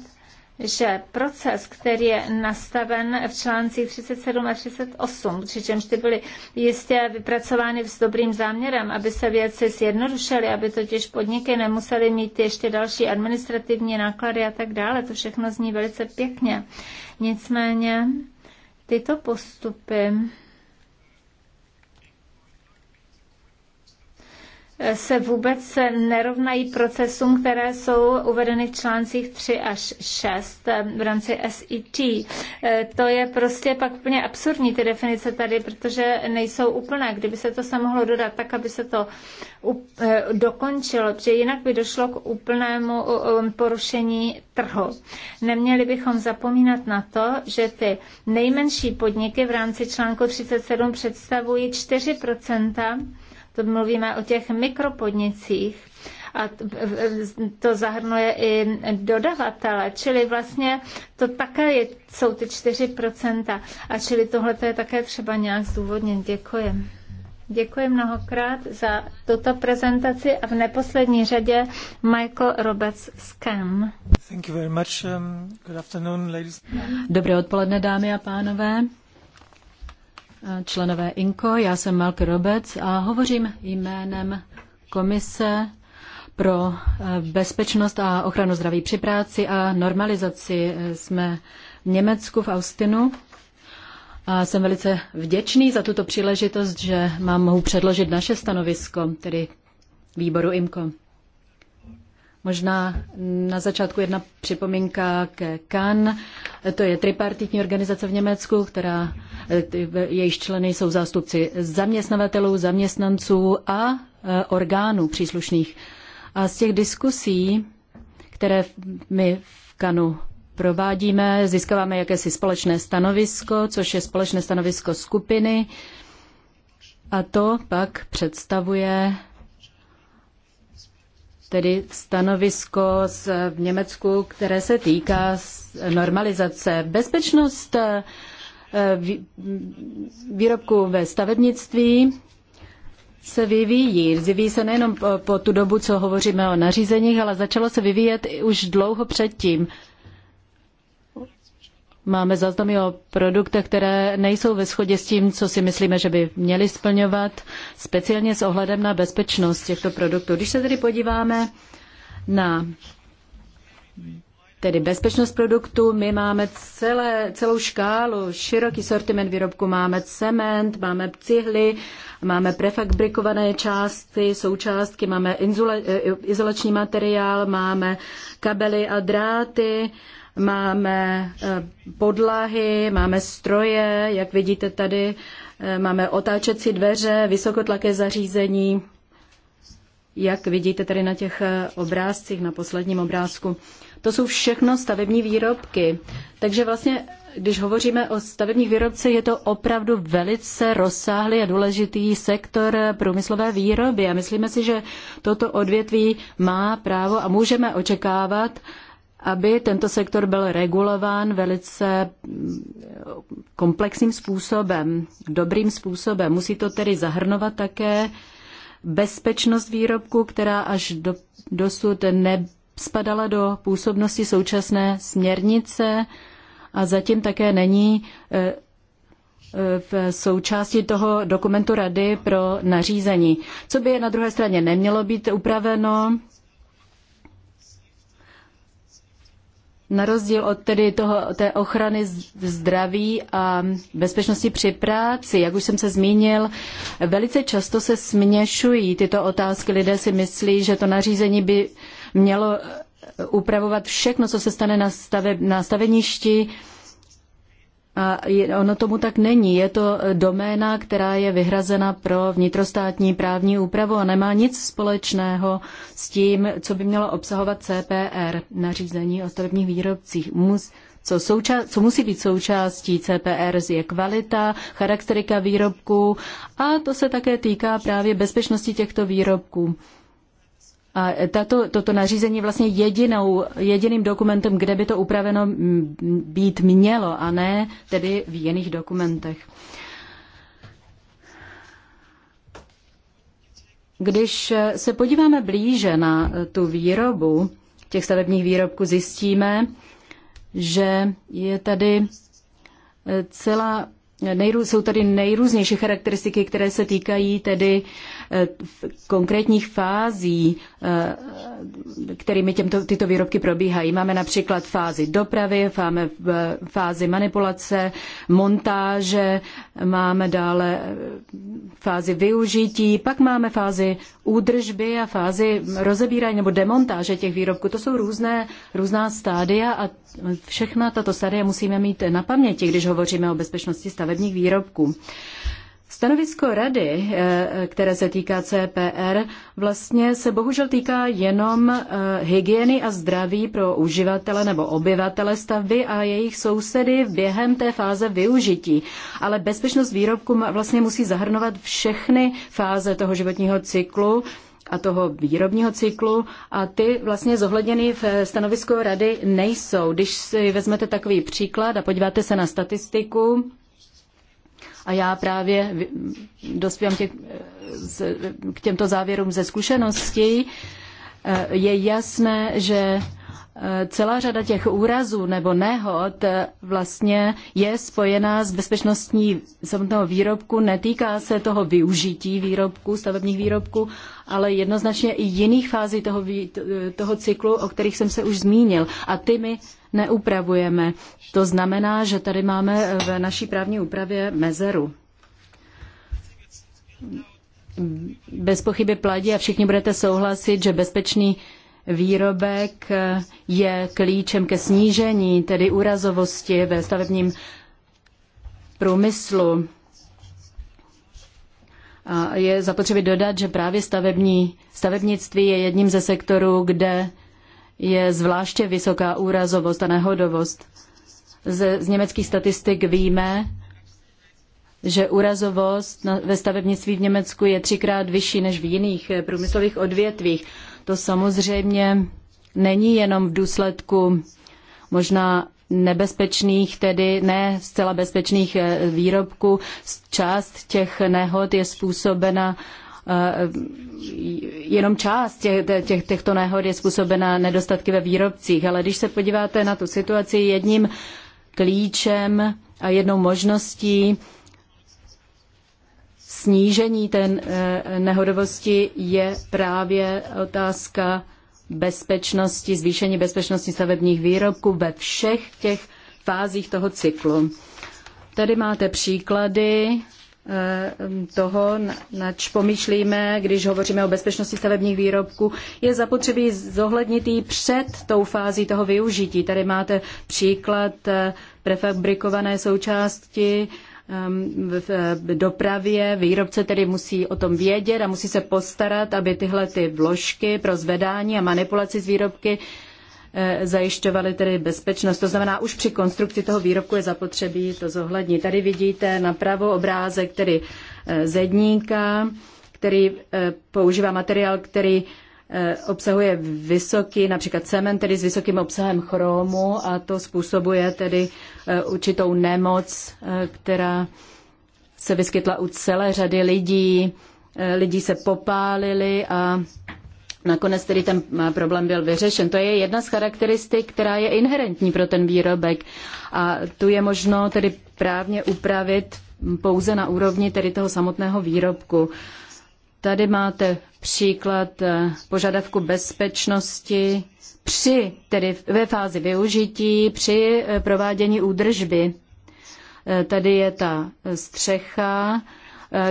že proces, který je nastaven v článcích 37 a 38, přičemž ty byly jistě vypracovány s dobrým záměrem, aby se věci zjednodušily, aby totiž podniky nemusely mít ještě další administrativní náklady a tak dále. To všechno zní velice pěkně. Nicméně Tyto postupy se vůbec nerovnají procesům, které jsou uvedeny v článcích 3 až 6 eh, v rámci SET. Eh, to je prostě pak úplně absurdní ty definice tady, protože nejsou úplné. Kdyby se to se mohlo dodat tak, aby se to eh, dokončilo, protože jinak by došlo k úplnému porušení trhu. Neměli bychom zapomínat na to, že ty nejmenší podniky v rámci článku 37 představují 4 to mluvíme o těch mikropodnicích a to zahrnuje i dodavatele, čili vlastně to také je, jsou ty 4%. A čili tohle je také třeba nějak zdůvodnit. Děkuji. Děkuji mnohokrát za tuto prezentaci a v neposlední řadě Michael Roberts Scam. Thank you very much. Um, good afternoon, ladies. Dobré odpoledne, dámy a pánové členové INKO, já jsem Malky Robec a hovořím jménem Komise pro eh, bezpečnost a ochranu zdraví při práci a normalizaci. Eh, jsme v Německu, v Austinu. A jsem velice vděčný za tuto příležitost, že mám mohu předložit naše stanovisko, tedy výboru IMCO. Možná na začátku jedna připomínka k KAN. To je tripartitní organizace v Německu, která eh, jejíž členy jsou zástupci zaměstnavatelů, zaměstnanců a eh, orgánů příslušných. A z těch diskusí, které my v KANu provádíme, získáváme jakési společné stanovisko, což je společné stanovisko skupiny, a to pak představuje tedy stanovisko z, v Německu, které se týká normalizace. Bezpečnost eh, výrobku ve stavebnictví se vyvíjí. Vyvíjí se nejenom po, po tu dobu, co hovoříme o nařízeních, ale začalo se vyvíjet už dlouho předtím máme záznamy o produktech, které nejsou ve shodě s tím, co si myslíme, že by měly splňovat, speciálně s ohledem na bezpečnost těchto produktů. Když se tedy podíváme na tedy bezpečnost produktů, my máme celé, celou škálu, široký sortiment výrobku, máme cement, máme cihly, máme prefabrikované části, součástky, máme eh, izolační materiál, máme kabely a dráty, máme eh, podlahy, máme stroje, jak vidíte tady, eh, máme otáčecí dveře, vysokotlaké zařízení, jak vidíte tady na těch eh, obrázcích, na posledním obrázku. To jsou všechno stavební výrobky. Takže vlastně, když hovoříme o stavebních výrobcech, je to opravdu velice rozsáhlý a důležitý sektor průmyslové výroby. A myslíme si, že toto odvětví má právo a můžeme očekávat, aby tento sektor byl regulován velice mm, komplexním způsobem, dobrým způsobem. Musí to tedy zahrnovat také bezpečnost výrobku, která až do, dosud nespadala do působnosti současné směrnice a zatím také není e, e, v součásti toho dokumentu Rady pro nařízení. Co by na druhé straně nemělo být upraveno, na rozdíl od tedy toho, té ochrany zdraví a bezpečnosti při práci, jak už jsem se zmínil, velice často se směšují tyto otázky. Lidé si myslí, že to nařízení by mělo eh, upravovat všechno, co se stane na, stave, na staveništi, a ono tomu tak není. Je to doména, která je vyhrazena pro vnitrostátní právní úpravu a nemá nic společného s tím, co by mělo obsahovat CPR, nařízení o stavebních výrobcích. Mus, co, souča- co musí být součástí CPR je kvalita, charakteristika výrobků a to se také týká právě bezpečnosti těchto výrobků. A tato, toto nařízení je vlastně jedinou, jediným dokumentem, kde by to upraveno být mělo, a ne tedy v jiných dokumentech. Když se podíváme blíže na tu výrobu těch stavebních výrobků, zjistíme, že je tady celá Nejrů, jsou tady nejrůznější charakteristiky, které se týkají tedy eh, konkrétních fází, eh, kterými těmto, tyto výrobky probíhají. Máme například fázi dopravy, máme eh, fázi manipulace, montáže, máme dále fázi využití, pak máme fázi údržby a fázi rozebírání nebo demontáže těch výrobků. To jsou různé, různá stádia a všechna tato stádia musíme mít na paměti, když hovoříme o bezpečnosti staveb národních výrobků. Stanovisko rady, eh, které se týká CPR, vlastně se bohužel týká jenom eh, hygieny a zdraví pro uživatele nebo obyvatele stavby a jejich sousedy během té fáze využití. Ale bezpečnost výrobku vlastně musí zahrnovat všechny fáze toho životního cyklu, a toho výrobního cyklu a ty vlastně zohledněny v eh, stanovisku rady nejsou. Když si vezmete takový příklad a podíváte se na statistiku, a já právě dospívám tě, k těmto závěrům ze zkušeností. Eh, je jasné, že celá řada těch úrazů nebo nehod vlastně je spojená s bezpečnostní samotného výrobku, netýká se toho využití výrobku, stavebních výrobků, ale jednoznačně i jiných fází toho, toho cyklu, o kterých jsem se už zmínil. A ty my neupravujeme. To znamená, že tady máme v naší právní úpravě mezeru bez pochyby platí a všichni budete souhlasit, že bezpečný výrobek je klíčem ke snížení, tedy úrazovosti ve stavebním průmyslu. A je zapotřebí dodat, že právě stavební, stavebnictví je jedním ze sektorů, kde je zvláště vysoká úrazovost a nehodovost. Z, z německých statistik víme, že úrazovost ve stavebnictví v Německu je třikrát vyšší než v jiných průmyslových odvětvích. To samozřejmě není jenom v důsledku možná nebezpečných, tedy ne zcela bezpečných eh, výrobků. Část těch nehod je způsobena eh, jenom část těch, těch, těchto nehod je způsobena nedostatky ve výrobcích, ale když se podíváte na tu situaci jedním klíčem a jednou možností snížení té eh, nehodovosti je právě otázka bezpečnosti, zvýšení bezpečnosti stavebních výrobků ve všech těch fázích toho cyklu. Tady máte příklady eh, toho, nač pomýšlíme, když hovoříme o bezpečnosti stavebních výrobků, je zapotřebí zohlednit před tou fází toho využití. Tady máte příklad eh, prefabrikované součástky, Ehm, eh, v dopravě. Výrobce tedy musí o tom vědět a musí se postarat, aby tyhle ty vložky pro zvedání a manipulaci s výrobky eh, zajišťovaly tedy bezpečnost. To znamená, už při konstrukci toho výrobku je zapotřebí to zohlednit. Tady vidíte napravo obrázek tedy eh, zedníka, který používá materiál, který Eh, obsahuje vysoký, například cement, tedy s vysokým obsahem chromu a to způsobuje tedy eh, určitou nemoc, eh, která se vyskytla u celé řady lidí. Lidí se popálili a nakonec tedy ten problém byl vyřešen. To je jedna z charakteristik, která je inherentní pro ten výrobek a tu je možno tedy právně upravit pouze na úrovni tedy toho samotného výrobku. Tady máte příklad eh, požadavku bezpečnosti při, tedy ve fázi využití, při eh, provádění údržby. Eh, tady je ta střecha,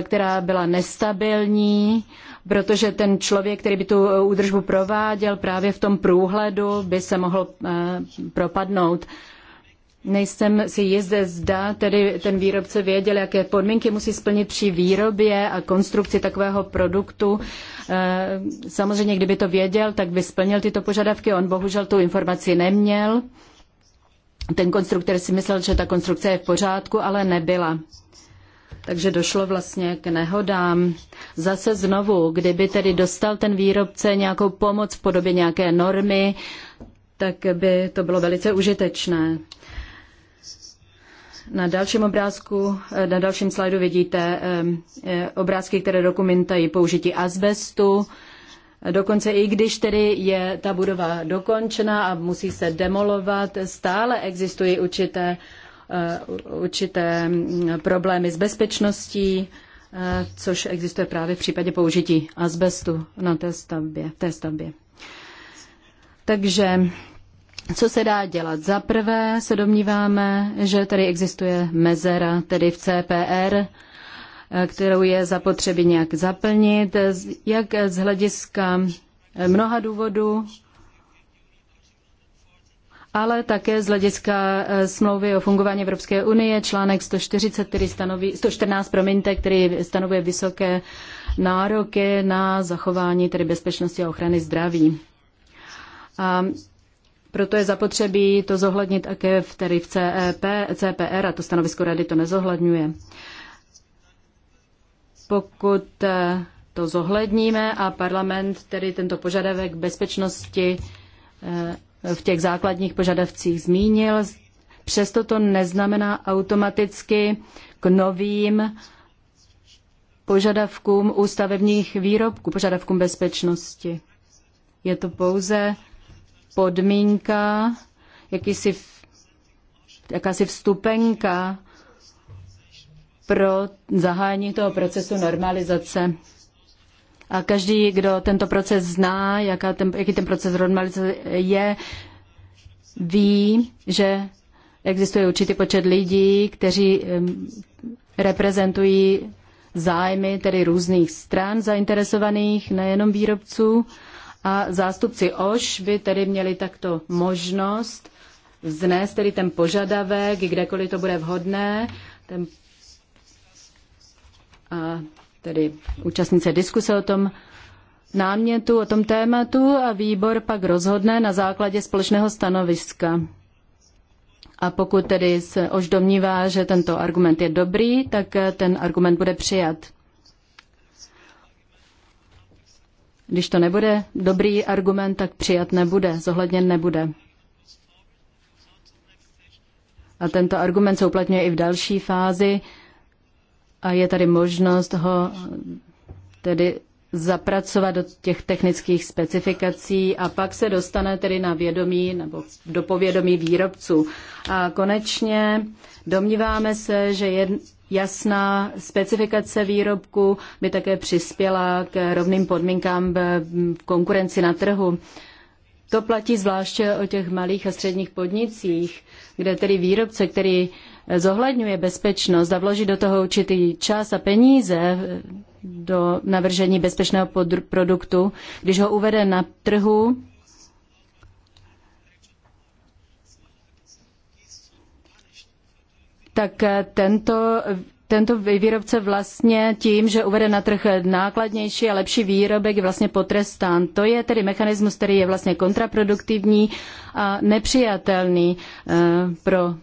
která byla nestabilní, protože ten člověk, který by tu údržbu prováděl právě v tom průhledu, by se mohl propadnout. Nejsem si jistě zda, tedy ten výrobce věděl, jaké podmínky musí splnit při výrobě a konstrukci takového produktu. Eh, samozřejmě, kdyby to věděl, tak by splnil tyto požadavky. On bohužel tu informaci neměl. Ten konstruktor si myslel, že ta konstrukce je v pořádku, ale nebyla. Takže došlo vlastně k nehodám. Zase znovu, kdyby tedy dostal ten výrobce nějakou pomoc v podobě nějaké normy, tak by to bylo velice užitečné. Na dalším obrázku, eh, na dalším slajdu vidíte ehm, eh, obrázky, které dokumentují použití azbestu. Dokonce i když tedy je ta budova dokončena a musí se demolovat, stále existují určité, eh, určité mm, problémy s bezpečností, což existuje právě v případě použití azbestu na té stavbě, té stavbě. Takže co se dá dělat? Za prvé se domníváme, že tady existuje mezera, tedy v CPR, kterou je zapotřebí nějak zaplnit, jak z hlediska mnoha důvodů, ale také z hlediska eh, smlouvy o fungování Evropské unie, článek 140, který stanoví, 114, promiňte, který stanovuje vysoké nároky na zachování tedy bezpečnosti a ochrany zdraví. A proto je zapotřebí to zohlednit také v, tedy v CEP, CPR a to stanovisko rady to nezohledňuje. Pokud eh, to zohledníme a parlament tedy tento požadavek bezpečnosti eh, v těch základních požadavcích zmínil, přesto to neznamená automaticky k novým požadavkům stavebních výrobků, požadavkům bezpečnosti. Je to pouze podmínka, jakýsi, jakási vstupenka pro zahájení toho procesu normalizace. A každý, kdo tento proces zná, jaká ten, jaký ten proces normalizace je, ví, že existuje určitý počet lidí, kteří reprezentují zájmy tedy různých stran zainteresovaných, nejenom výrobců, a zástupci OŠ by tedy měli takto možnost vznést tedy ten požadavek, kdekoliv to bude vhodné, ten a tedy účastnice diskuse o tom námětu, o tom tématu a výbor pak rozhodne na základě společného stanoviska. A pokud tedy se ož domnívá, že tento argument je dobrý, tak ten argument bude přijat. Když to nebude dobrý argument, tak přijat nebude, zohledněn nebude. A tento argument se uplatňuje i v další fázi a je tady možnost ho tedy zapracovat do těch technických specifikací a pak se dostane tedy na vědomí nebo do povědomí výrobců. A konečně domníváme se, že jasná specifikace výrobku by také přispěla k rovným podmínkám v konkurenci na trhu. To platí zvláště o těch malých a středních podnicích, kde tedy výrobce, který zohledňuje bezpečnost a vloží do toho určitý čas a peníze do navržení bezpečného produktu, když ho uvede na trhu, tak eh, tento tento výrobce vlastně tím, že uvede na trh nákladnější a lepší výrobek, je vlastně potrestán. To je tedy mechanismus, který je vlastně kontraproduktivní a nepřijatelný eh, pro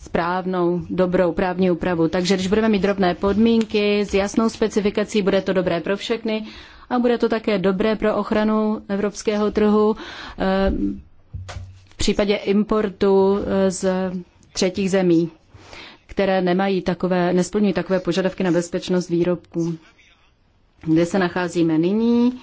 správnou, dobrou právní úpravu. Takže když budeme mít drobné podmínky s jasnou specifikací, bude to dobré pro všechny a bude to také dobré pro ochranu evropského trhu eh, v případě importu z třetích zemí které nemají takové, nesplňují takové požadavky na bezpečnost výrobků. Kde se nacházíme nyní?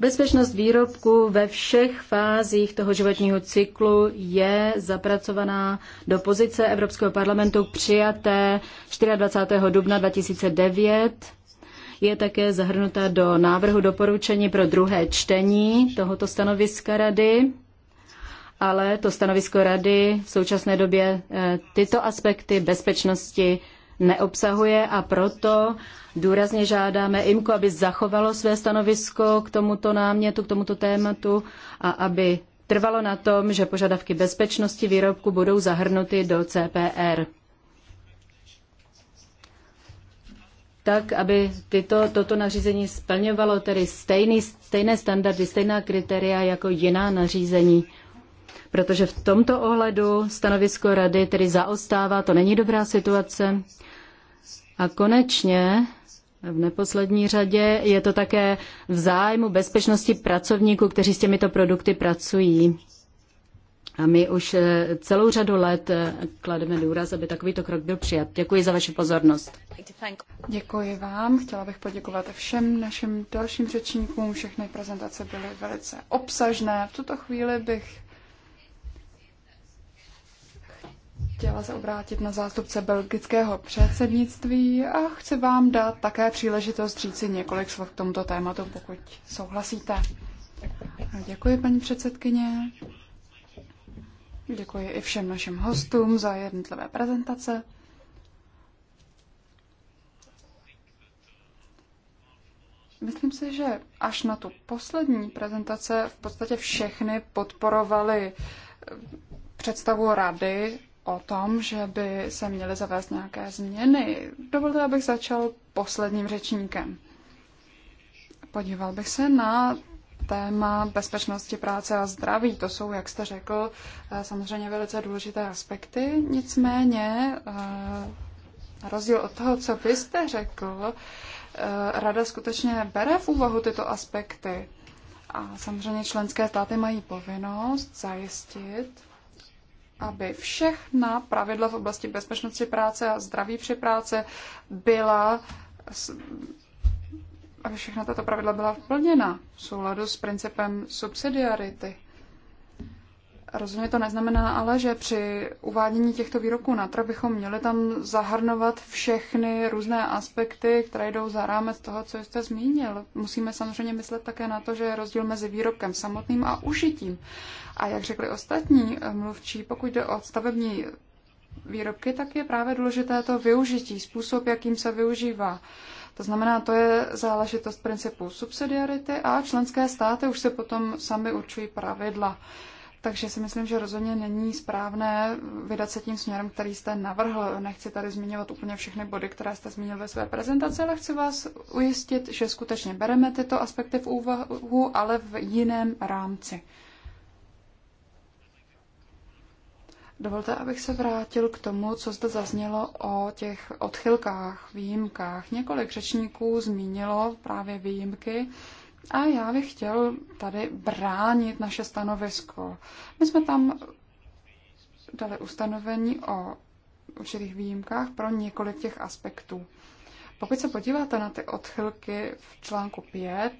Bezpečnost výrobku ve všech fázích toho životního cyklu je zapracovaná do pozice Evropského parlamentu přijaté 24. dubna 2009. Je také zahrnuta do návrhu doporučení pro druhé čtení tohoto stanoviska Rady ale to stanovisko rady v současné době eh, tyto aspekty bezpečnosti neobsahuje a proto důrazně žádáme IMKO, aby zachovalo své stanovisko k tomuto námětu, k tomuto tématu a aby trvalo na tom, že požadavky bezpečnosti výrobku budou zahrnuty do CPR. tak, aby tyto, toto nařízení splňovalo tedy stejný, stejné standardy, stejná kritéria jako jiná nařízení protože v tomto ohledu stanovisko rady tedy zaostává, to není dobrá situace. A konečně v neposlední řadě je to také v zájmu bezpečnosti pracovníků, kteří s těmito produkty pracují. A my už eh, celou řadu let eh, klademe důraz, aby takovýto krok byl přijat. Děkuji za vaši pozornost. Děkuji vám. Chtěla bych poděkovat všem našim dalším řečníkům. Všechny prezentace byly velice obsažné. V tuto chvíli bych chtěla se obrátit na zástupce belgického předsednictví a chci vám dát také příležitost říci několik slov k tomuto tématu, pokud souhlasíte. Děkuji, paní předsedkyně. Děkuji i všem našim hostům za jednotlivé prezentace. Myslím si, že až na tu poslední prezentace v podstatě všechny podporovali představu rady o tom, že by se měly zavést nějaké změny. Dovolte, abych začal posledním řečníkem. Podíval bych se na téma bezpečnosti práce a zdraví. To jsou, jak jste řekl, eh, samozřejmě velice důležité aspekty. Nicméně, eh, na rozdíl od toho, co vy jste řekl, eh, Rada skutečně bere v úvahu tyto aspekty. A samozřejmě členské státy mají povinnost zajistit aby všechna pravidla v oblasti bezpečnosti práce a zdraví při práce byla aby všechna tato pravidla byla plněna v souladu s principem subsidiarity. Rozhodně to neznamená ale, že při uvádění těchto výroků na trh bychom měli tam zahrnovat všechny různé aspekty, které jdou za rámec toho, co jste zmínil. Musíme samozřejmě myslet také na to, že je rozdíl mezi výrobkem samotným a užitím. A jak řekli ostatní mluvčí, pokud jde o stavební výrobky, tak je právě důležité to využití, způsob, jakým se využívá. To znamená, to je záležitost principu subsidiarity a členské státy už se potom sami určují pravidla. Takže si myslím, že rozhodně není správné vydat se tím směrem, který jste navrhl. Nechci tady zmiňovat úplně všechny body, které jste zmínil ve své prezentaci, ale chci vás ujistit, že skutečně bereme tyto aspekty v úvahu, ale v jiném rámci. Dovolte, abych se vrátil k tomu, co zde zaznělo o těch odchylkách, výjimkách. Několik řečníků zmínilo právě výjimky. Uh, a já bych chtěl tady bránit naše stanovisko. My jsme tam dali ustanovení o určitých výjimkách pro několik těch aspektů. Pokud se podíváte na ty odchylky v článku 5,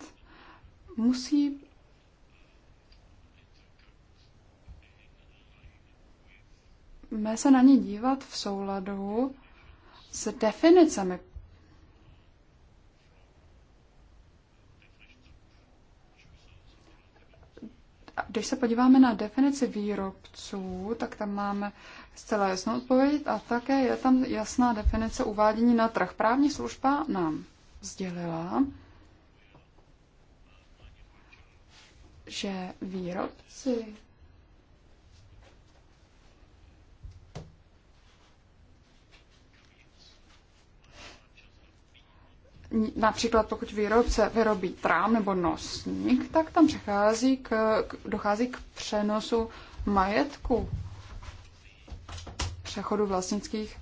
musí se na ně dívat v souladu s definicemi Když se podíváme na definici výrobců, tak tam máme zcela jasnou odpověď a také je tam jasná definice uvádění na trh. Právní služba nám sdělila, že výrobci například pokud výrobce vyrobí trám nebo nosník, tak tam přechází k, k, dochází k přenosu majetku, přechodu vlastnických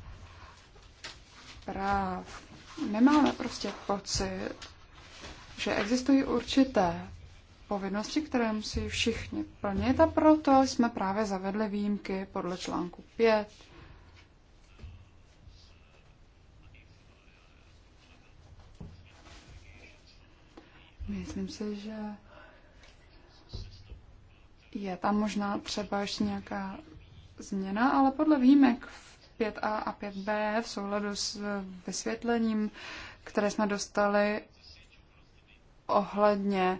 práv. Nemáme prostě pocit, že existují určité povinnosti, které musí všichni plnit a proto jsme právě zavedli výjimky podle článku 5 Myslím si, že je tam možná třeba ještě nějaká změna, ale podle výjimek v 5a a 5b v souladu s vysvětlením, které jsme dostali ohledně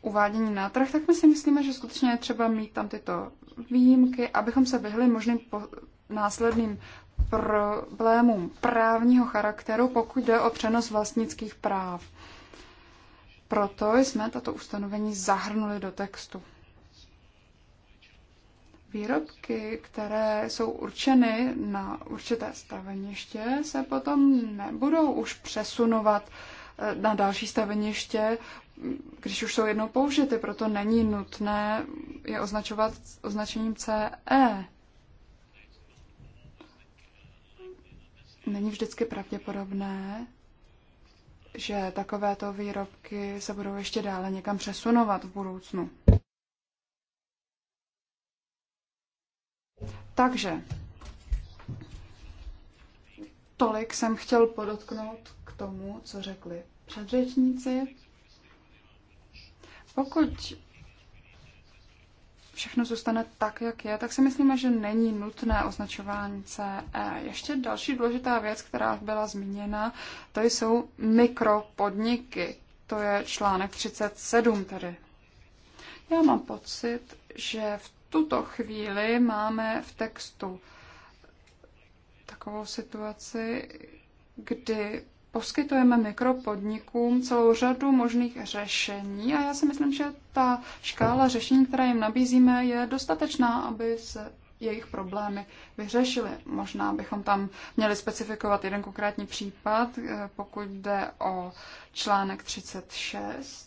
uvádění na trh, tak my si myslíme, že skutečně je třeba mít tam tyto výjimky, abychom se vyhli možným po, následným problémům právního charakteru, pokud jde o přenos vlastnických práv. Proto jsme tato ustanovení zahrnuli do textu. Výrobky, které jsou určeny na určité staveniště, se potom nebudou už přesunovat eh, na další staveniště, když už jsou jednou použity, proto není nutné je označovat označením CE. Není vždycky pravděpodobné, že takovéto výrobky se budou ještě dále někam přesunovat v budoucnu. Takže tolik jsem chtěl podotknout k tomu, co řekli předřečníci. Pokud všechno zůstane tak, jak je, tak si myslíme, že není nutné označování CE. Ještě další důležitá věc, která byla zmíněna, to jsou mikropodniky. To je článek 37 tedy. Já mám pocit, že v tuto chvíli máme v textu takovou situaci, kdy poskytujeme mikropodnikům celou řadu možných řešení a já si myslím, že ta škála řešení, která jim nabízíme, je dostatečná, aby se jejich problémy vyřešily. Možná bychom tam měli specifikovat jeden konkrétní případ, eh, pokud jde o článek 36.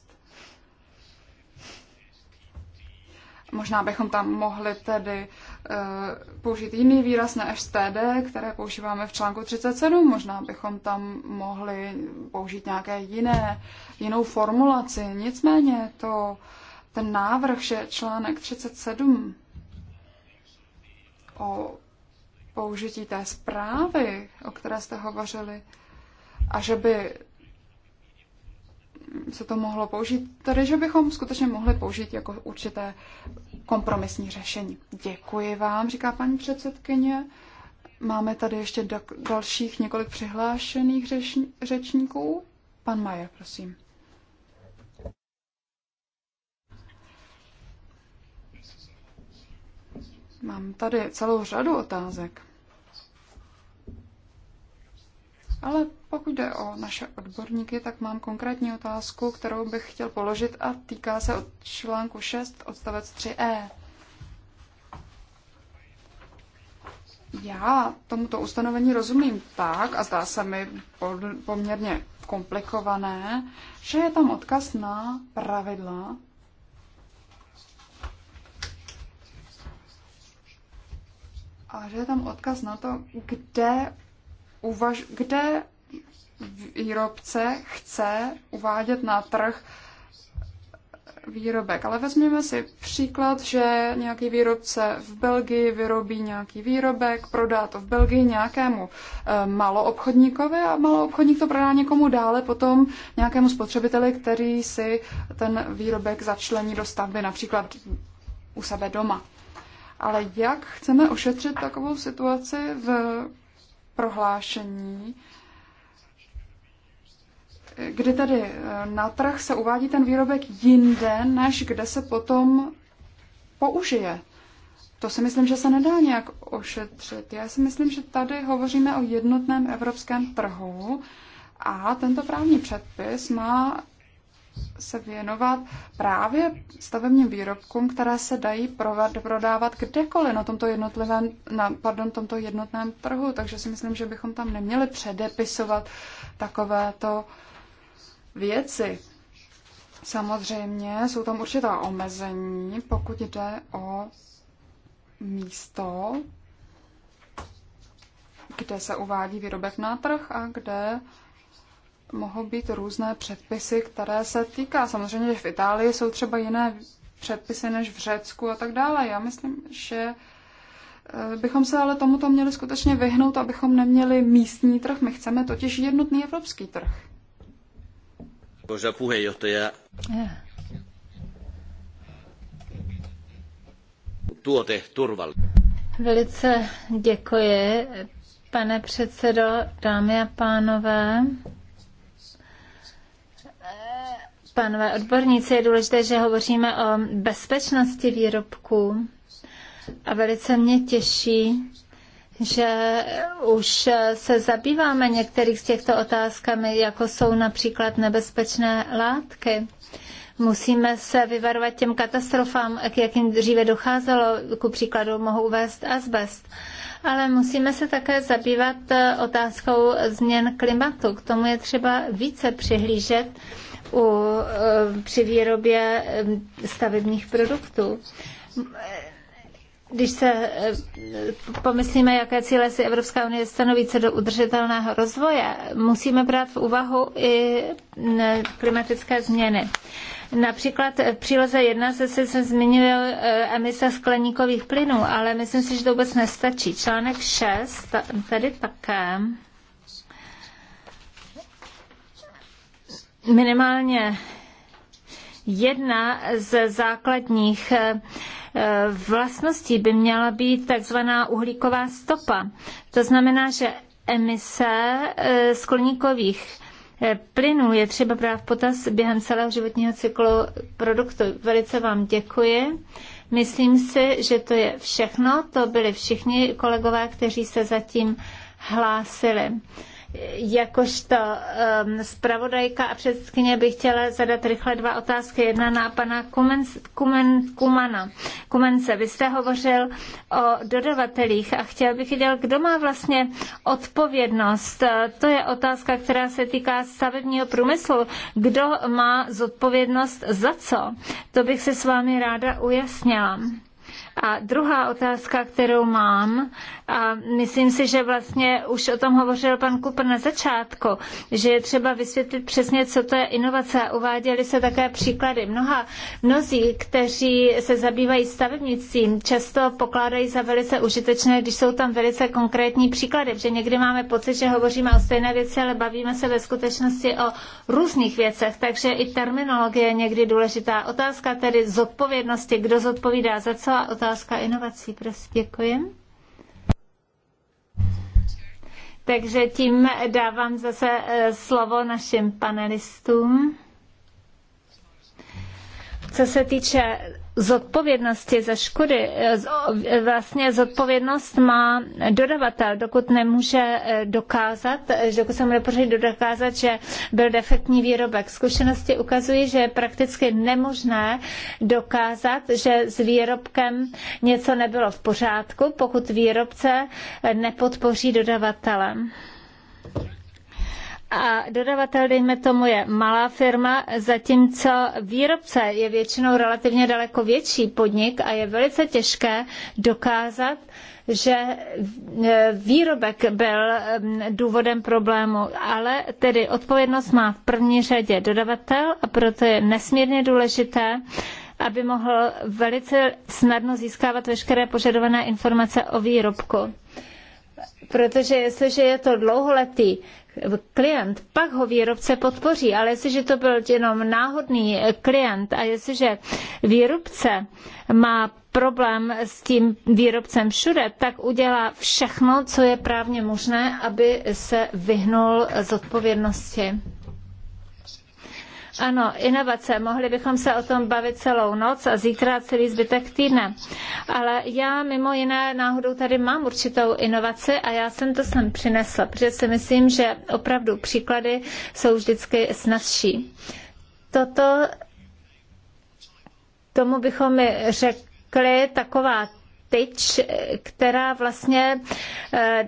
Možná bychom tam mohli tedy Eh, použít jiný výraz na STD, které používáme v článku 37. Možná bychom tam mohli použít nějaké jiné, jinou formulaci. Nicméně to, ten návrh, že článek 37 o použití té zprávy, o které jste hovořili, a že by se to mohlo použít, tady že bychom skutečně mohli použít jako určité kompromisní řešení. Děkuji vám, říká paní předsedkyně. Máme tady ještě dalších několik přihlášených řešn- řečníků. Pan Majer, prosím. Mám tady celou řadu otázek. Ale pokud jde o naše odborníky, tak mám konkrétní otázku, kterou bych chtěl položit a týká se od článku 6 odstavec 3e. Já tomuto ustanovení rozumím tak, a zdá se mi poměrně komplikované, že je tam odkaz na pravidla a že je tam odkaz na to, kde uvaž, kde výrobce chce uvádět na trh výrobek. Ale vezměme si příklad, že nějaký výrobce v Belgii vyrobí nějaký výrobek, prodá to v Belgii nějakému eh, maloobchodníkovi a maloobchodník to prodá někomu dále, potom nějakému spotřebiteli, který si ten výrobek začlení do stavby, například u sebe doma. Ale jak chceme ošetřit takovou situaci v prohlášení, kdy tedy eh, na trh se uvádí ten výrobek jinde, než kde se potom použije. To si myslím, že se nedá nějak ošetřit. Já si myslím, že tady hovoříme o jednotném evropském trhu a tento právní předpis má se věnovat právě stavebním výrobkům, které se dají provad, prodávat kdekoliv na tomto, jednotlivém, na, pardon, tomto jednotném trhu. Takže si myslím, že bychom tam neměli předepisovat takovéto věci. Samozřejmě jsou tam určitá omezení, pokud jde o místo, kde se uvádí výrobek na trh a kde mohou být různé předpisy, které se týká. Samozřejmě, že v Itálii jsou třeba jiné předpisy než v Řecku a tak dále. Já myslím, že eh, bychom se ale tomuto měli skutečně vyhnout, abychom neměli místní trh. My chceme totiž jednotný evropský trh. to puheenjohtaja. Tuote turval. Velice děkuji, pane předsedo, dámy a pánové pánové odborníci, je důležité, že hovoříme o bezpečnosti výrobků a velice mě těší, že už se zabýváme některých z těchto otázkami, jako jsou například nebezpečné látky. Musíme se vyvarovat těm katastrofám, k jakým dříve docházelo, ku příkladu mohou uvést asbest. Ale musíme se také zabývat otázkou změn klimatu. K tomu je třeba více přihlížet u, eh, při výrobě eh, stavebních produktů. Když se eh, pomyslíme, jaké cíle si Evropská unie stanoví co do udržitelného rozvoje, musíme brát v úvahu i klimatické změny. Například v příloze 1 se, se, se zmiňuje emise skleníkových plynů, ale myslím si, že to vůbec nestačí. Článek 6 tady také minimálně jedna z základních eh, eh, vlastností by měla být takzvaná uhlíková stopa. To znamená, že emise eh, skleníkových plynů je třeba brát v potaz během celého životního cyklu produktu. Velice vám děkuji. Myslím si, že to je všechno. To byli všichni kolegové, kteří se zatím hlásili. Jakožto um, zpravodajka a předsedkyně bych chtěla zadat rychle dva otázky. Jedna na pana Kumen, Kumen, Kumana. Kumence, vy jste hovořil o dodavatelích a chtěl bych vědět, kdo má vlastně odpovědnost. E, to je otázka, která se týká stavebního průmyslu. Kdo má zodpovědnost za co? To bych se s vámi ráda ujasnila. A druhá otázka, kterou mám, a myslím si, že vlastně už o tom hovořil pan Kupr na začátku, že je třeba vysvětlit přesně, co to je inovace. Uváděly se také příklady. Mnoha, mnozí, kteří se zabývají stavebnictvím, často pokládají za velice užitečné, když jsou tam velice konkrétní příklady, že někdy máme pocit, že hovoříme o stejné věci, ale bavíme se ve skutečnosti o různých věcech, takže i terminologie je někdy důležitá. Otázka tedy zodpovědnosti, kdo zodpovídá za co a otázka inovací. Prosím, děkujem. Takže tím dávám zase eh, slovo našim panelistům. Co se týče zodpovědnosti za škody, eh, vlastně zodpovědnost má dodavatel, dokud nemůže eh, dokázat, eh, dokud se mu nepodaří dokázat, že byl defektní výrobek. Zkušenosti ukazují, že je prakticky nemožné dokázat, že s výrobkem něco nebylo v pořádku, pokud výrobce nepodpoří dodavatele a dodavatel, dejme tomu, je malá firma, zatímco výrobce je většinou relativně daleko větší podnik a je velice těžké dokázat, že e, výrobek byl důvodem problému, ale tedy odpovědnost má v první řadě dodavatel a proto je nesmírně důležité, aby mohl velice snadno získávat veškeré požadované informace o výrobku. Protože jestliže je to dlouholetý klient, pak ho výrobce podpoří, ale jestliže to byl jenom náhodný klient a jestliže výrobce má problém s tím výrobcem všude, tak udělá všechno, co je právně možné, aby se vyhnul zodpovědnosti. Ano, inovace. Mohli bychom se o tom bavit celou noc a zítra celý zbytek týdne. Ale já mimo jiné náhodou tady mám určitou inovaci a já jsem to sem přinesla, protože si myslím, že opravdu příklady jsou vždycky snazší. Toto tomu bychom řekli taková tyč, která vlastně eh,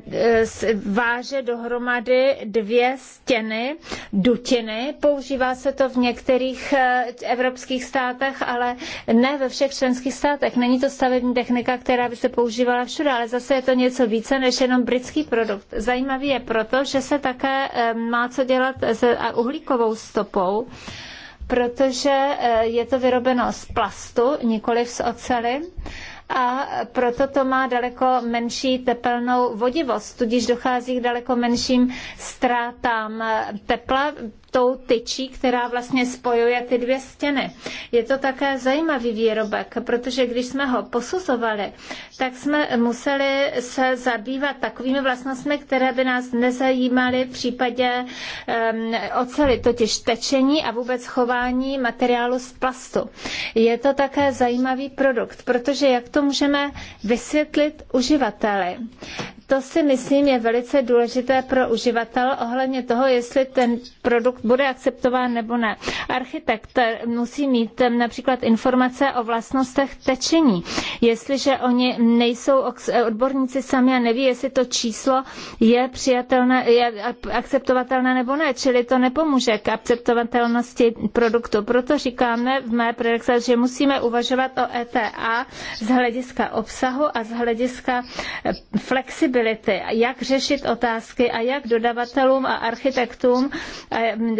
váže dohromady dvě stěny, dutiny. Používá se to v některých eh, evropských státech, ale ne ve všech členských státech. Není to stavební technika, která by se používala všude, ale zase je to něco více než jenom britský produkt. Zajímavý je proto, že se také eh, má co dělat s uhlíkovou stopou, protože je to vyrobeno z plastu, nikoliv z ocely a proto to má daleko menší tepelnou vodivost, tudíž dochází k daleko menším ztrátám tepla tou tyčí, která vlastně spojuje ty dvě stěny. Je to také zajímavý výrobek, protože když jsme ho posuzovali, tak jsme museli se zabývat takovými vlastnostmi, které by nás nezajímaly v případě um, ocely, totiž tečení a vůbec chování materiálu z plastu. Je to také zajímavý produkt, protože jak to můžeme vysvětlit uživateli? To si myslím je velice důležité pro uživatel ohledně toho, jestli ten produkt bude akceptován nebo ne. Architekt musí mít eh, například informace o vlastnostech tečení. Jestliže oni nejsou eh, odborníci sami a neví, jestli to číslo je přijatelné, je akceptovatelné nebo ne, čili to nepomůže k akceptovatelnosti produktu. Proto říkáme v mé predikce, že musíme uvažovat o ETA z hlediska obsahu a z hlediska eh, flexibility, jak řešit otázky a jak dodavatelům a architektům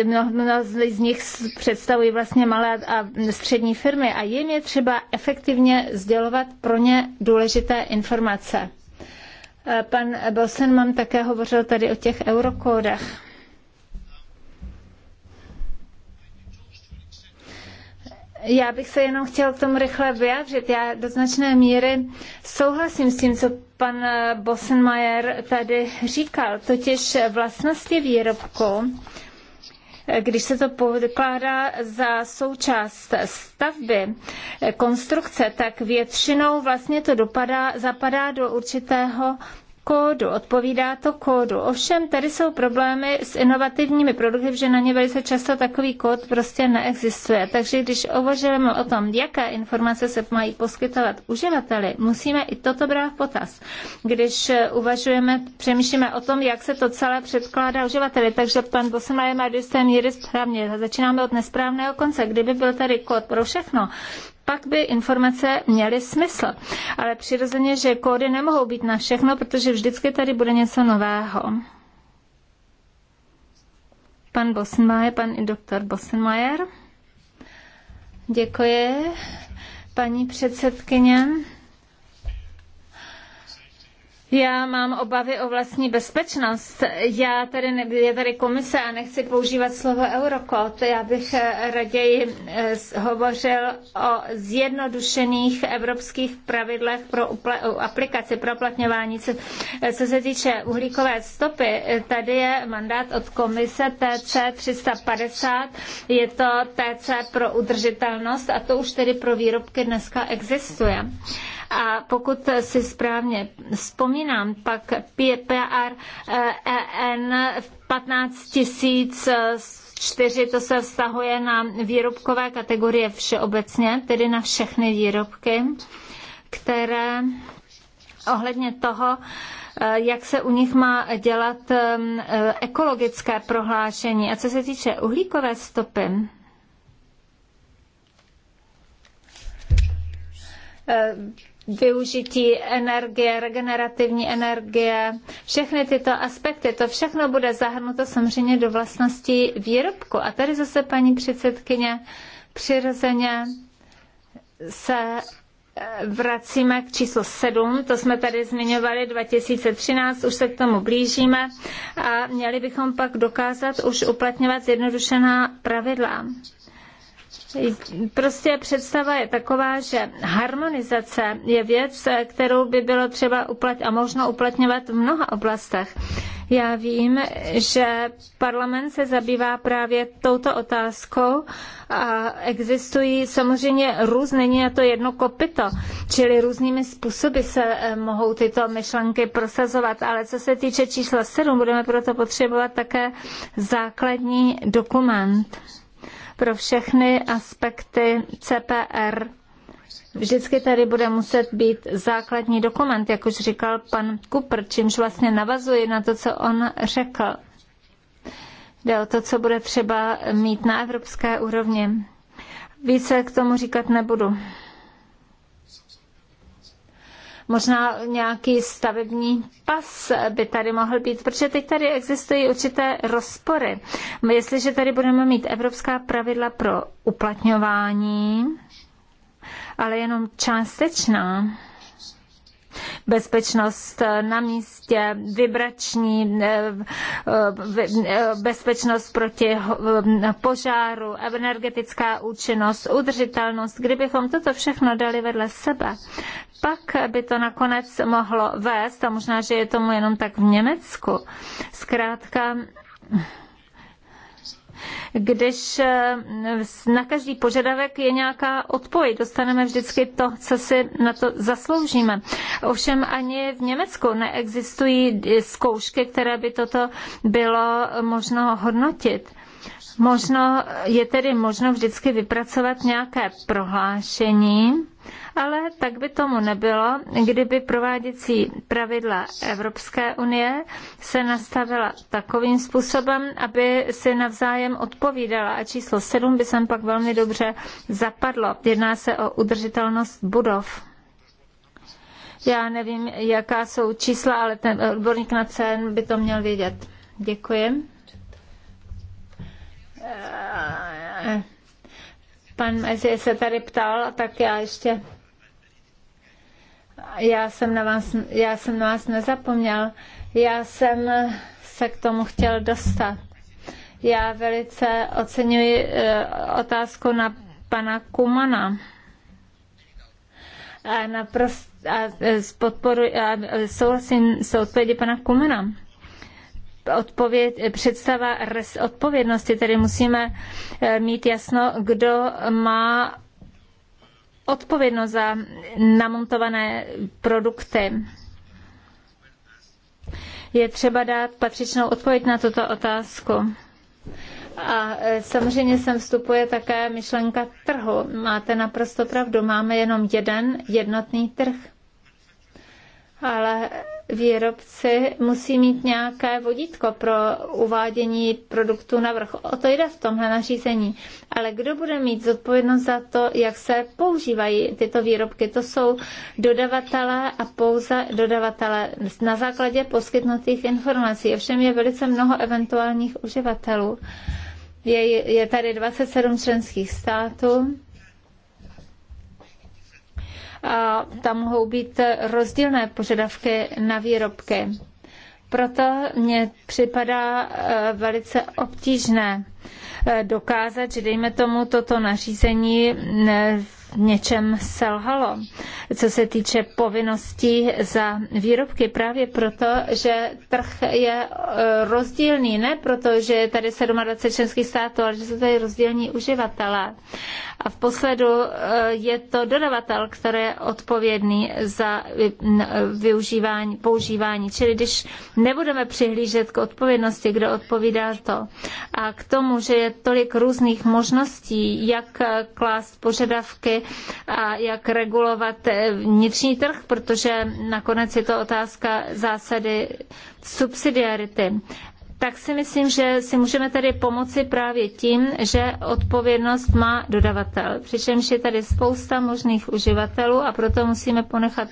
mnoho z nich představují vlastně malé a střední firmy a jim je třeba efektivně sdělovat pro ně důležité informace. E, pan Bosen mám také hovořil tady o těch eurokódech. Já bych se jenom chtěl k tomu rychle vyjádřit. Já do značné míry souhlasím s tím, co pan Bosenmajer tady říkal, totiž vlastnosti výrobku když se to pokládá za součást stavby, eh, konstrukce, tak většinou vlastně to dopadá, zapadá do určitého kódu, odpovídá to kódu. Ovšem tady jsou problémy s inovativními produkty, že na ně velice často takový kód prostě neexistuje. Takže když uvažujeme o tom, jaké informace se mají poskytovat uživateli, musíme i toto brát v potaz. Když uvažujeme, přemýšlíme o tom, jak se to celé předkládá uživateli, takže pan Bosemaj má do jisté míry správně. Začínáme od nesprávného konce. Kdyby byl tady kód pro všechno, pak by informace měly smysl. Ale přirozeně, že kódy nemohou být na všechno, protože vždycky tady bude něco nového. Pan Bosenmajer, pan i doktor Bosenmajer. Děkuji, paní předsedkyně. Já mám obavy o vlastní bezpečnost. Já tady, je tady komise a nechci používat slovo Eurocode. Já bych eh, raději eh, hovořil o zjednodušených evropských pravidlech pro aplikaci, pro uplatňování. Co, eh, co se týče uhlíkové stopy, tady je mandát od komise TC 350. Je to TC pro udržitelnost a to už tedy pro výrobky dneska existuje. A pokud si správně vzpomínám, pak PRN 15 004 to se vztahuje na výrobkové kategorie všeobecně, tedy na všechny výrobky, které ohledně toho, eh, jak se u nich má dělat eh, ekologické prohlášení. A co se týče uhlíkové stopy, eh, využití energie, regenerativní energie, všechny tyto aspekty, to všechno bude zahrnuto samozřejmě do vlastností výrobku. A tady zase paní předsedkyně přirozeně se eh, vracíme k číslu 7, to jsme tady zmiňovali 2013, už se k tomu blížíme a měli bychom pak dokázat už uplatňovat zjednodušená pravidla. Prostě představa je taková, že harmonizace je věc, kterou by bylo třeba uplat- a možno uplatňovat v mnoha oblastech. Já vím, že parlament se zabývá právě touto otázkou a existují samozřejmě různé, není to jedno kopito, čili různými způsoby se eh, mohou tyto myšlenky prosazovat, ale co se týče čísla 7, budeme proto potřebovat také základní dokument pro všechny aspekty CPR. Vždycky tady bude muset být základní dokument, jak už říkal pan Kupr, čímž vlastně navazuji na to, co on řekl. Jde o to, co bude třeba mít na evropské úrovni. Více k tomu říkat nebudu. Možná nějaký stavební pas by tady mohl být, protože teď tady existují určité rozpory. Jestliže tady budeme mít evropská pravidla pro uplatňování, ale jenom částečná, bezpečnost na místě, vibrační eh, eh, eh, bezpečnost proti požáru, energetická účinnost, udržitelnost. Kdybychom toto všechno dali vedle sebe, pak by to nakonec mohlo vést, a možná, že je tomu jenom tak v Německu, zkrátka když eh, na každý požadavek je nějaká odpověď. Dostaneme vždycky to, co si na to zasloužíme. Ovšem ani v Německu neexistují zkoušky, které by toto bylo možno hodnotit. Možno, je tedy možno vždycky vypracovat nějaké prohlášení, ale tak by tomu nebylo, kdyby prováděcí pravidla Evropské unie se nastavila takovým způsobem, aby si navzájem odpovídala a číslo 7 by sem pak velmi dobře zapadlo. Jedná se o udržitelnost budov. Já nevím, jaká jsou čísla, ale ten odborník na cen by to měl vědět. Děkuji. Pan Mezi se tady ptal, tak já ještě já jsem na vás, já jsem na vás nezapomněl. Já jsem se k tomu chtěl dostat. Já velice oceňuji eh, otázku na pana Kumana. A naprost, a, eh, podporu, a eh, souhlasím s odpovědí pana Kumana odpověd, představa odpovědnosti, tedy musíme eh, mít jasno, kdo má odpovědnost za namontované produkty. Je třeba dát patřičnou odpověď na tuto otázku. A eh, samozřejmě sem vstupuje také myšlenka trhu. Máte naprosto pravdu, máme jenom jeden jednotný trh. Ale výrobci musí mít nějaké vodítko pro uvádění produktů na vrch. O to jde v tomhle nařízení. Ale kdo bude mít zodpovědnost za to, jak se používají tyto výrobky? To jsou dodavatelé a pouze dodavatelé na základě poskytnutých informací. Ovšem je velice mnoho eventuálních uživatelů. Je, je tady 27 členských států a tam mohou být rozdílné požadavky na výrobky. Proto mně připadá e, velice obtížné e, dokázat, že dejme tomu toto nařízení v e, něčem selhalo, co se týče povinností za výrobky, právě proto, že trh je e, rozdílný, ne proto, že je tady 27 členských států, ale že jsou tady rozdílní uživatelé. A v posledu e, je to dodavatel, který je odpovědný za e, využívání, používání. Čili když nebudeme přihlížet k odpovědnosti, kdo odpovídá to a k tomu, že je tolik různých možností, jak klást požadavky a jak regulovat eh, vnitřní trh, protože nakonec je to otázka zásady subsidiarity tak si myslím, že si můžeme tady pomoci právě tím, že odpovědnost má dodavatel. Přičemž je tady spousta možných uživatelů a proto musíme ponechat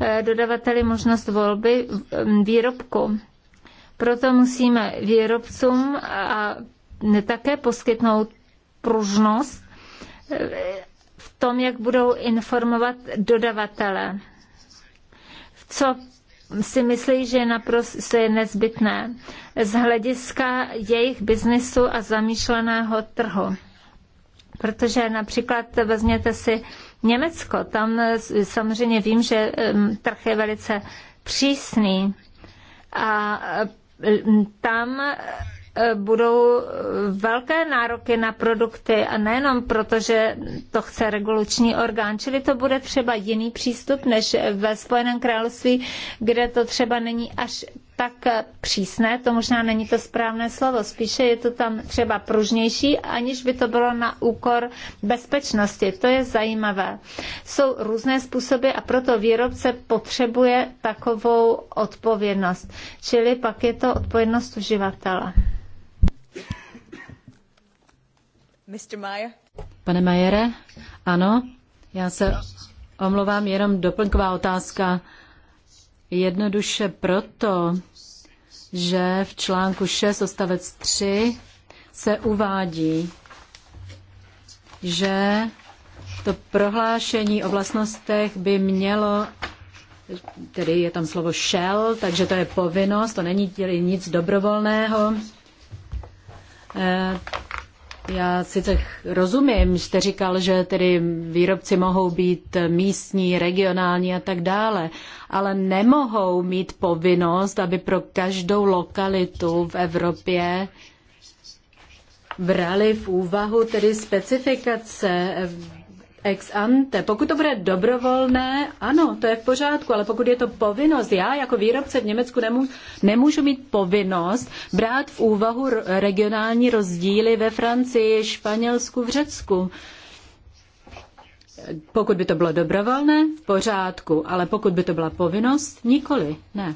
eh, dodavateli možnost volby mm, výrobku. Proto musíme výrobcům a také poskytnout pružnost eh, tom, jak budou informovat dodavatele. Co si myslí, že naprosto je nezbytné z hlediska jejich biznesu a zamýšleného trhu. Protože například vezměte si Německo, tam samozřejmě vím, že trh je velice přísný a tam budou velké nároky na produkty a nejenom proto, že to chce regulační orgán, čili to bude třeba jiný přístup než ve Spojeném království, kde to třeba není až tak přísné, to možná není to správné slovo, spíše je to tam třeba pružnější, aniž by to bylo na úkor bezpečnosti. To je zajímavé. Jsou různé způsoby a proto výrobce potřebuje takovou odpovědnost. Čili pak je to odpovědnost uživatele. Pane Majere, ano, já se omlouvám, jenom doplňková otázka. Jednoduše proto, že v článku 6 odstavec 3 se uvádí, že to prohlášení o vlastnostech by mělo, tedy je tam slovo shell, takže to je povinnost, to není nic dobrovolného. Eh, já sice rozumím, jste říkal, že tedy výrobci mohou být místní, regionální a tak dále, ale nemohou mít povinnost, aby pro každou lokalitu v Evropě brali v úvahu tedy specifikace ex ante. Pokud to bude dobrovolné, ano, to je v pořádku, ale pokud je to povinnost, já jako výrobce v Německu nemů, nemůžu mít povinnost brát v úvahu regionální rozdíly ve Francii, Španělsku, v Řecku. Pokud by to bylo dobrovolné, v pořádku, ale pokud by to byla povinnost, nikoli, ne.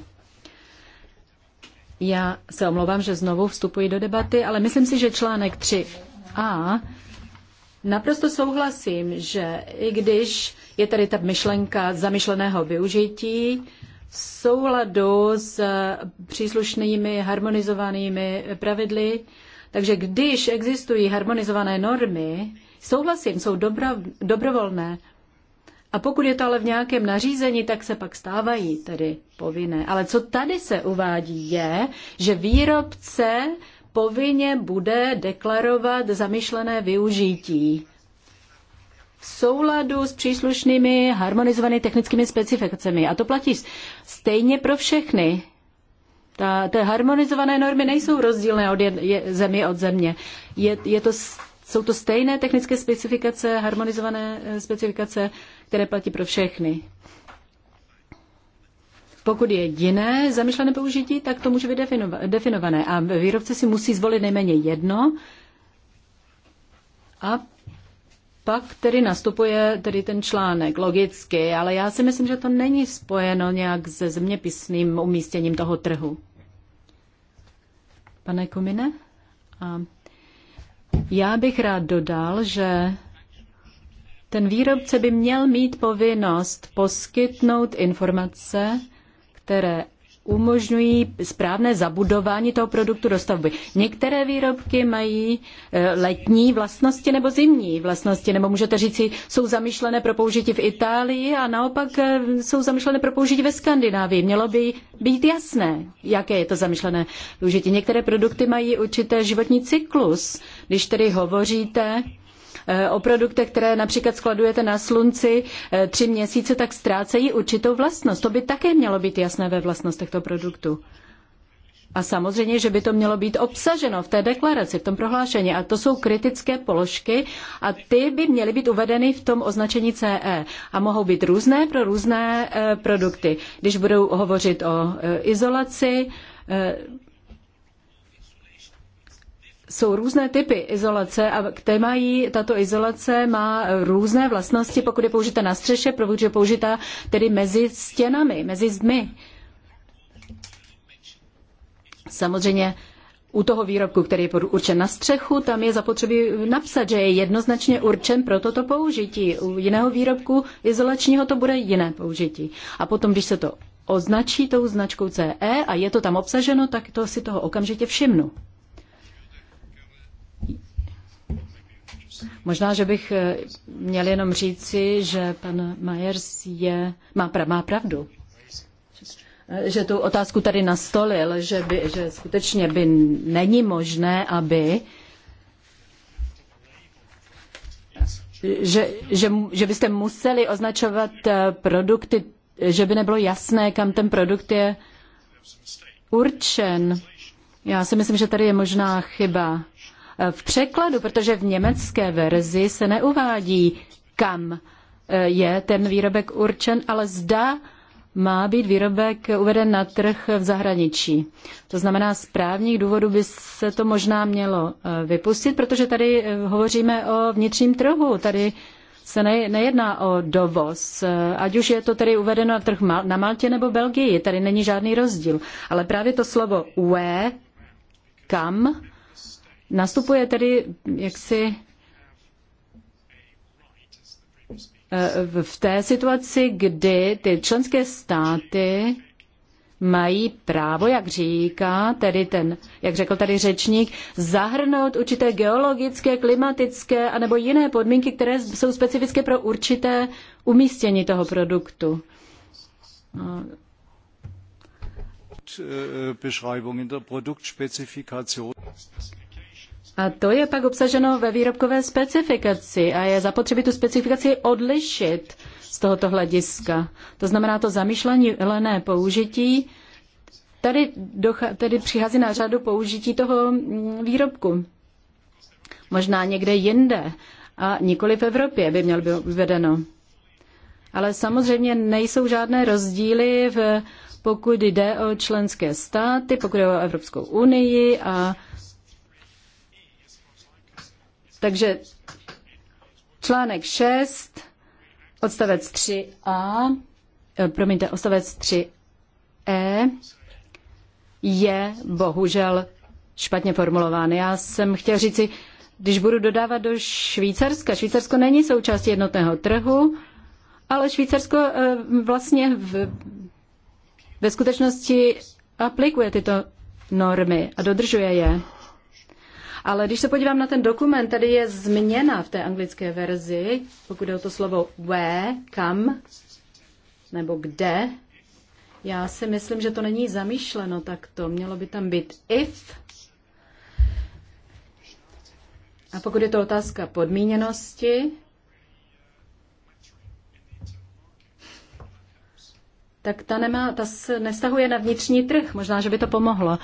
Já se omlouvám, že znovu vstupuji do debaty, ale myslím si, že článek 3a Naprosto souhlasím, že i když je tady ta myšlenka zamyšleného využití, v souladu s příslušnými harmonizovanými pravidly, takže když existují harmonizované normy, souhlasím, jsou dobro, dobrovolné. A pokud je to ale v nějakém nařízení, tak se pak stávají tedy povinné. Ale co tady se uvádí je, že výrobce povinně bude deklarovat zamýšlené využití v souladu s příslušnými harmonizovanými technickými specifikacemi. A to platí stejně pro všechny. Ta, ty harmonizované normy nejsou rozdílné od jed, je, země od země. Je, je to, jsou to stejné technické specifikace, harmonizované eh, specifikace, které platí pro všechny. Pokud je jiné zamišlené použití, tak to může být definované a výrobce si musí zvolit nejméně jedno a pak tedy nastupuje tedy ten článek, logicky, ale já si myslím, že to není spojeno nějak se zeměpisným umístěním toho trhu. Pane Kumine? A já bych rád dodal, že ten výrobce by měl mít povinnost poskytnout informace které umožňují správné zabudování toho produktu do stavby. Některé výrobky mají eh, letní vlastnosti nebo zimní vlastnosti, nebo můžete říci, jsou zamýšlené pro použití v Itálii a naopak eh, jsou zamýšlené pro použití ve Skandinávii. Mělo by být jasné, jaké je to zamýšlené použití. Některé produkty mají určité životní cyklus. Když tedy hovoříte Eh, o produktech, které například skladujete na slunci eh, tři měsíce, tak ztrácejí určitou vlastnost. To by také mělo být jasné ve vlastnostech toho produktu. A samozřejmě, že by to mělo být obsaženo v té deklaraci, v tom prohlášení. A to jsou kritické položky a ty by měly být uvedeny v tom označení CE. A mohou být různé pro různé eh, produkty. Když budou hovořit o izolaci, jsou různé typy izolace a které mají, tato izolace má různé vlastnosti, pokud je použita na střeše, pokud je použita tedy mezi stěnami, mezi zdmi. Samozřejmě u toho výrobku, který je určen na střechu, tam je zapotřebí napsat, že je jednoznačně určen pro toto použití. U jiného výrobku izolačního to bude jiné použití. A potom, když se to označí tou značkou CE a je to tam obsaženo, tak to si toho okamžitě všimnu. Možná, že bych eh, měl jenom říci, že pan Majers je, má, pra, má pravdu. Eh, že tu otázku tady nastolil, že, by, že skutečně by není možné, aby že, že, že byste museli označovat eh, produkty, že by nebylo jasné, kam ten produkt je určen. Já si myslím, že tady je možná chyba v překladu, protože v německé verzi se neuvádí, kam eh, je ten výrobek určen, ale zda má být výrobek uveden na trh v zahraničí. To znamená, z právních důvodů by se to možná mělo eh, vypustit, protože tady eh, hovoříme o vnitřním trhu. Tady se nejedná o dovoz, ať už je to tedy uvedeno na trh na Maltě nebo Belgii, tady není žádný rozdíl. Ale právě to slovo UE, kam, Nastupuje tedy jaksi eh, v té situaci, kdy ty členské státy mají právo, jak říká, tedy ten, jak řekl tady řečník, zahrnout určité geologické, klimatické a nebo jiné podmínky, které jsou specifické pro určité umístění toho produktu. Beschreibung in der a to je pak obsaženo ve výrobkové specifikaci a je zapotřebí tu specifikaci odlišit z tohoto hlediska. To znamená to zamýšlené použití. Tady, docha- tady přichází na řadu použití toho mm, výrobku. Možná někde jinde a nikoli v Evropě by mělo být uvedeno. Ale samozřejmě nejsou žádné rozdíly, v, pokud jde o členské státy, pokud jde o Evropskou unii a takže článek 6, odstavec 3a, eh, promiňte, odstavec 3e je bohužel špatně formulován. Já jsem chtěl říci, když budu dodávat do Švýcarska, Švýcarsko není součástí jednotného trhu, ale Švýcarsko eh, vlastně v, ve skutečnosti aplikuje tyto normy a dodržuje je. Ale když se podívám na ten dokument, tady je změna v té anglické verzi, pokud je o to slovo where, kam, nebo kde. Já si myslím, že to není zamýšleno takto. Mělo by tam být if. A pokud je to otázka podmíněnosti, tak ta, nemá, ta se nestahuje na vnitřní trh. Možná, že by to pomohlo.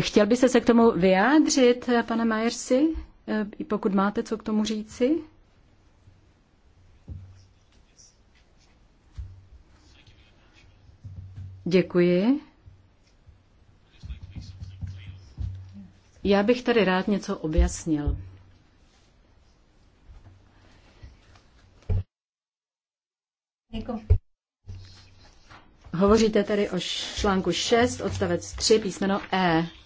Chtěl byste se k tomu vyjádřit, pane Majersi, eh, pokud máte co k tomu říci? Děkuji. Já bych tady rád něco objasnil. Děkuji. Hovoříte tady o článku 6, odstavec 3, písmeno E.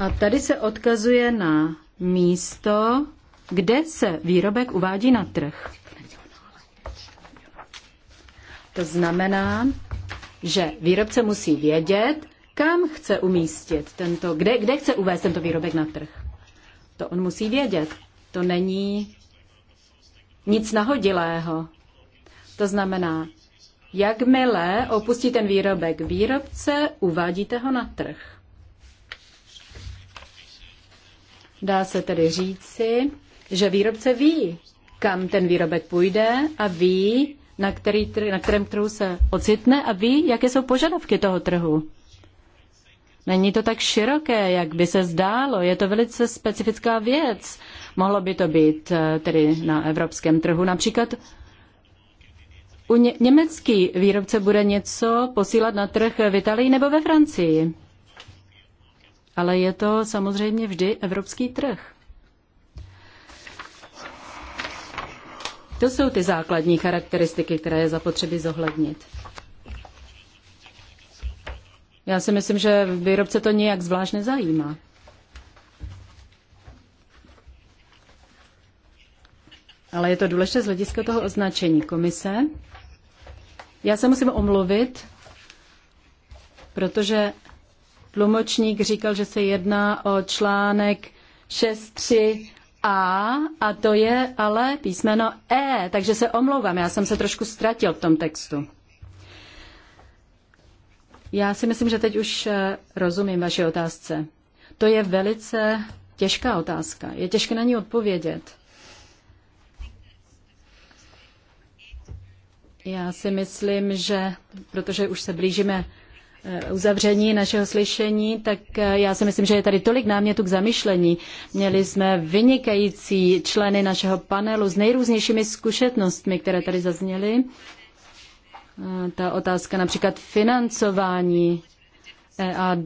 A tady se odkazuje na místo, kde se výrobek uvádí na trh. To znamená, že výrobce musí vědět, kam chce umístit tento, kde, kde chce uvést tento výrobek na trh. To on musí vědět. To není nic nahodilého. To znamená, jakmile opustí ten výrobek výrobce, uvádíte ho na trh. Dá se tedy říci, že výrobce ví, kam ten výrobek půjde a ví, na, který, na kterém trhu se ocitne a ví, jaké jsou požadavky toho trhu. Není to tak široké, jak by se zdálo. Je to velice specifická věc. Mohlo by to být eh, tedy na evropském trhu. Například u ně, německý výrobce bude něco posílat na trh v Itálii nebo ve Francii ale je to samozřejmě vždy evropský trh. To jsou ty základní charakteristiky, které je zapotřebí zohlednit. Já si myslím, že výrobce to nějak zvlášť nezajímá. Ale je to důležité z hlediska toho označení komise. Já se musím omluvit, protože tlumočník říkal, že se jedná o článek 6.3 a, a to je ale písmeno E, takže se omlouvám, já jsem se trošku ztratil v tom textu. Já si myslím, že teď už eh, rozumím vaše otázce. To je velice těžká otázka. Je těžké na ní odpovědět. Já si myslím, že protože už se blížíme Eh, uzavření našeho slyšení, tak eh, já si myslím, že je tady tolik námětů k zamyšlení. Měli jsme vynikající členy našeho panelu s nejrůznějšími zkušenostmi, které tady zazněly. Eh, ta otázka například financování EAD,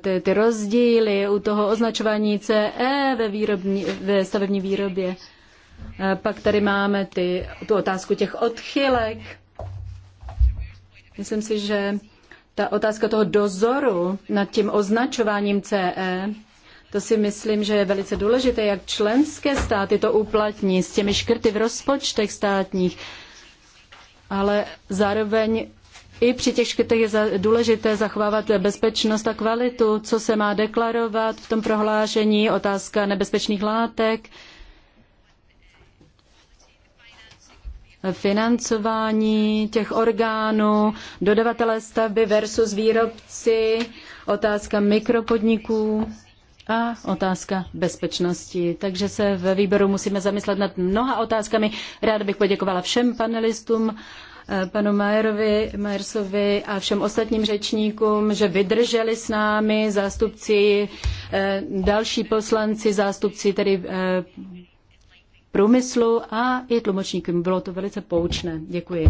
ty, ty rozdíly u toho označování CE ve, výrobní, ve stavební výrobě. Pak tady máme ty, tu otázku těch odchylek Myslím si, že ta otázka toho dozoru nad tím označováním CE, to si myslím, že je velice důležité, jak členské státy to uplatní s těmi škrty v rozpočtech státních, ale zároveň i při těch škrtech je důležité zachovávat bezpečnost a kvalitu, co se má deklarovat v tom prohlášení, otázka nebezpečných látek financování těch orgánů, dodavatelé stavby versus výrobci, otázka mikropodniků a otázka bezpečnosti. Takže se ve výboru musíme zamyslet nad mnoha otázkami. Ráda bych poděkovala všem panelistům, eh, panu Majerovi, Majersovi a všem ostatním řečníkům, že vydrželi s námi zástupci, eh, další poslanci, zástupci tedy eh, průmyslu a i tlumočníkům. Bylo to velice poučné. Děkuji.